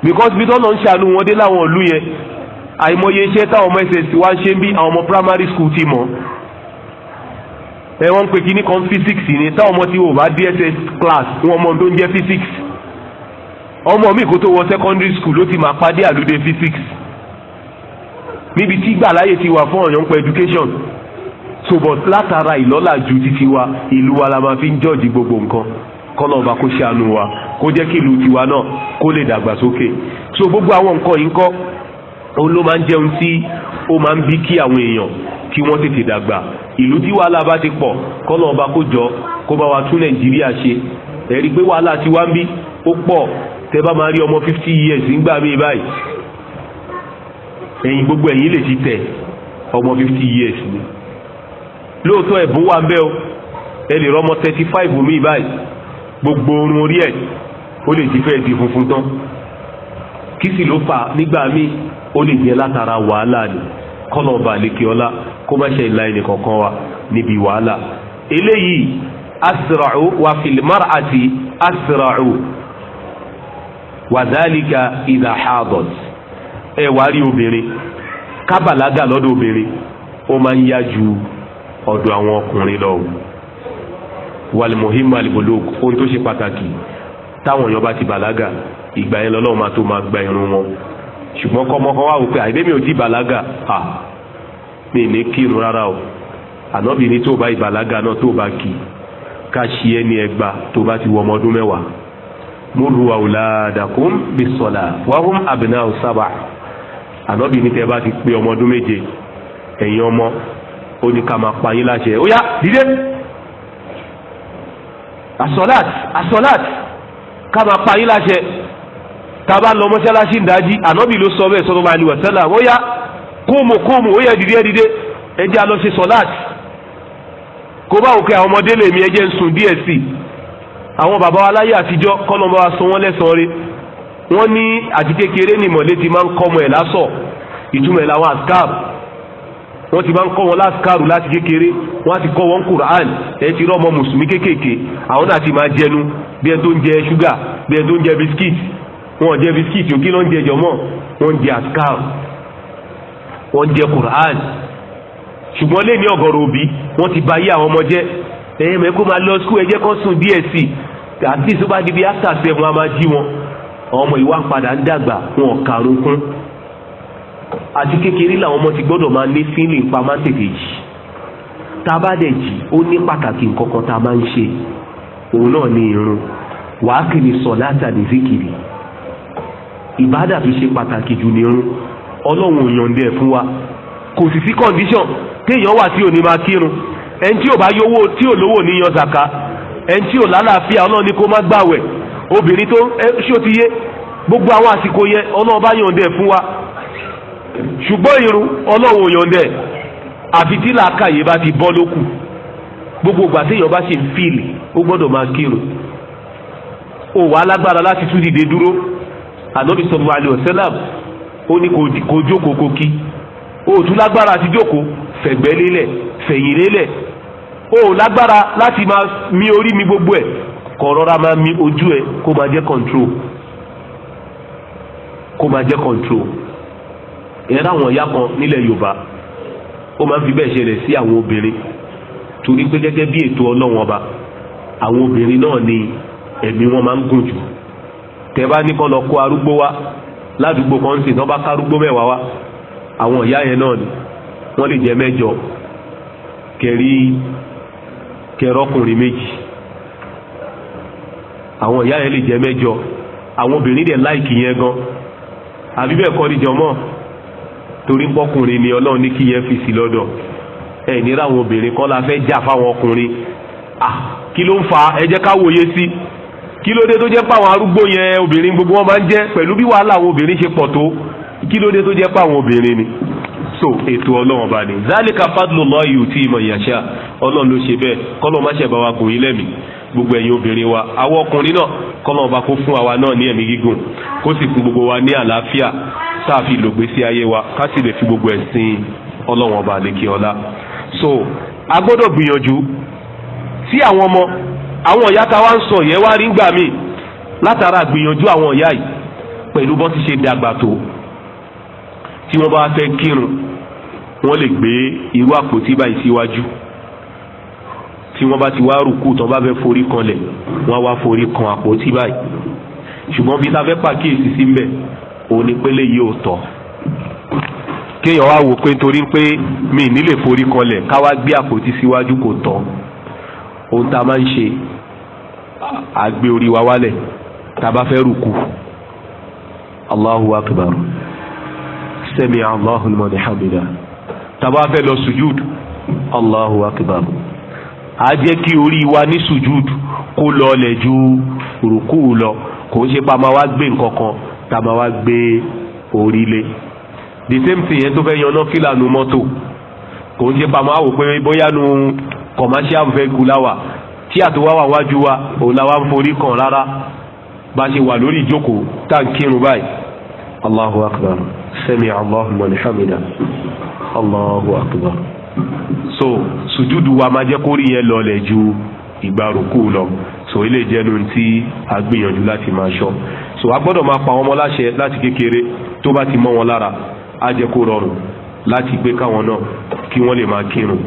because bí tọ́nà ń ṣàánú wọn dé láwọn ìlú yẹn àìmọye iṣẹ́ táwọn ọmọ ẹsẹ̀ tí wá ń ṣe ń bí àwọn ọmọ primary school ti mọ̀ ẹ wọ́n ń pè kíní kan physics ni táwọn ọmọ tí wò bá DSS class wọn ọmọ tó ń jẹ́ physics ọmọ mi kó tó wọ secondary school ló ti máa pàdé àlùdé physics níbi tí gbàláyè ti wà fún ọ̀yàn pẹ̀ education ṣùgbọ́n látara ìlọ́làjú títí wa ìlú wa la máa fi ń jọ́ọ̀jì gbogbo nǹkan kọ́lọ̀ ọba kó ṣàánú wa kó jẹ́ kí ìlú tiwa náà kó lè dàgbàsókè so gbogbo àwọn nǹkan yìí ń kọ́ òun ló máa ń jẹun tí ó máa ń bí kí àwọn èèyàn kí wọ́n tètè dàgbà ìlú tí wàhálà bá ti pọ̀ kọ́lọ̀ ọba kó jọ kó bá wa tún nàìjíríà ṣe ẹ̀rí pé wàhálà ti wá ń bí ó pọ̀ tẹ bá máa rí ọmọ fifty years ńgbà mí báyìí ẹ̀yìn gbogbo ẹ̀yìn lè ti tẹ̀ ọmọ fifty years ni lóòótọ́ ẹ̀bùn wà ń bẹ́ o ẹ lè rọmọ thirty five mi báyìí gbogbo orun orí ẹ̀ ó lè ti fẹ́ẹ́ di funfun tán kí sì ló fà nígbà míì ó lè jẹ́ látara wàhálà ni kọ́nà ọba àlekè ọlá kó má ṣe ìlà ẹnì kankan wa níbi wàhálà eléyìí asra'u wa fil mar'ati asra'u wàdálìkà ìdá haadot ẹ wá rí obìnrin kábàlágà lọ́dọ̀ obìnrin ó máa ń yá ju ọ̀dọ̀ àwọn ọkùnrin lọ wàlìmọ̀hìmọ̀ àlìbòlóg ohun tó ṣe pàtàkì táwọn èèyàn ti bàlágà ìgbà yẹn lọ́lọ́run máa tó máa gba irun wọn ṣùgbọ́n kọ́mọkọ́ wà wípé àìbẹ́mi ò ti bàlágà à mi ní kírun rárá o ànábì ní tó bá ìbàlágà náà tó bá kì ká ṣe ẹni ẹgba tó bá ti wọ ọmọ ọdún mẹ́wàá múru àwòládàkún bí sọ̀là wáhùn àbìnà sábà ànábì ní tẹ́ bá ti pé ọmọ ọdún méje ẹ̀yin ọmọ ó ní ká máa pa yín láṣẹ ó yá dídé asọ́láàtì asọ́láàtì ká máa láṣẹ tá a bá lọ mọ́ṣáláṣí ìdájí ànábì ló sọ bẹ́ẹ̀ sọ́dọ̀ máa ní wàsálà ó yá kóòmù kóòmù ó yá dídé dídé ẹ jẹ́ a lọ ṣe sọ́láàtì kó bá òkè àwọn ọmọdé lèmi ẹ jẹ́ ń sùn díẹ̀ sí i àwọn bàbá wa láyé àtijọ́ kọ́nà bá wa sọ wọ́n lẹ́sàn-án rẹ̀ wọ́n ní àti kékeré nìmọ̀lé ti máa ń kọ́mọ ẹ̀ lásọ̀ ìtumọ̀ ẹ̀ làwọn àskáàbù wọ́n ti máa ń kọ́ wọn láàkàrù láti kékeré wọ́n á ti kọ́ wọn Quran ẹ ti rí ọmọ mùsùlùmí kéékèèké àwọn náà ti máa jẹnu bí ẹni tó ń jẹ ṣúgà bí ẹni tó ń jẹ bisikíìtì wọ́n jẹ bisikíìtì òkè ló ń jẹ jọmọ́ wọ́n jẹ àkàrù wọ́n jẹ Quran ṣùgbọ́n lé ní ọ̀gọ̀rọ̀ òbí wọ́n ti ba ayé àwọn ọmọ jẹ́ ẹ̀yẹ́ mẹ́kó máa lọ skul ẹ̀jẹ̀ kan sùn díẹ̀ àti àti kékeré làwọn ọmọ ti gbọ́dọ̀ máa lé sí ilé ìpamọ́ tètè jì tá a bá dẹ̀ jì ó ní pàtàkì nǹkan kan tá a máa ń ṣe òun náà ni irun wàá kiri sọ látàdé síkiri ìbádà tó ṣe pàtàkì jù ní irun ọlọ́run ò yànde ẹ̀ fún wa kò sì sí condition téèyàn wà tí ò ní máa kírun ẹni tí ò bá yówó tí ò lówó ní yan zaka ẹni tí ò lálàáfíà ọlọ́run ni kó má gbàwẹ̀ obìnrin tó ṣó ti yé gbogbo àwọn àsìkò yẹn ọlọ́run bá yànde ẹ̀ fún wa ṣùgbọ́n irun ọlọ́run ò yọ̀ǹdẹ̀ àfi tí làákàyè bá ti bọ́ lókù gbogbo ìgbà téèyàn bá ṣe ń fìlì ó gbọ́dọ̀ máa kírun ó wà lágbára láti tún dìde dúró ànábì sọ̀rọ̀ àlè ọ̀sẹ́làm ó ní kò jókòó kó kí ó tún lágbára àti jókòó fẹ̀gbẹ́ lélẹ̀ fẹ̀yìn lélẹ̀ ó lágbára láti máa mi orí mi gbogbo ẹ̀ kọ̀ rọra máa mi ojú ẹ̀ kó máa jẹ́ control kó máa jẹ́ control ẹ̀rọ àwọn ìyá kan nílẹ̀ yorùbá ó máa ń fi bẹ́ẹ̀ ṣẹlẹ̀ sí àwọn obìnrin torí pé gẹ́gẹ́ bí ètò ọlọ́wọ́n ọba àwọn obìnrin náà ni ẹ̀mí wọn máa ń gùn jù tẹ́ bá ní kán lọ kó arúgbó wá ládùúgbò kan ń sìn tán bá kárúgbó mẹ́wàá wá àwọn ìyá yẹn náà ni wọ́n lè jẹ́ mẹ́jọ kẹrí kẹrọkùnrin méjì àwọn ìyá yẹn lè jẹ́ mẹ́jọ àwọn obìnrin dẹ̀ láìkì yẹn gan àbí bẹ́ẹ̀ kọ́ ni jọmọ́ torí pọ́kùnrin ni ọlọ́run ní kí yẹn fi sí lọ́dọ̀ ẹ̀ nírà àwọn obìnrin kọ́ la fẹ́ jà fáwọn ọkùnrin à kí ló ń fa ẹ jẹ́ ká wòye sí kí ló dé tó jẹ́ pàwọn arúgbó yẹn obìnrin gbogbo wọn máa ń jẹ́ pẹ̀lú bí wàhálà àwọn obìnrin ṣe pọ̀ tó kí ló dé tó jẹ́ pàwọn obìnrin ni so ètò ọlọ́run bá ní zálíkà fadlullahi yuti man yasha ọlọ́run ló ṣe bẹ́ẹ̀ kọ́lọ́ má ṣe wa gùn yín lẹ́mìí gbogbo ẹ̀yin obìnrin wa àwọn ọkùnrin náà kọ́nà ọba kó fún àwa náà ní ẹ̀mí gígùn kó sì fún gbogbo wa ní àlàáfíà sáàfi lògbé sí ayé wa ká sì lè fi gbogbo ẹ̀sìn ọlọ́wọ́n ọba àlékè ọlá so a gbọ́dọ̀ gbìyànjú tí àwọn ọmọ àwọn ìyá ta wá ń sọ yẹn wá rí gbà míì látara gbìyànjú àwọn ìyá yìí pẹ̀lú bọ́n ti ṣe dàgbà tó tí wọ́n bá fẹ́ kírun wọ́n lè gbé irú àpótí báyìí síwájú. Si tí wọ́n bá ti wá rùkú tán bá fẹ́ forí kanlẹ̀ wọ́n wá forí kan àpótí báyìí ṣùgbọ́n bí sáfẹ́ pàkíyèsí sí mbẹ̀ òun ni pélé yìí ò tọ́ kéèyàn wá wò pé nítorí pé mi ì nílè forí kanlẹ̀ káwá gbé àpótí síwájú kò tọ́ ohun tá a máa ń ṣe àgbé orí wa wálẹ̀ tá a bá fẹ́ rùkú allahu akbar sẹ́mi allahu liman hamida tá a bá fẹ́ lọ sùjúd allahu akbar a jẹ́ kí orí wa ní sùjúdù kó lọlẹ̀ ju rùkú lọ kò ń ṣe pa máa wá gbé nǹkan kan tá a máa wá gbé orí lé the same thing yẹn tó fẹ́ yan nọ́fìlà nu mọ́tò kò ń ṣe pa máa wò pé bóyá nu commercial vehicle láwà tí àtúwá wà wájú wa òun la wá ń forí kàn rárá bá ṣe wà lórí ìjókòó tá à ń kírun báyìí allahu akbar sami allahu man allahu akbar so sujudu wa máa jẹ́ kórìí yẹn lọlẹ̀ ju ìgbà rùkú lọ so ilé ìjẹnu tí a gbìyànjú láti máa ṣọ́ so a gbọ́dọ̀ máa pa ọmọ láṣẹ láti kékeré tó bá ti mọ́ wọn lára á jẹ́ kó rọrùn láti gbé káwọn náà kí wọ́n lè máa kírun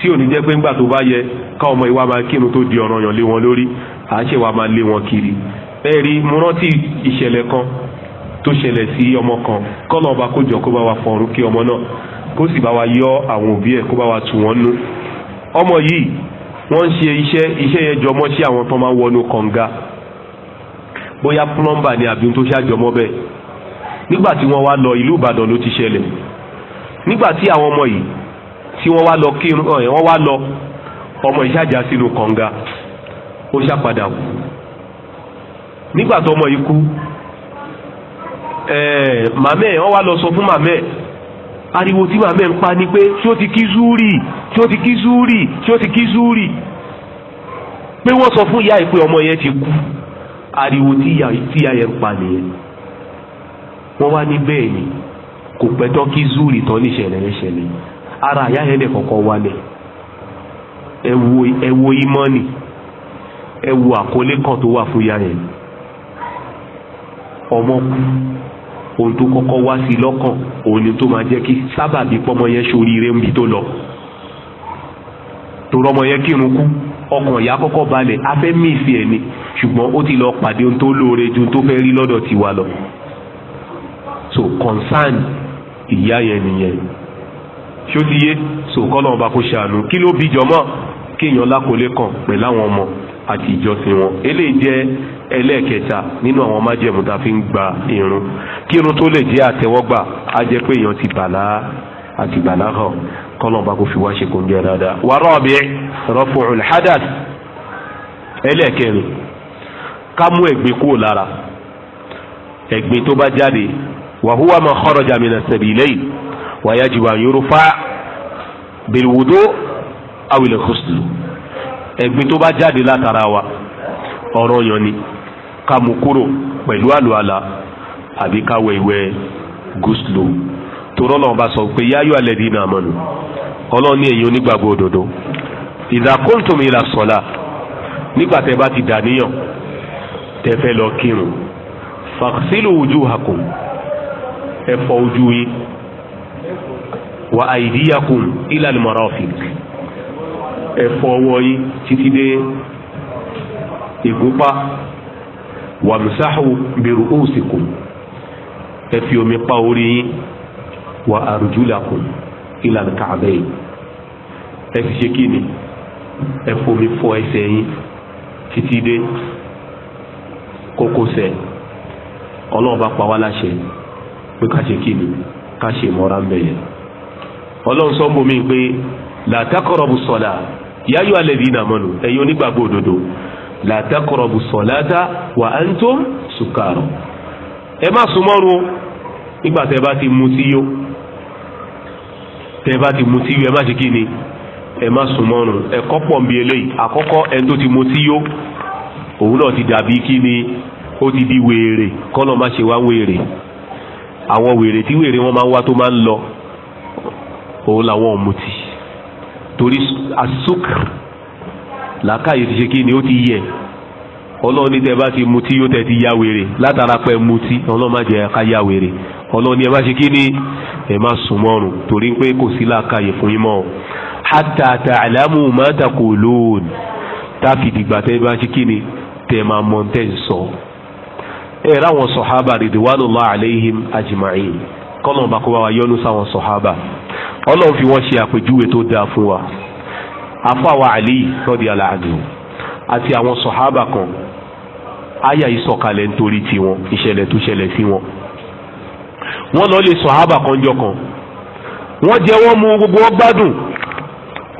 tí ò ní jẹ́ pé ńgbà tó bá yẹ káwọn ọmọ ìwà máa kírun tó di ọ̀ranyàn lé wọn lórí àá wa máa lé wọn kiri ẹ rí mo rántí ìṣẹ̀lẹ̀ kan tó ṣẹlẹ̀ sí ọmọ kan kọ́nà ọba kó jọ kó bá wa fọ̀run kí ọmọ náà kó sì bá wa yọ àwọn òbí ẹ̀ kó bá wa tù wọ́n nú ọmọ yìí wọ́n ń ṣe iṣẹ́ iṣẹ́ yẹn jọmọ́ sí àwọn tó máa ń wọnú kànga bóyá plumber ni àbí tó ṣàjọmọ́ bẹ́ẹ̀ nígbà tí wọ́n wá lọ ìlú Ìbàdàn ló ti ṣẹlẹ̀ nígbà tí àwọn ọmọ yìí tí wọ́n wá lọ ọmọ yìí sínú kànga ó ṣàpadà nígbà tó ọmọ yìí kú Eh, màmẹ́ wọ́n wá lọ sọ fún màmẹ́ ariwo tí màmẹ́ ń pa ni pé tí ó ti kí zúrì tí ó ti kí zúrì tí ó ti kí zúrì pé wọ́n sọ fún ìyá ẹ̀ pé ọmọ yẹn ti kú ariwo tí ìyá yẹn ń pa nìyẹn wọ́n wá ní bẹ́ẹ̀ ni kò pẹ́ tán kí zúrì tán ní ìṣẹ̀lẹ̀ ìṣẹ̀lẹ̀ ara ìyá yẹn lè kọ̀kọ́ wálẹ̀ ẹ wo ìmọ̀nì ẹ wo àkọlé kan tó wà fún ìyá yẹn ọmọ kú ohun tó kọ́kọ́ wá sí lọ́kàn òun ni tó máa jẹ́ kí sábàbí pọ́mọ yẹn ṣoríire ń bi tó lọ torọ́ ọmọ yẹn kírun kú ọkàn ìyá kọ́kọ́ balẹ̀ afẹ́ míìsì ẹ̀ ni ṣùgbọ́n ó ti lọ pàdé ohun tó lóore ju tó fẹ́ rí lọ́dọ̀ tiwa lọ so concern ìyá yẹn nìyẹn ṣó ti yé so kọ́ lọ́wọ́ bá kó ṣàánú kí ló bí jọmọ́ kéèyàn lákòólé kan pẹ̀lú àwọn ọmọ àti ìjọsìn wọn eléyìí jẹ́ ẹlẹ́ẹ̀kẹta nínú àwọn májẹ̀mú tá a fi ń gba irun kí irun tó lè jẹ́ àtẹ́wọ́gbà á jẹ́ pé èèyàn ti bàlá àti bàlá hàn kọ́lọ̀ bá kó fi wá ṣe kó ń jẹ́ dáadáa. wà á rọ̀bì rọ́fùrù hadath ẹlẹ́ẹ̀kẹrin ká mú ẹ̀gbin kúrò lára ẹ̀gbin tó bá jáde wàhúwà máa kharaja mina sabilayn wàyájú wa yorùfà bilwudu awil ghusl ẹ̀gbin tó bá jáde látara wa ọ̀rọ̀ yàn ni ká mú kúrò pẹ̀lú àlùalà àbí ká wẹ̀ ìwẹ̀ gúúsùlù torọ́ náà bá sọ pé yáyọ̀ alẹ́ dín náà mọ̀nù ọlọ́ọ̀ni ẹ̀yin onígbàgbọ́ òdodo ìdàkóńtòmí ìlà sọ̀la nígbà tẹ́ bá ti dàníyàn tẹ́ lọ kírun fàksílù ojú hakùn ẹ ojú yín wà àìdíyàkùn ìlànà mọ̀ràn ọ̀fìn ẹ fọ ọwọ́ yín títí dé ìgúnpá wàmùsáhù bẹ̀rù òsìkò omi pa orí yín wà àrùjúlàkùn ìlànà kàbẹ́ yìí ẹ ṣe kí ni ẹ fomi fọ ẹsẹ̀ yín títí dé kókósẹ̀ ọlọ́run pa wá láṣẹ pé ká ṣe kí ni ká ṣe mọ́ra yáyọ alladhina amanu ẹ̀yin onígbàgbọ́ òdodo la taqrabu salata wa antum sukara ẹ má súnmọ́run nígbà tẹ́ bá ti mutí yó tẹ́ bá ti mutí yó ẹ má ṣe kí ni ẹ má súnmọ́run ẹ̀kọ́ pọ̀ ń bi eléyìí àkọ́kọ́ ẹni tó ti mutí yó òun náà ti dàbí kí ni ó ti di wèrè kọ́nà má ṣe wá wèrè àwọn wèrè tí wèrè wọn máa ń wá tó máa ń lọ òun làwọn ọ̀mùtì torí asuk làákàyè ti ṣe kí ni ó ti yẹ ọlọ́run ní tẹ ti mutí yóò ti ya wèrè látara pé mutí ọlọ́run má jẹ ká ya wèrè ọlọ́run ni ẹ má sùn mọ́rùn torí pé kò sí làákàyè fún yín mọ́ hatta ta'lamu ma taqulun táàkì dìgbà tẹ bá ṣe kí ni tẹ máa mọ tẹ ọlọ́run fi wọ́n ṣe àpèjúwe tó dáa fún wa afáwa ali rọ́dí aláàdù àti àwọn sọ̀hábà kan àyà ìsọ̀kalẹ̀ nítorí tiwọn ìṣẹ̀lẹ̀ tó ṣẹlẹ̀ sí wọn. wọ́n lọ lè sọ̀hábà kan jọ kan wọ́n jẹ́ wọ́n mú gbogbo wọn gbádùn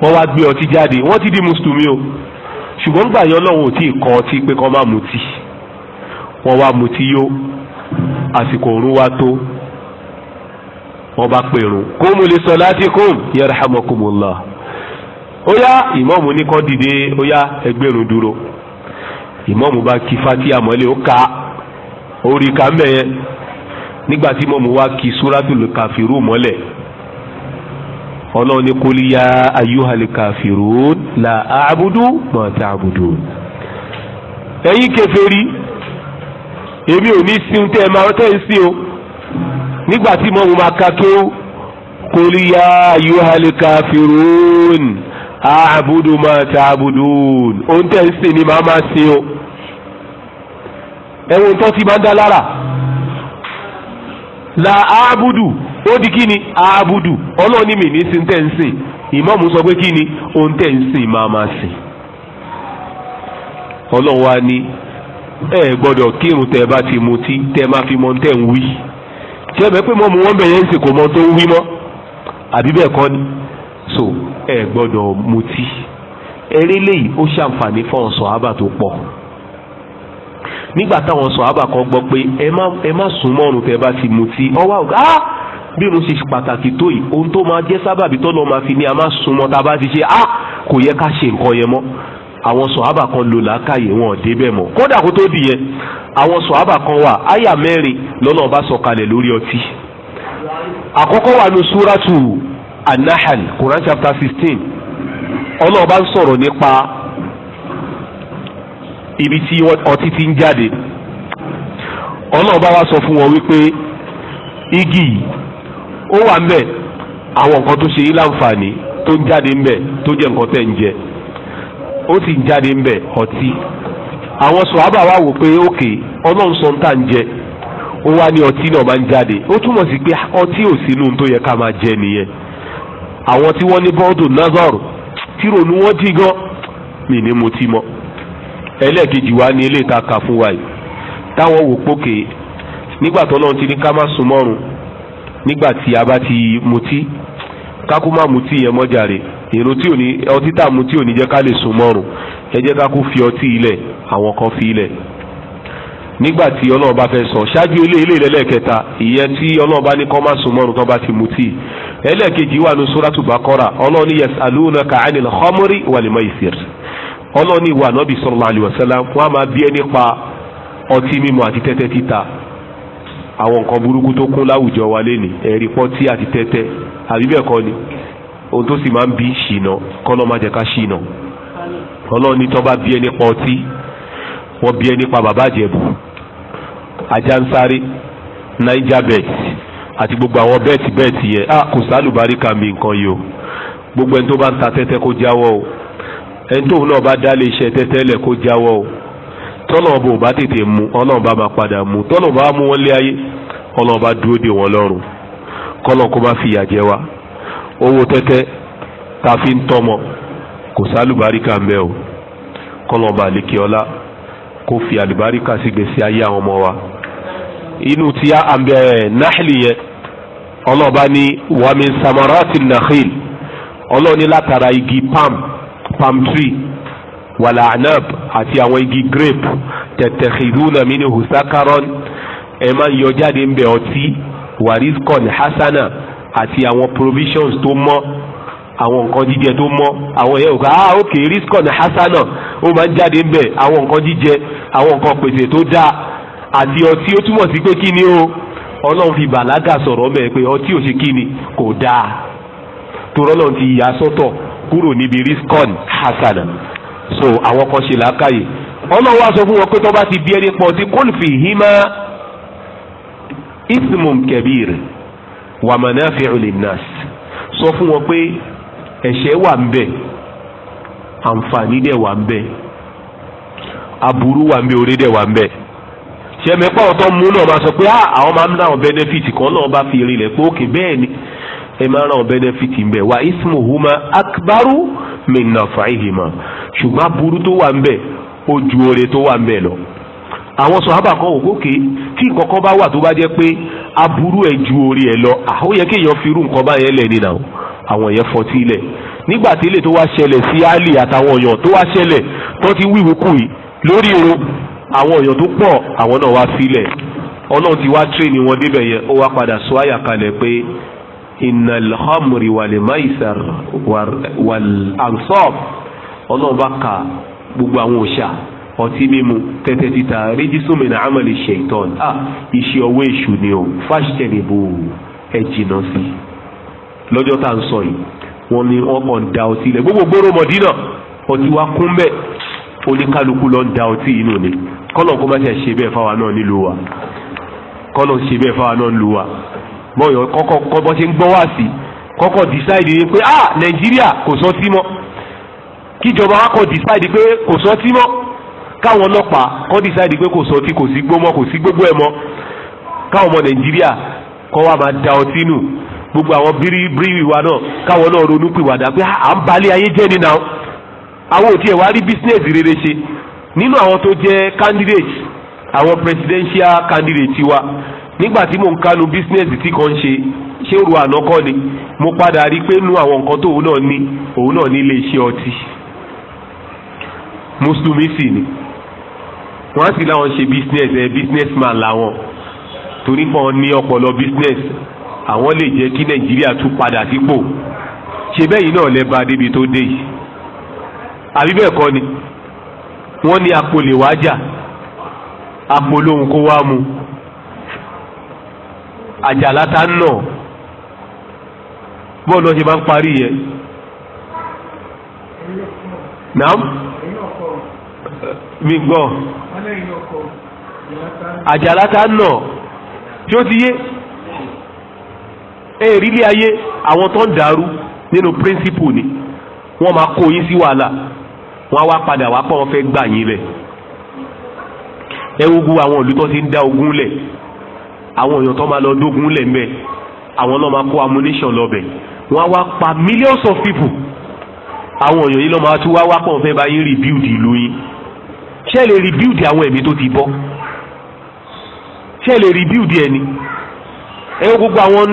wọ́n wá gbé ọtí jáde wọ́n ti di mùsùlùmí o ṣùgbọ́n gbà yẹn ọlọ́run ò tí ì kọ́ ọtí pé kọ́ má mutí wọ́n wá mutí yó àsìkò òrùn wá tó wọ́n bá pèrún kóòmù lè sọ láti kóòmù yarhamukumullah ó yá ìmọ̀mù ní kọ́ dìde ó yá ẹgbẹ́rún dúró ìmọ̀mù bá kí fatia mọ́lẹ̀ ó ka orí ka mẹ́yẹn nígbà tí mọ̀mù wá kí suratul kàfírù mọ́lẹ̀ ọlọ́run ní kul ya ayyuhal kafirun la a'budu ma ta'budun ẹ̀yin kèfèrí èmi ò ní sin tẹ́ ẹ máa tẹ́ ẹ sí o nígbà tí mọ́mú máa ka kéwú kóríyá ayúhalẹ̀ káfírún àbúdù máa ta àbúdùn òun tẹ̀ ń sìn ní màá máa sìn o ẹ̀wọ̀n tó ti máa ń dá lára la àbúdù ó di kí ni àbúdù ọlọ́ọ̀ni mi ní sin tẹ̀ ń sìn ìmọ̀mù sọ pé kí ni òun tẹ̀ ń sìn máa máa sìn ọlọ́wà ni ẹ gbọ́dọ̀ kírun tẹ́ bá ti mutí tẹ́ máa fi mọ́ tẹ́ ń wí ṣé ẹ bẹ pé mọ́mú wọn bẹ̀yẹ̀ ń sè kò mọ tó ń wí mọ́ àbí bẹ́ẹ̀ kọ́ ni so ẹ gbọ́dọ̀ mutí eré léyìí ó ṣàǹfààní fọ́n sọ̀hábà tó pọ̀ nígbà táwọn sọ̀hábà kan gbọ́ pé ẹ má sùn mọ́rùn tẹ́ bá ti mutí ọwọ́ àgbà bí irun ṣe pàtàkì tó yìí ohun tó máa jẹ́ sábàbí tọ́lọ́ máa fi ní a má sùn mọ́ tá a bá ti ṣe á kò yẹ ká ṣe nǹkan yẹn mọ́ àwọn sọ̀hábà kan lò làákàyè wọn débẹ̀ mọ́ kódà kó tó di yẹn àwọn sọ̀hábà kan wà àyà mẹ́rin lọ́nà ọba sọ̀kalẹ̀ lórí ọtí àkọ́kọ́ wà ní súrátù anahal Quran chapter sixteen ọlọ́ọ̀bá ń sọ̀rọ̀ nípa ibi tí ọtí ti ń jáde ọlọ́ọ̀bá wa sọ fún wọn wípé igi yìí ó wà ń bẹ àwọn nǹkan tó ṣe yín láǹfààní tó ń jáde ń bẹ tó jẹ́ nǹkan tẹ̀ ń jẹ ó sì njade jáde ń bẹ̀ ọtí àwọn sọ̀hábà wá wò pé òkè ọlọ́run sọ ń tà ń jẹ ó wá ní ọtí náà máa ń jáde ó túmọ̀ sí pé ọtí ò sínú tó yẹ ká máa jẹ nìyẹn àwọn tí wọ́n ní bọ́ọ̀dù nazar tí ronú jí gan mi ni mo ti mọ́ ẹlẹ́ẹ̀kejì wa ni ilé ìtaka fún wa yìí táwọn wò pókè nígbà tó náà ti ní ká má sùn mọ́rùn nígbà tí a bá ti mutí ká ìrun tí ò ní ọtí tá a mu tí ò ní jẹ́ ká lè sùn mọ́rùn ẹ jẹ́ ká kú fi ọtí ilẹ̀ àwọn kan fi ilẹ̀ nígbà tí ọlọ́run bá fẹ́ sọ ṣáájú ilé ilé ìlẹ́lẹ́kẹta ìyẹn tí ọlọ́run bá ní kọ́ má sùn mọ́rùn tó bá ti mutí ẹlẹ́ẹ̀kejì wà ní suratu Baqara ọlọ́run ní yasalunaka anil khamri wal maisir ọlọ́run ní ìwà nọ́bì sallallahu alaihi wasallam wọ́n á máa bí ẹ nípa ọtí mímu àti tẹ́tẹ́ títa àwọn nǹkan ohun tó sì máa ń bí ṣìnà kọ́lọ́ má jẹ́ ká ṣìnà ọlọ́run ní tọ́ bá bí ẹ nípa ọtí wọ́n bí ẹ nípa bàbá àjẹbù ajansare naija bet àti gbogbo àwọn bẹ́ẹ̀tì bẹ́ẹ̀tì yẹn ah kò sálùbáríkà mi nǹkan yìí o gbogbo ẹni tó bá ń ta tẹ́tẹ́ kó jáwọ́ o ẹni tóun náà bá dá lè ṣe tẹ́tẹ́ lẹ̀ kó jáwọ́ o tọ́nà ọba ò bá tètè mu ọlọ́run bá máa padà mu tọ́nà ọba mú wọn lé ayé ọlọ́run bá dúró dè wọ́n lọ́rùn kọ́lọ́n kó má fìyà jẹ wá owó tẹ́tẹ́ tá a fi ń tọ́mọ kò sálùbáríkà ń bẹ o kọ́lọ́ba àlékè ọlá kó fi àlùbáríkà sí ayé àwọn ọmọ wa inú tí a àmbẹ náhìlì yẹn ọlọ́ba ní wàmín samarati nakhil ọlọ́ni látara igi palm palm tree wàlà anab àti àwọn igi grape tẹ̀tẹ̀xìdúnà minhu sakaron ẹ̀ máa ń yọ jáde ń bẹ ọtí warizkon hasana àti àwọn provisions tó mọ́ àwọn nǹkan jíjẹ tó mọ́ àwọn yẹn ò ah ok riskon hasana ó máa ń jáde ńbẹ àwọn nǹkan jíjẹ àwọn nǹkan pèsè tó dáa àti ọtí ó túmọ̀ sí pé kí ni o ọlọ́run fi bàlágà sọ̀rọ̀ mẹ́ pé ọtí ò ṣe kí ni kò dáa torọ́ náà ti yà sọ́tọ̀ kúrò níbi riskon hasana so àwọn kan ṣe làákàyè ọlọ́run wá sọ fún wọn pé tó bá ti bí ẹni pọ̀ sí kólfì hímà ismum kẹbíìrì wa manafi'u linnas sọ fún wọn pé ẹ̀ṣẹ̀ wà ń bẹ àǹfààní dẹ̀ wà ń bẹ aburú wà ń bẹ oore dẹ̀ wà ń bẹ sẹ́mẹ́pà ọ̀tọ́ mú náà máa sọ pé ah, àwọn máa ń ra àwọn bẹ́nẹ́fìtì kan náà bá fi rinlẹ̀ pé òkè bẹ́ẹ̀ ni ẹ máa ra àwọn bẹ́nẹ́fìtì ń bẹ wà ismuhuma akbaru min nafa'ihima ṣùgbọ́n aburú tó wà ń bẹ ó ju oore tó wà ń bẹ lọ àwọn sọ̀hábà kan ò gòkè tí nǹkan kan bá wà tó bá jẹ́ pé aburú ẹ̀ ju orí ẹ̀ lọ ó yẹ kéèyàn fi nǹkan bá lẹ̀ nínà o àwọn yẹn fọtí lẹ̀ nígbà tí ilé tó wá ṣẹlẹ̀ sí ali àtàwọn èèyàn tó wá ṣẹlẹ̀ tó ti wíwú kù yìí lórí irun àwọn èèyàn tó pọ̀ àwọn náà wá sílẹ̀ ọlọ́run ti wá tírèèni wọn débẹ̀ yẹn ó wá padà sọ àyà kalẹ̀ pé innal khamri wal maisar wal ansab ọlọ́run bá ka gbogbo àwọn òòṣà ọtí mímu tẹ́tẹ́ títa rígísùmìnà amọ̀lẹ̀ ṣẹ̀tọ́n à ah. iṣẹ́ ọwọ́ èṣù ni o fáṣítẹ̀nìbò ẹ jìnnà sí i lọ́jọ́ tá à ń sọ yìí wọ́n ní wọ́n kàn da ọtí ilẹ̀ gbogbo gbòòrò mọ̀dínà ọtí wa kún bẹ́ẹ̀ oníkálukú lọ ń da ọtí inú ni kọ́nà kó má ṣe ṣe bẹ́ẹ̀ fáwa náà nílùú wa kọ́nà ṣe bẹ́ẹ̀ fáwa náà nílùú wa bọ́yọ̀ kọ́kọ́ kọ́ decide ni pé ah nàìjíríà kò sọ tí decide pé kò sọ káwọn ọlọ́pàá kọ́ dísáìdì pé kò sọtí kò sí gbómọ kò sí gbogbo ẹ̀ mọ́ káwọn ọmọ nàìjíríà kọ́ wa máa da ọtí nù gbogbo àwọn bíríwì wa náà káwọn náà ronú pìwàdà pé ah, à ń balẹ̀ ayé jẹ́ nínú àwọn àwọn òtí ẹ̀ wá rí bísínẹ́sì rere ṣe nínú àwọn tó jẹ́ candidate àwọn presidential candidate wa nígbà tí mò ń kanu bísínẹ́sì tí kan ṣe ṣé òru àná ni mo padà rí i pé nú àwọn nǹkan tóun náà ní òun náà ní ilé iṣẹ́ ọtí mùsùlùmí sì ni wọ́n á sì láwọn ṣe business ẹ eh, business man làwọn torí pọ̀ ní ọpọlọ business àwọn lè jẹ́ kí nàìjíríà tún padà sípò ṣe bẹ́yìn náà lẹ́ bá débi tó dé yìí àbí bẹ́ẹ̀ kọ́ ni wọ́n ní apò lè wá jà apò lóhun kó wá mu àjàláta náà bọ́ọ̀lù ọ̀ṣẹ̀ máa ń parí yẹn naam mi gbọ́ àjàlá ta nà tí ó ti yé ẹ rí ilé ayé àwọn tó ń dàrú nínú píríncípù ni wọ́n máa kó yín sí wàhálà wọ́n á wá padà wá pọ̀ wọ́n fẹ́ gbà yín bẹ̀ ẹ wogun àwọn ìlú tó ti ń dá ogun lẹ̀ àwọn èèyàn tó máa lọ dógun lẹ̀ ń bẹ̀ àwọn náà máa kó ammunition lọ bẹ̀ á wá pa millions of people àwọn èèyàn yìí lọ́ máa tún wá wá pọ̀ fẹ́ bá yín rebuild ìlú yín ṣé lè rebuild àwọn ẹ̀mí tó ti bọ́ ṣé lè rebuild ẹni ẹ gbogbo àwọn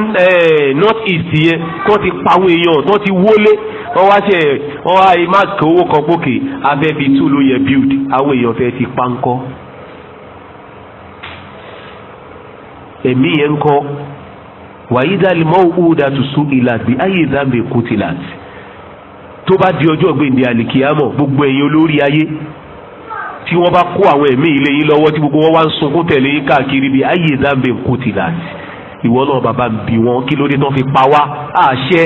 north east yẹn kí wọ́n ti pa àwọn èèyàn tí wọ́n ti wọlé wọ́n wá ṣe wọ́n wá má kó owó kan gbókè abẹ́bí tún ló yẹ build àwọn èèyàn fẹ́ ti pa ńkọ́ ẹ̀mí yẹn ńkọ́ wàyí dálé mọ́ owó dàtú sún ìlàgbé ayé ìdámbè kùtìlà tó bá di ọjọ́ gbèǹde àlìkíyàmọ̀ gbogbo ẹ̀yin olórí ayé tí wọ́n bá kó àwọn ẹ̀mí ilé yín lọ́wọ́ tí gbogbo wọn wá ń sunkún tẹ̀lé yín káàkiri bí ayé ìdáǹbẹ̀ ń kó tìlà ìwọ náà bàbá bí wọn kí ló tán fi pa wá àṣẹ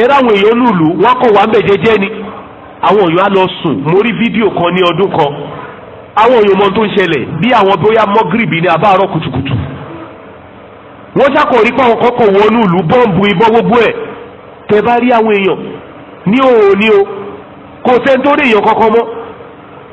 èrè àwọn èèyàn lùlù wọn kọ wà mẹjẹ jẹ ni àwọn èèyàn á lọ sùn mo rí fídíò kan ní ọdún kan àwọn èèyàn mọ tó ń ṣẹlẹ̀ bí àwọn bóyá mọ́gìrìbì ní àbáàrọ̀ kùtùkùtù wọ́n ṣàkórí pé àwọn kọ́kọ́ wọnú ìlú bọ́ǹbù ìbọn gbogbo ẹ̀ tẹ bá rí àwọn èèyàn ní òòní o kò sẹ́ńtórí èèyàn kankan mọ́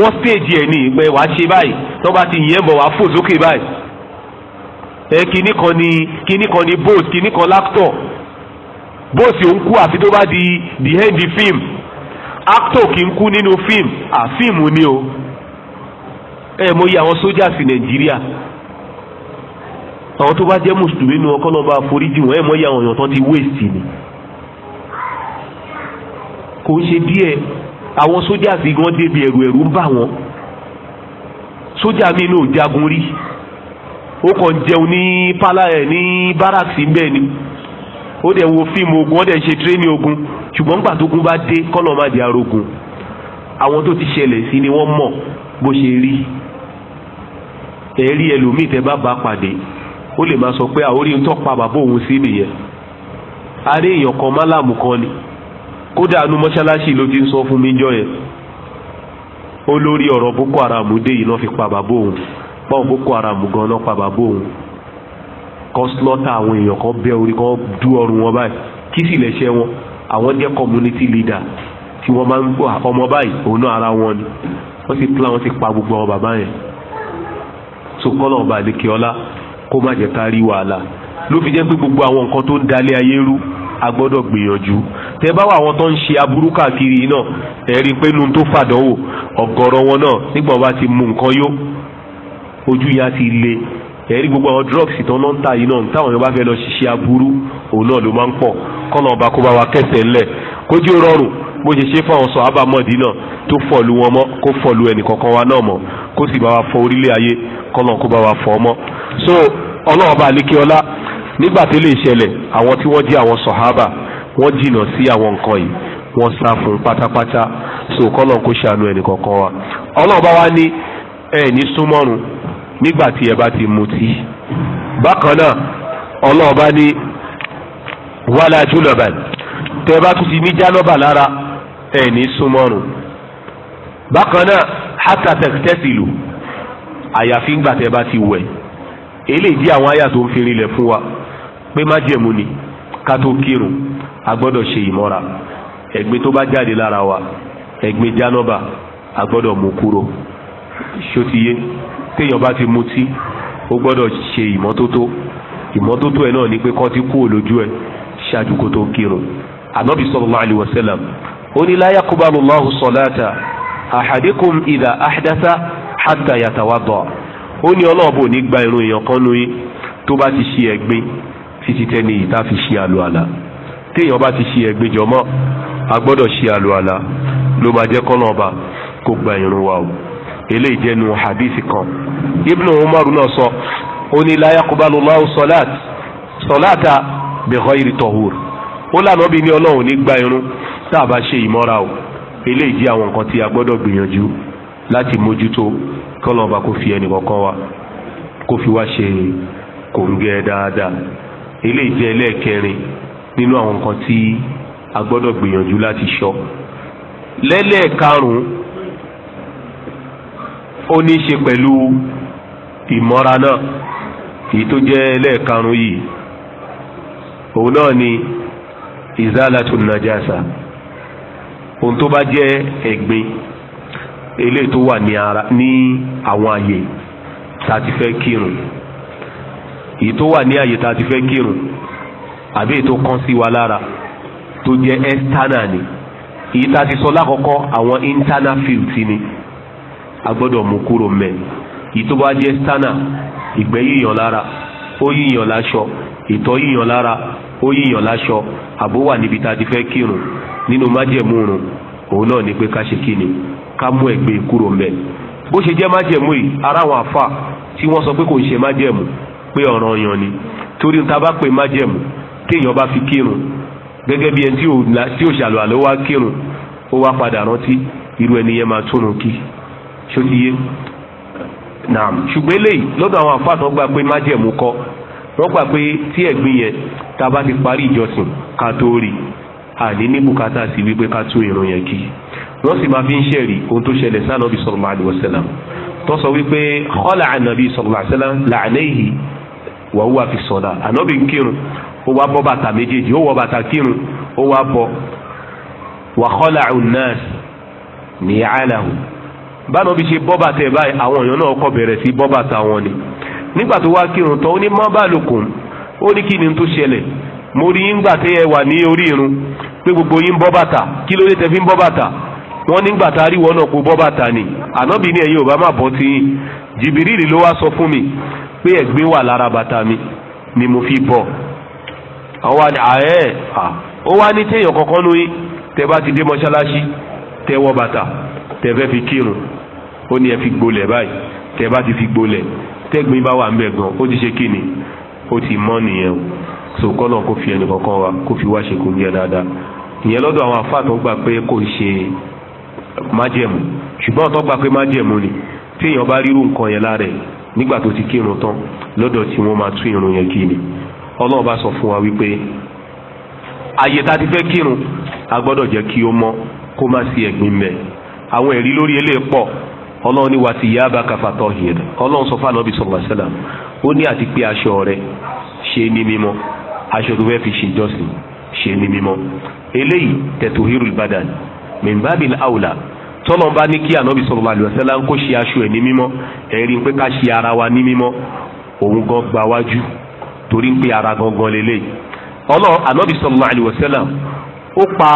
wọ́n stage ẹ̀ ní ìgbẹ́ wàá ṣe báyìí tó bá ti yẹn bọ̀ wàá fò sókè báyìí ẹ kinní kan ni kinní kan ni bose kinní kan l'actor bose ò kú àfi tó bá di the end film actor kì í kú nínú film àfíìmù ni o ẹ mọ iye àwọn sójà sí nàìjíríà àwọn tó bá jẹ́ mùsùlùmí nu ọkọ́ náà bá foríjì wọ́n ẹ̀ mọ́ àwọn èèyàn tán ti waste ni kò ń ṣe díẹ̀ àwọn sójà sì gan débi ẹ̀rù ẹ̀rù ń bà wọ́n sójà mi náà jagun rí ó kàn jẹun ní pálá ẹ̀ ní báràkì bẹ́ẹ̀ ni ó dẹ̀ wo fíìmù ogun ó dẹ̀ ṣe tírénì ogun ṣùgbọ́n nígbà tó gun bá dé kọ́nà má di arógun àwọn tó ti ṣẹlẹ̀ sí ni wọ́n mọ̀ bó ṣe rí ẹ̀rí ẹlòmíì tẹ́ bá bá pàdé ó lè máa sọ pé àórí ń tọ́ pa bàbá òun sí nìyẹn a èèyàn kan málàmù kan ni kódà anú mọ́ṣáláṣí ló ti ń sọ fún mi jọ yẹn olórí ọ̀rọ̀ boko haram dé yìí lọ́ fi pa bàbá òun pọ́n boko haram gan lọ́ pa bàbá òun kan slọ́tà àwọn èèyàn kan bẹ́ orí kan dú ọrùn wọn báyìí kí sì lẹ́sẹ̀ wọn àwọn jẹ́ community leader tí wọ́n máa ń gbọ́ ọmọ báyìí òun náà ara wọn ni wọ́n sì plan wọ́n sì pa gbogbo àwọn bàbá yẹn so kọ́nà ọba àdékè ọlá kó má jẹ́ ká rí wàhálà ló fi jẹ́ pé gbogbo àwọn nǹkan tó ń dalẹ̀ ayé rú a gbọ́dọ̀ gbìyànjú tẹ bá wà wọn tó ń ṣe aburú káàkiri náà ẹ rí i pé nu tó fàdánwò ọ̀gọ̀rọ̀ wọn náà nígbà wọn bá ti mú nǹkan yó ojú ya ti le ẹ rí gbogbo àwọn drugs tó náà ń tà yìí náà táwọn yóò bá fẹ́ lọ ṣiṣẹ́ aburú òun náà ló máa ń pọ̀ kọ́nà ọba kó bá wa kẹsẹ̀ ńlẹ̀ kójú rọrùn bó ṣe ṣe fáwọn sọ abamọ́dí náà tó fọ̀lù wọn mọ́ kó fọ̀lù ẹnìkọ̀ọ̀kan wa náà mọ́ kó sì bá wa fọ orílẹ̀ ayé kọ́nà kó bá wa fọ́ mọ́ so ọlọ́ọ̀ba àlékè ọlá nígbà tí lè ṣẹlẹ̀ àwọn tí wọ́n jẹ́ àwọn sọ̀hábà wọ́n jìnnà sí àwọn nǹkan yìí wọ́n sá fún pátápátá so kọ́lọ̀ kó ṣàánú ẹnì kọ̀ọ̀kan wa ọlọ́ọ̀bá wa ní ẹ ní súnmọ́rùn nígbà tí ẹ bá ti mutí bákan náà ọlọ́ọ̀bá ní wàhálà jùlọ̀bà tẹ bá tún ti ní jálọ́bà lára ẹ ní súnmọ́rùn bákan náà hátà tẹ̀sílù àyàfi ńgbà tẹ bá ti wẹ̀ eléyìí àwọn àyà tó ń fi rinlẹ̀ fún wa pé májẹ̀mú ni ká tó kírun a gbọ́dọ̀ ṣe ìmọ́ra ẹ̀gbin tó bá jáde lára wa ẹ̀gbin jánọ́bà a gbọ́dọ̀ mú kúrò ṣótiyé téèyàn bá ti mutí ó gbọ́dọ̀ ṣe ìmọ́tótó ìmọ́tótó ẹ̀ náà ni pé kọ́ ti kúrò lójú ẹ̀ ṣáájú kó tó kírun ànábì sallallahu alaihi wasallam ó la yaqbalu Allahu salata ahadikum idha ahdatha hatta yatawadda ó ní ọlọ́ọ̀bù ò ní gba irun èèyàn kan títí tẹ́ni yìí tá fi ṣe àlò àlà téèyàn bá ti ṣe ẹgbẹ́jọ mọ́ a gbọ́dọ̀ ṣe àlò àlà ló máa jẹ́ kọ́nà ọba kó gba ìrun wa o eléyìí jẹ́ nu kan ibnu umar náà sọ ó ní la yaqbalu Allahu salat salata bi ghayri tahur ó lànà bí ní ọlọ́run ní gba ìrun tá a bá ṣe ìmọ́ra o eléyìí jẹ́ àwọn nǹkan tí a gbọ́dọ̀ gbìyànjú láti mójútó kọ́nà ọba kó fi ẹnì kọ̀ọ̀kan wa kó fi wá ṣe kòǹgẹ́ dáadáa eléyìí jẹ́ ẹlẹ́ẹ̀kẹrin nínú àwọn nǹkan tí a gbọ́dọ̀ gbìyànjú láti sọ lẹ́lẹ́ẹ̀karùn-ún ó ní í ṣe pẹ̀lú ìmọ́ra náà èyí tó jẹ́ ẹlẹ́ẹ̀karùn yìí òun náà ni ìzálàtún nàjàsà ohun tó bá jẹ́ ẹ̀gbin eléyìí tó wà ní àwọn àyè tá a ti fẹ́ kírun èyí tó wà ní àyè tá a ti fẹ́ kírun àbí èyí tó kán sí wa lára tó jẹ́ external ni èyí tá a ti sọ lákọ̀ọ́kọ́ àwọn internal fields ni a gbọ́dọ̀ mú kúrò mẹ́ èyí tó bá jẹ́ external ìgbẹ́ yíyan lára ó yíyan láṣọ ìtọ̀ yíyan lára ó yíyan láṣọ àbó wà níbi tá a ti fẹ́ kírun nínú májẹ̀mú rùn òun náà ni pé ká ṣe kíni ká mú ẹ̀gbẹ́ kúrò mẹ́ bó ṣe jẹ́ májẹ̀mú yìí ara àwọn àfà tí wọ́n sọ pé kò ń ṣe májẹ̀mú pé ọ̀ràn yàn ni torí ta bá pè májẹ̀mú kéèyàn bá fi kírun gẹ́gẹ́ bí ẹni tí ò ṣàlù àlọ́ wá kírun ó wá padà rántí irú ẹni yẹn máa túnú kí ṣó ti yé naam ṣùgbọ́n eléyìí lọ́dọ̀ àwọn àfáà tó gbà pé májẹ̀mú kọ́ wọ́n gbà pé tí ẹ̀gbin yẹn ta bá ti parí ìjọsìn ká tó rí àní ní bùkátà sí wípé ká tún ìrun yẹn kí wọ́n sì máa fi ń ṣẹ̀rí ohun tó ṣẹlẹ̀ sánàbí sallallahu alaihi wasallam tó sọ wípé kọ́là ànàbí sallallahu alaihi wasallam làánẹ́yìí wà wúwa fi sọ̀dà ànábì ń kírun ó wá bọ́ bàtà méjèèjì ó wọ bàtà kírun ó wá bọ́ wà kọ́là unnas ní àlàhùn báwo bí ṣe bọ́ bàtà ẹ̀ báyìí àwọn èèyàn náà kọ́ bẹ̀rẹ̀ sí bọ́ bàtà wọn ni nígbà tó wá kírun tán ó ní má bàa lòkùn ó ní kí ni tó ṣẹlẹ̀ mo rí yín gbà tẹ́ ẹ wà ní orí irun pé gbogbo yín bọ́ bàtà kí ló dé tẹ́ fi ń bọ́ bàtà wọ́n nígbà tá a rí wọn náà pé bọ́ bàtà ni ànábì ní ẹ̀yin ò má bọ́ ti yín jìbìrìlì ló wá sọ fún mi pé ẹ̀gbin wà lára bàtà mi ni mo fi bọ̀ àwọn wa ni ààyè ó wá ní téèyàn kankan ló yín tẹ bá ti dé mọ́ṣáláṣí tẹ wọ bàtà tẹ fẹ́ fi kírun ó ní ẹ fi gbolẹ̀ báyìí tẹ bá ti fi gbolẹ̀ tẹ́gbin bá wà ń bẹ̀ gan ó ti ṣe kí ni ó ti mọ́ nìyẹn o so kọ́nà kó fi ẹnì kankan wa kó fi wá ṣe kò ní ẹ dáadáa ìyẹn lọ́dọ̀ àwọn afáàtàn gbà pé kò ń ṣe májẹ̀mú ṣùgbọ́n tó gbà pé májẹ̀mú ni tí èèyàn bá ríru nǹkan yẹn lára ẹ̀ nígbà tó ti kírun tán lọ́dọ̀ tí wọ́n máa tún irun yẹn kí ni ọlọ́run bá sọ fún wa wípé àyè tá a ti fẹ́ kírun a gbọ́dọ̀ jẹ́ kí ó mọ́ kó má sí ẹ̀gbin mẹ́ àwọn ẹ̀rí lórí eléyìí pọ̀ ọlọ́run ní wa ti yá bá kafa tọ́ hìr ọlọ́run sọ fáànà bíi sọ̀rọ̀ sẹ́là ó ní àti pé aṣọ rẹ ṣe ní mímọ́ aṣọ tó fẹ́ fi ṣèjọ́sìn ṣe ní mímọ́ eléyìí tẹ̀tù hírù ìbàdàn min babil aula tọ́lọ̀ bá ní kí ànábì sallallahu alaihi wasallam kó ṣe aṣọ ẹ̀ ní mímọ́ ẹ̀rí pé ká ṣe ara wa ní mímọ́ òun gan gba wájú torí pé ara gangan lélẹ̀ ọlọ́ ànábì sallallahu alaihi wasallam ó pa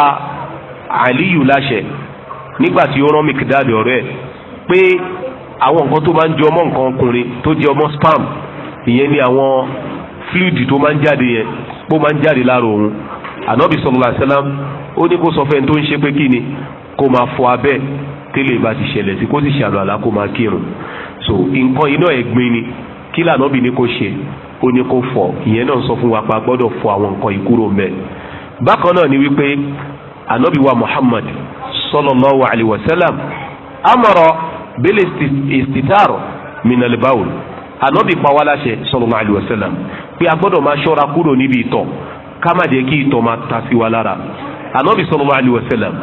Aliyu láṣẹ nígbà tí ó rán Mikdad ọ̀rẹ́ pé àwọn nǹkan tó bá ń jẹ ọmọ nǹkan ọkùnrin tó jẹ ọmọ spam ìyẹn ni àwọn fluid tó máa ń jáde yẹn pó máa ń jáde lára òun ànábì sallallahu alaihi wasallam ó ní kó sọ fẹ́ tó ń ṣe pé kí ni kó máa fọ abẹ́ tẹ́lẹ̀ bá ti ṣẹlẹ̀ sí kó sì ṣàlọ́ àlá kó máa kírun so nǹkan iná ẹ̀gbin ni kí lànàbì ni kò ṣe ó ní kó fọ ìyẹn náà sọ fún wa pa gbọ́dọ̀ fọ àwọn nǹkan ìkúrò mẹ́ bákan náà ni wípé ànábì Muhammad sallallahu alayhi wa sallam amọ̀rọ̀ bẹ́lẹ̀ istitaro minalibawul ànábì pa wá láṣẹ sallallahu alayhi wa sallam pé a gbọ́dọ̀ máa ṣọ́ra kúrò níbi ìtọ̀ ká má jẹ́ kí ìtọ̀ máa ta sí wa lára anabi sallallahu alayhi wa sallam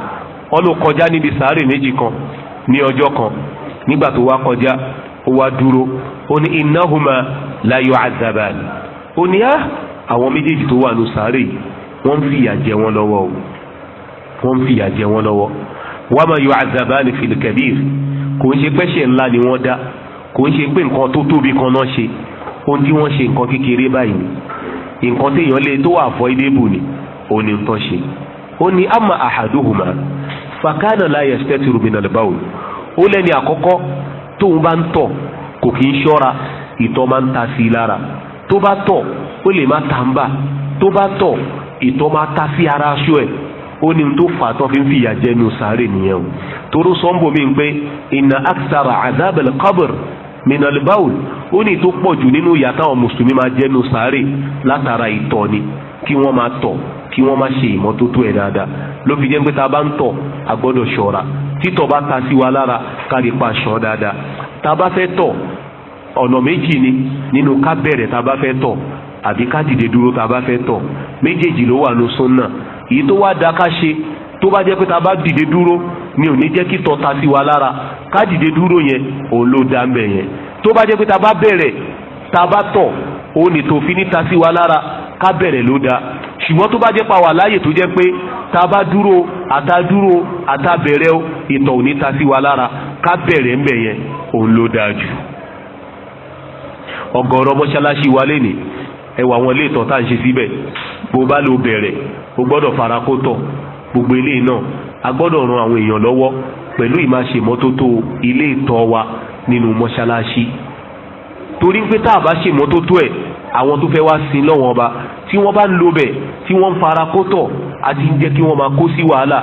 ó lọ kọjá níbi sàárè méjì kan ní ọjọ́ kan nígbà tó wá kọjá ó wá dúró ó ní innahuma la yu'azzabani ó ní á ah, àwọn méjèèjì tó wà ní sàárè wọ́n ń fìyà jẹ wọ́n lọ́wọ́ o wọ́n fìyà jẹ wọ́n lọ́wọ́ wama yu'azzabani fil kabir kò ń ṣe pẹ́ṣẹ̀ ńlá ni wọ́n dá kò ń ṣe pé nǹkan tó tóbi kan náà ṣe ohun tí wọ́n ṣe nǹkan kékeré báyìí nǹkan téèyàn lè tó wà fọ́ ilé bù ni òun ni ń tán ṣe ó ní ama ahaduhuma fakana la yastatiru minal bawl ó lẹ́ni àkọ́kọ́ tóun bá ń tọ̀ kò kì í ṣọ́ra ìtọ̀ máa ń ta sí i lára tó bá tọ̀ ó lè má ta ń bà tó bá tọ̀ ìtọ̀ máa ta sí ara aṣọ ẹ̀ ó ní tó fà tó fi ń fìyà jẹnu sáré nìyẹn o toró sọ́ńbò mi pé inna aksara azabel qabr minal bawl ó ní tó pọ̀ jù nínú ìyà táwọn mùsùlùmí máa jẹnu sáré látara ìtọ̀ ni kí wọ́n máa tọ̀ kí wọ́n má ṣe ìmọ́tótó ẹ̀ dáadáa ló fi jẹ́ pé tá bá ń tọ̀ a gbọ́dọ̀ ṣọ́ra títọ̀ bá ta sí wa lára ká lè pa ṣọ́ dáadáa tá a bá fẹ́ tọ̀ ọ̀nà méjì ni nínú ká bẹ̀rẹ̀ tá a bá fẹ́ tọ̀ àbí ká dìde dúró tá a bá fẹ́ tọ̀ méjèèjì ló wà ní sunna èyí tó wá da ká ṣe tó bá jẹ́ pé tá a bá dìde dúró mi ò ní jẹ́ kí tọ̀ ta sí wa lára ká dìde dúró yẹn òun ló dá mbẹ̀ yẹn tó bá jẹ́ pé tá bá bẹ̀rẹ̀ tá bá tọ̀ òun nìtòfin níta sí wa lára ká bẹ̀rẹ̀ ló dáa ṣùgbọ́n tó bá jẹ́ pa wà láàyè tó jẹ́ pé tá a bá dúró àtàdúró àtàbẹ̀rẹ̀ o ìtọ̀ ò ní ta sí wa lára ká bẹ̀rẹ̀ ń bẹ̀ yẹn òun ló dáa jù. ọ̀gọ̀rọ̀ mọ́ṣáláṣí wa lé ní ẹwà wọn lè tọ́ tá à ń ṣe síbẹ̀ bó bá lo bẹ̀rẹ̀ o gbọ́dọ̀ fara kó tọ̀ gbogbo eléyìí náà a gbọ́dọ̀ ran àwọn èèyàn lọ́wọ́ pẹ̀lú ìmáṣemọ́tótó ilé ìtọ̀ wa nínú mọ́ṣáláṣí torí pé tá a bá ṣèmọ́tótó ẹ̀ àwọn tó fẹ́ wá sin lọ́wọ́n ọba tí wọ́n bá ń lo bẹ̀ tí wọ́n ń fara kó tọ̀ àti ń jẹ́ kí wọ́n máa kó sí wàhálà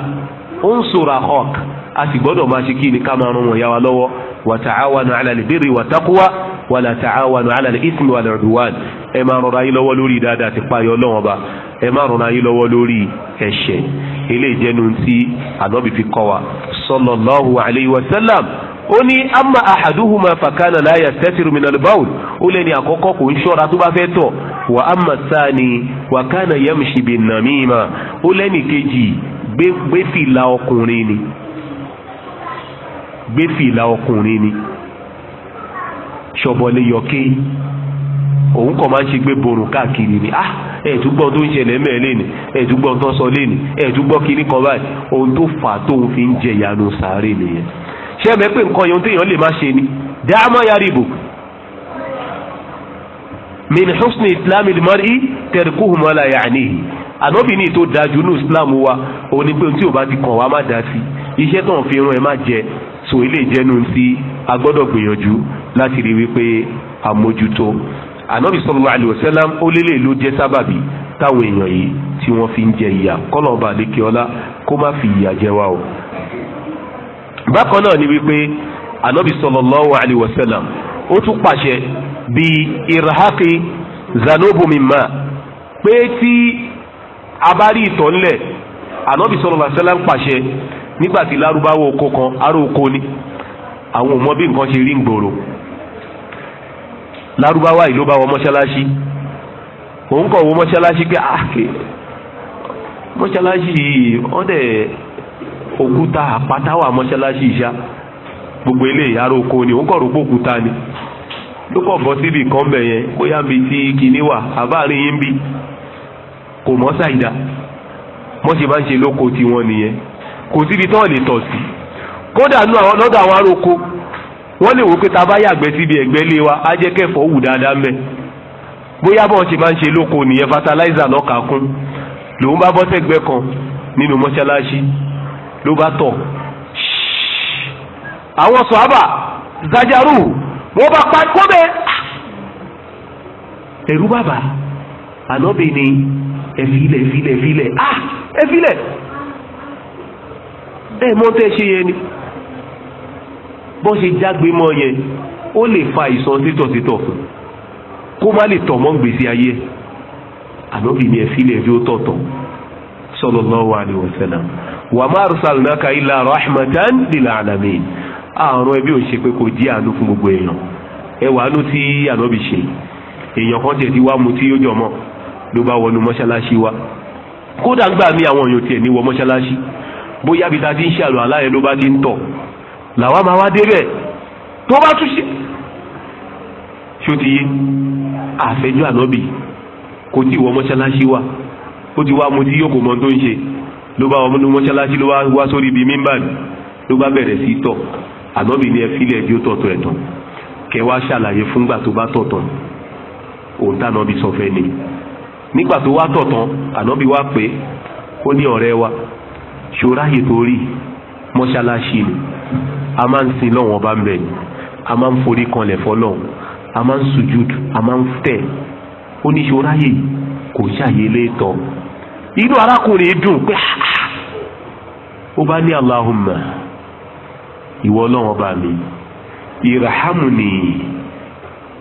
ó ń sòrà hawk a sì gbọ́dọ̀ máa ṣe kí ni ká máa ran wọn yá wa lọ́wọ́ wa ta'awanu 'ala al-birri wa taqwa wa la ta'awanu 'ala al-ithmi wal ẹ máa rọra yín lọ́wọ́ lórí dáadáa ti payọ lọ́wọ́n ba ẹ máa rọra yín lọ́wọ́ lórí ẹ̀ṣẹ̀ eléyìí jẹ́nu ti ànábì fi kọ́ wa sallallahu alayhi wa sallam ó ní ama ahaduhuma fakana la yastatiru min albaul ó lé ní àkọ́kọ́ kò ń ṣọ́ra tó bá fẹ́ tọ̀ wà ama sani wà kana yamshi bin namima ó lé ní kejì gbẹ́fìlà ọkùnrin ni gbẹ́fìlà ọkùnrin ni ṣọ̀bọ̀lẹ̀ yọ̀kẹ́ òun kọ̀ máa ń ṣe gbé borun káàkiri ni ah ẹ̀ẹ́dúgbọ́n tó ń ṣẹlẹ̀ mẹ́ẹ̀ lẹ́ni ẹ̀ẹ́dúgbọ́n tó ń sọ lẹ́ni ẹ̀ẹ́dúgbọ́n kiri kan báyìí ohun tó fà á tóun fi ń jẹ ìyanu sàárè nìyẹn ṣé ẹ mẹ́ pé nǹkan yẹn téèyàn lè má ṣe ni dáàmọ́ yàrá ìbò min husni islamil mar'i tẹ̀rẹ̀kùhùn mọ́lá ya'nihi ànábì ní tó dájú islam wa òun ni pé tí ò bá ti kàn wá má dá sí iṣẹ́ tó ń fi ràn ẹ̀ má jẹ so ilé ìjẹnu sí a gbọ́dọ̀ gbìyànjú láti rí wípé àmójútó ànábì sallallahu alaihi wasallam ó lélẹ̀ ló jẹ́ sábàbí táwọn èèyàn yìí tí wọ́n fi ń jẹ ìyà kọ́lọ̀ ọba kó má fi ìyà jẹ wá o bákan náà ni wípé anabi sallallahu alayhi wa sallam ó tún pàṣẹ bí irahaki zanobomima pé tí a bá rí ìtọ̀ ńlẹ̀ anabi sallallahu alayhi wa sallam oko kan ará ni àwọn ò bí nǹkan ṣe rí ngboro lárúbáwá yìí ló bá wọ mọ́ṣáláṣí òun kọ̀ ah, wọ òkúta àpáta wà ìṣá gbogbo eléyìí ara oko ni òun ni ló kọ̀ síbi kan bẹ̀ yẹn bóyá mi ti kìíní wà àbáàrin yín kò mọ́ ṣàìdá tiwọn nìyẹn kò síbi lè tọ̀ sí kódà àwọn lọ́dọ̀ wọ́n lè ta bá yàgbẹ́ síbi ẹ̀gbẹ́ lé wa á jẹ́ wù dáadáa mẹ́ bóyá bọ́n ṣe máa kan nínú mọ́ṣáláṣí ló bá tọ̀ àwọn sọ̀hábà zajaru wọ́n bá pa kóbẹ́ ẹ̀rú bàbá ànábì ni ẹ̀fílẹ̀ ẹ̀fílẹ̀ ẹ̀fílẹ̀ ah ẹ̀fílẹ̀ ẹ̀ mọ́ tẹ́ ṣe yẹn ni bọ́n ṣe jágbe mọ́ yẹn ó lè fa ìsàn títọ̀títọ̀ fún kó má lè tọ̀ mọ́ gbèsè ayé ànábì ni ẹ̀fílẹ̀ ẹ̀fí ó tọ̀tọ̀ sallallahu alaihi wà má arsalnaka illa rahmatan lil alamin àrùn ẹbí ò ṣe pé kò di àánú fún gbogbo èèyàn ẹwà àánú tí ànábì ṣe èèyàn kan tiẹ̀ ti wá mu tí yóò jọ mọ́ ló bá wọnú mọ́ṣáláṣí wa kódà gbà mí àwọn èèyàn tiẹ̀ ní wọ mọ́ṣáláṣí bóyá bí ta ti ń ṣàlù aláyẹ ló bá ti ń tọ̀ làwa máa wá débẹ̀ tó bá tún ṣe ṣó yé àfẹjọ́ ànábì kò tí wọ mọ́ṣáláṣí wa ó ti wá mu tí yóò kò mọ tó ń ṣe ló bá ọmọ mọ́ṣáláṣí ló wá sórí ibi mímbàbí ló bá bẹ̀rẹ̀ sí tọ̀ ànábì ní ẹ bí ó tọ̀tọ̀ ẹ̀ tán ṣàlàyé fúngbà tó bá tọ̀tọ̀ òun tànábì ni nígbà tó wá tọ̀tọ̀ ànábì wá pé ó ní ọ̀rẹ́ wa ṣòráyè tó rí mọ́ṣáláṣí ni a máa ń sin lọ́wọ́n bá ń bẹ̀ ni a máa ń forí kanlẹ̀ fọlọ́hún a máa ń sùjúd a máa ń tẹ̀ ó ní ṣòráyè kò ṣàyẹlé tán inú arákùnrin dùn pé ah, ah. ó bá ní Allahumma ìwọ ọlọ́run ọba mi ìràhámù ni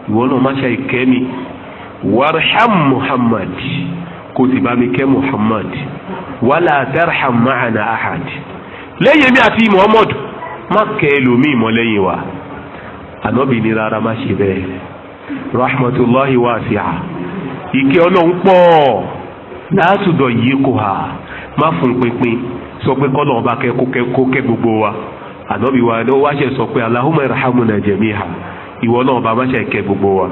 ìwọ ọlọ́run máṣe ìkẹ́ mi warham Muhammad kò sì bá mi kẹ́ Muhammad wàlá tarham ahad lẹ́yìn mi àti Muhammad má kẹ́ ẹlòmíì mọ́ lẹ́yìn wa ànábì ní rárá má bẹ́ẹ̀ rahmatulahi wasi'a ìkẹ́ ọlọ́run pọ̀. látùdọ̀ yìí kò hà má fún pínpín sọ pé kọ́nà ọba kẹ́kọ́ kẹ́ gbogbo wa ànábì wa ló wáṣẹ sọ pé Allahumma irhamuna jami'a ìwọ náà ọba máṣẹ kẹ́ gbogbo wa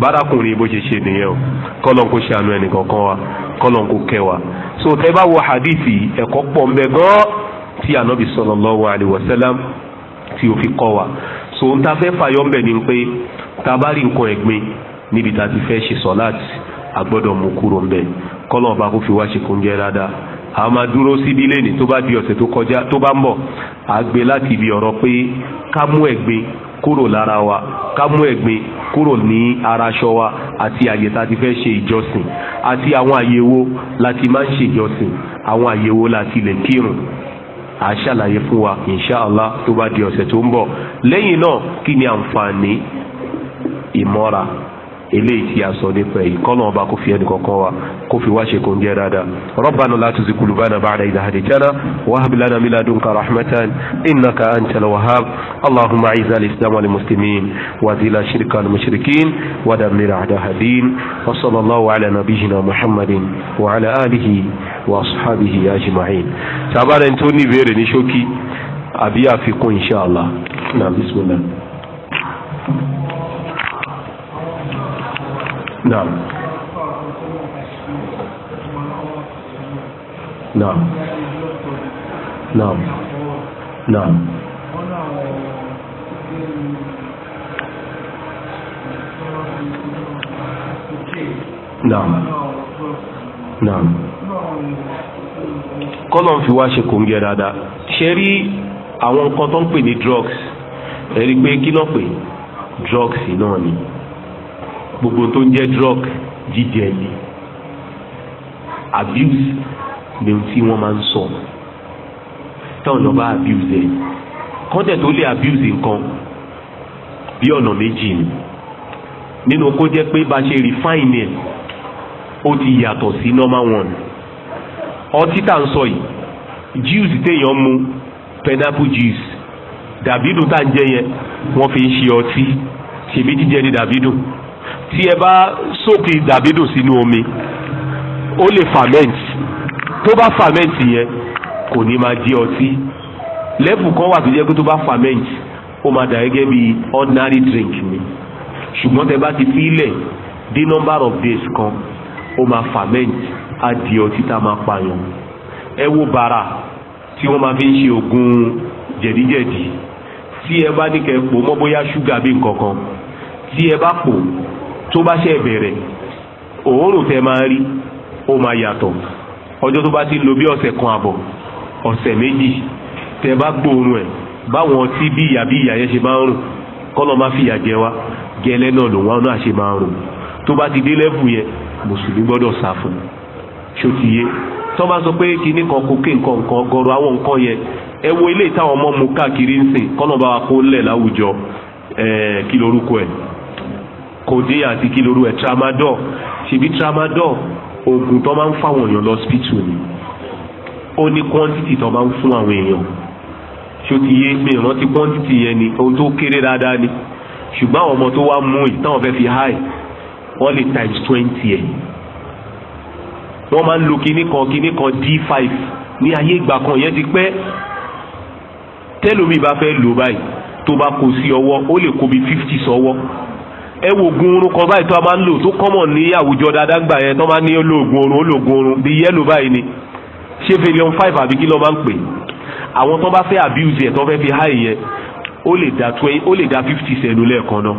bárakùnrin bó ṣe ṣe nìyẹn o kọ́nà kò ṣe àánú ẹnìkankan wa kọ́nà kò kẹ́ wa so tẹ́ bá wo hadithi ẹ̀kọ́ pọ̀ ń bẹ gan tí ànábì sallallahu alaihi wasallam tí o fi kọ́ wa so n ta fẹ́ fàyọ́ ń bẹ̀ ni pé ta nǹkan ẹ̀gbin níbi ta ti fẹ́ ṣe sọ́láàtì agbọ́dọ̀ mú kúrò ń bẹ̀ kọ́lọ̀ ọba kó fi wá ṣe kóúnjẹ dáadáa a máa dúró síbi lẹ́ni tó bá di ọ̀sẹ̀ tó kọjá tó bá ń bọ̀ a gbé láti ibi ọ̀rọ̀ pé ká mú ẹ̀gbin kúrò lára wa ká mú ẹ̀gbin kúrò ní ara aṣọ wa àti àyè tá a ti fẹ́ ṣe ìjọsìn àti àwọn àyèwò láti máa ń ṣe ìjọsìn àwọn àyèwò láti lè kírun a ṣàlàyé fún wa inṣàlá tó bá di ọ̀sẹ̀ tó ń bọ̀ lẹ́yìn náà kí ni àǹfààní ìmọ́ra eléyìí tí a sọ nípa èyí kọ́nà ọba kò fi ẹnì kọ̀ọ̀kan wa kó fi wá ṣe kò ń jẹ́ dáadáa rabbana la tuzi kulubana ba'da idha haditana wa hab lana min ladunka rahmatan innaka antal wahhab allahumma aiza al-islam wal muslimin wa zila shirka al mushrikin wa dammir a'daha din wa sallallahu ala nabiyyina muhammadin wa ala alihi wa ashabihi ajma'in tabara n tó ní ìbéèrè ní ṣókí àbí àfikún insha na bismillah. Naam. Naam. Naam. Naam. Naam. Naam. Kọ́lọ̀ fi wá ṣe kò ń gẹ dáadáa. Ṣé rí àwọn nǹkan tó ń pè ní drugs? Ẹ rí i pé kí ló pè? Drugs náà ni gbogbo tó ń jẹ́ drug jíjẹ ni abuse ni ohun tí wọ́n máa ń sọ táwọn èèyàn abuse ẹ̀ kọ́ńtẹ̀ tó lè abuse nǹkan bí ọ̀nà méjì ni nínú kó jẹ́ pé bá ṣe refine ẹ̀ ó ti yàtọ̀ sí normal one ọtí tá à ń sọ yìí juice téèyàn mu pineapple juice dàbídùn tá à ń jẹ yẹn wọ́n fi ń ṣe ọtí ṣèbí jíjẹ ni dàbídùn tí ẹ bá sókè dàbídò sínú omi ó lè ferment tó bá ferment yẹn kò ní máa jẹ ọtí lẹ́fù kan wà tó jẹ́ pé tó bá ferment ó máa dà gẹ́gẹ́ bí ordinary drink ni ṣùgbọ́n tẹ bá ti fi dé number of days kan ó máa ferment á di ọtí tá a máa pààyàn ẹ wo bàrà tí wọ́n máa fi ń ṣe oògùn jẹ̀díjẹ̀dí tí ẹ bá ní kẹ́ pò mọ́ bóyá ṣúgà bí nǹkan kan tí ẹ bá pò tó bá ṣe bẹ̀rẹ̀ òórùn tẹ máa rí ó máa yàtọ̀ ọjọ́ tó bá ti lò bí ọ̀sẹ̀ kan àbọ̀ ọ̀sẹ̀ méjì tẹ bá gbóòórùn ẹ̀ báwọn tí bí ìyà bí ìyà yẹn ṣe máa ń rùn kọ́lọ̀ máa fìyà jẹ wá gẹ́lẹ́ náà lòun náà ṣe máa ń rùn tó bá ti dé lẹ́bù yẹn mùsùlùmí gbọ́dọ̀ sá fún un ṣòtìyé tó bá sọ pé kinní kan kókè nǹkan nǹkan gọrọ àwọn nǹkan yẹn ẹ wo ilé ìtàwọn ọmọ mu káàkiri ń sìn kọ́nà bá wa kó lẹ̀ láwùjọ kí lorúkọ ẹ̀ kòdé àti kí lorú ẹ̀ tramadol ṣèbí tramadol oògùn tó máa ń fáwọn èèyàn lọ hospital ni ó ní quantity tó máa ń fún àwọn èèyàn ṣó ti yé mi ìrántí quantity yẹn ni ohun tó kéré dáadáa ni ṣùgbọ́n àwọn ọmọ tó wá mú yìí táwọn fẹ́ fi high wọ́n lè times twenty ẹ̀ wọ́n máa ń lo kinní kan kinní kan d five ní ayé ìgbà kan yẹn ti pẹ́ tẹ́lómi bá fẹ́ lò báyìí tó bá kó sí ọwọ́ ó lè kó bí fifty sọ́wọ́. So ẹ wo oògùn oorun kan báyìí tó a máa ń lò tó kọ́mọ̀ ní àwùjọ dáadáa gbà yẹn tó máa ní olóògùn oorun olóògùn oorun bíi yẹ́lò báyìí ni ṣé fẹ́lẹ́ọ̀n five àbí kí ló máa ń pè àwọn tó bá fẹ́ abuse ẹ̀ tó fẹ́ fi há ìyẹn ó lè dá twenty ó lè dá fifty sẹ́nu lẹ́ẹ̀kan náà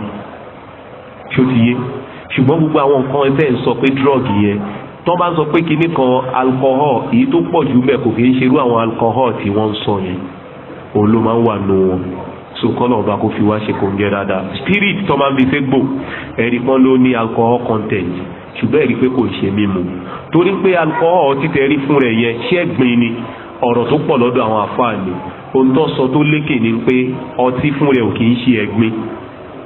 ṣó ti yé ṣùgbọ́n gbogbo àwọn nǹkan ẹsẹ̀ ń sọ pé drug yẹn tó bá ń sọ pé kinní kan alcohol èyí tó pọ̀ jù mẹ́ kò kì í ṣerú àwọn alcohol tí wọ́n ń sọ yẹn òun ló máa ń wà nù wọn so kọ́nà ọba kó fi wá ṣe kò ń jẹ́ dáadáa spirit tó máa ń fi ségbò ẹ̀rí kan ló ní alcohol content ṣùgbọ́n ẹ̀rí pé kò ṣe mímu torí pé alcohol títẹ̀ rí fún rẹ̀ yẹn ṣẹ́gbìn ni ọ̀rọ̀ tó pọ̀ lọ́dọ̀ àwọn àfáàní ohun tó sọ tó lékè ni pé ọtí fún rẹ̀ ò kì í ṣe ẹ̀gbin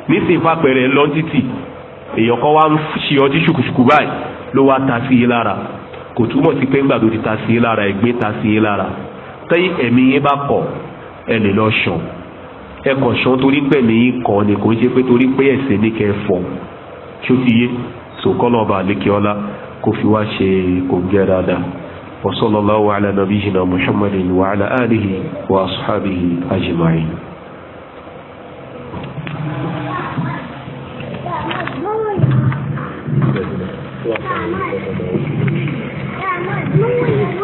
nísìnyí fàpẹ̀rẹ̀ lọ́títì èèyàn kan wá ń ṣe ọtí ṣùkùṣùkù báyìí ló wá ta sí i lára kò túmọ̀ sí pé ńgbà ti ta sí i lára ẹ̀gbin ta sí i lára tẹ́yìn ẹ̀mí yẹn bá kọ̀ ẹ lè lọ ṣàn ẹ kàn ṣan torí pẹ̀ ní kàn ní kò ń ṣe pé torí pé ẹ̀sìn ní kẹ́ fọ̀ ṣó ti yé sòkọ́lọ́ ọba àlékè ọlá kó fi wá ṣe kò gẹ́ dáadáa wa sallallahu ala nabiyyina muhammadin wa alihi wa ashabihi ajma'in.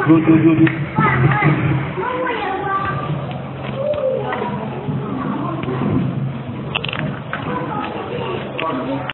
Yo, profitable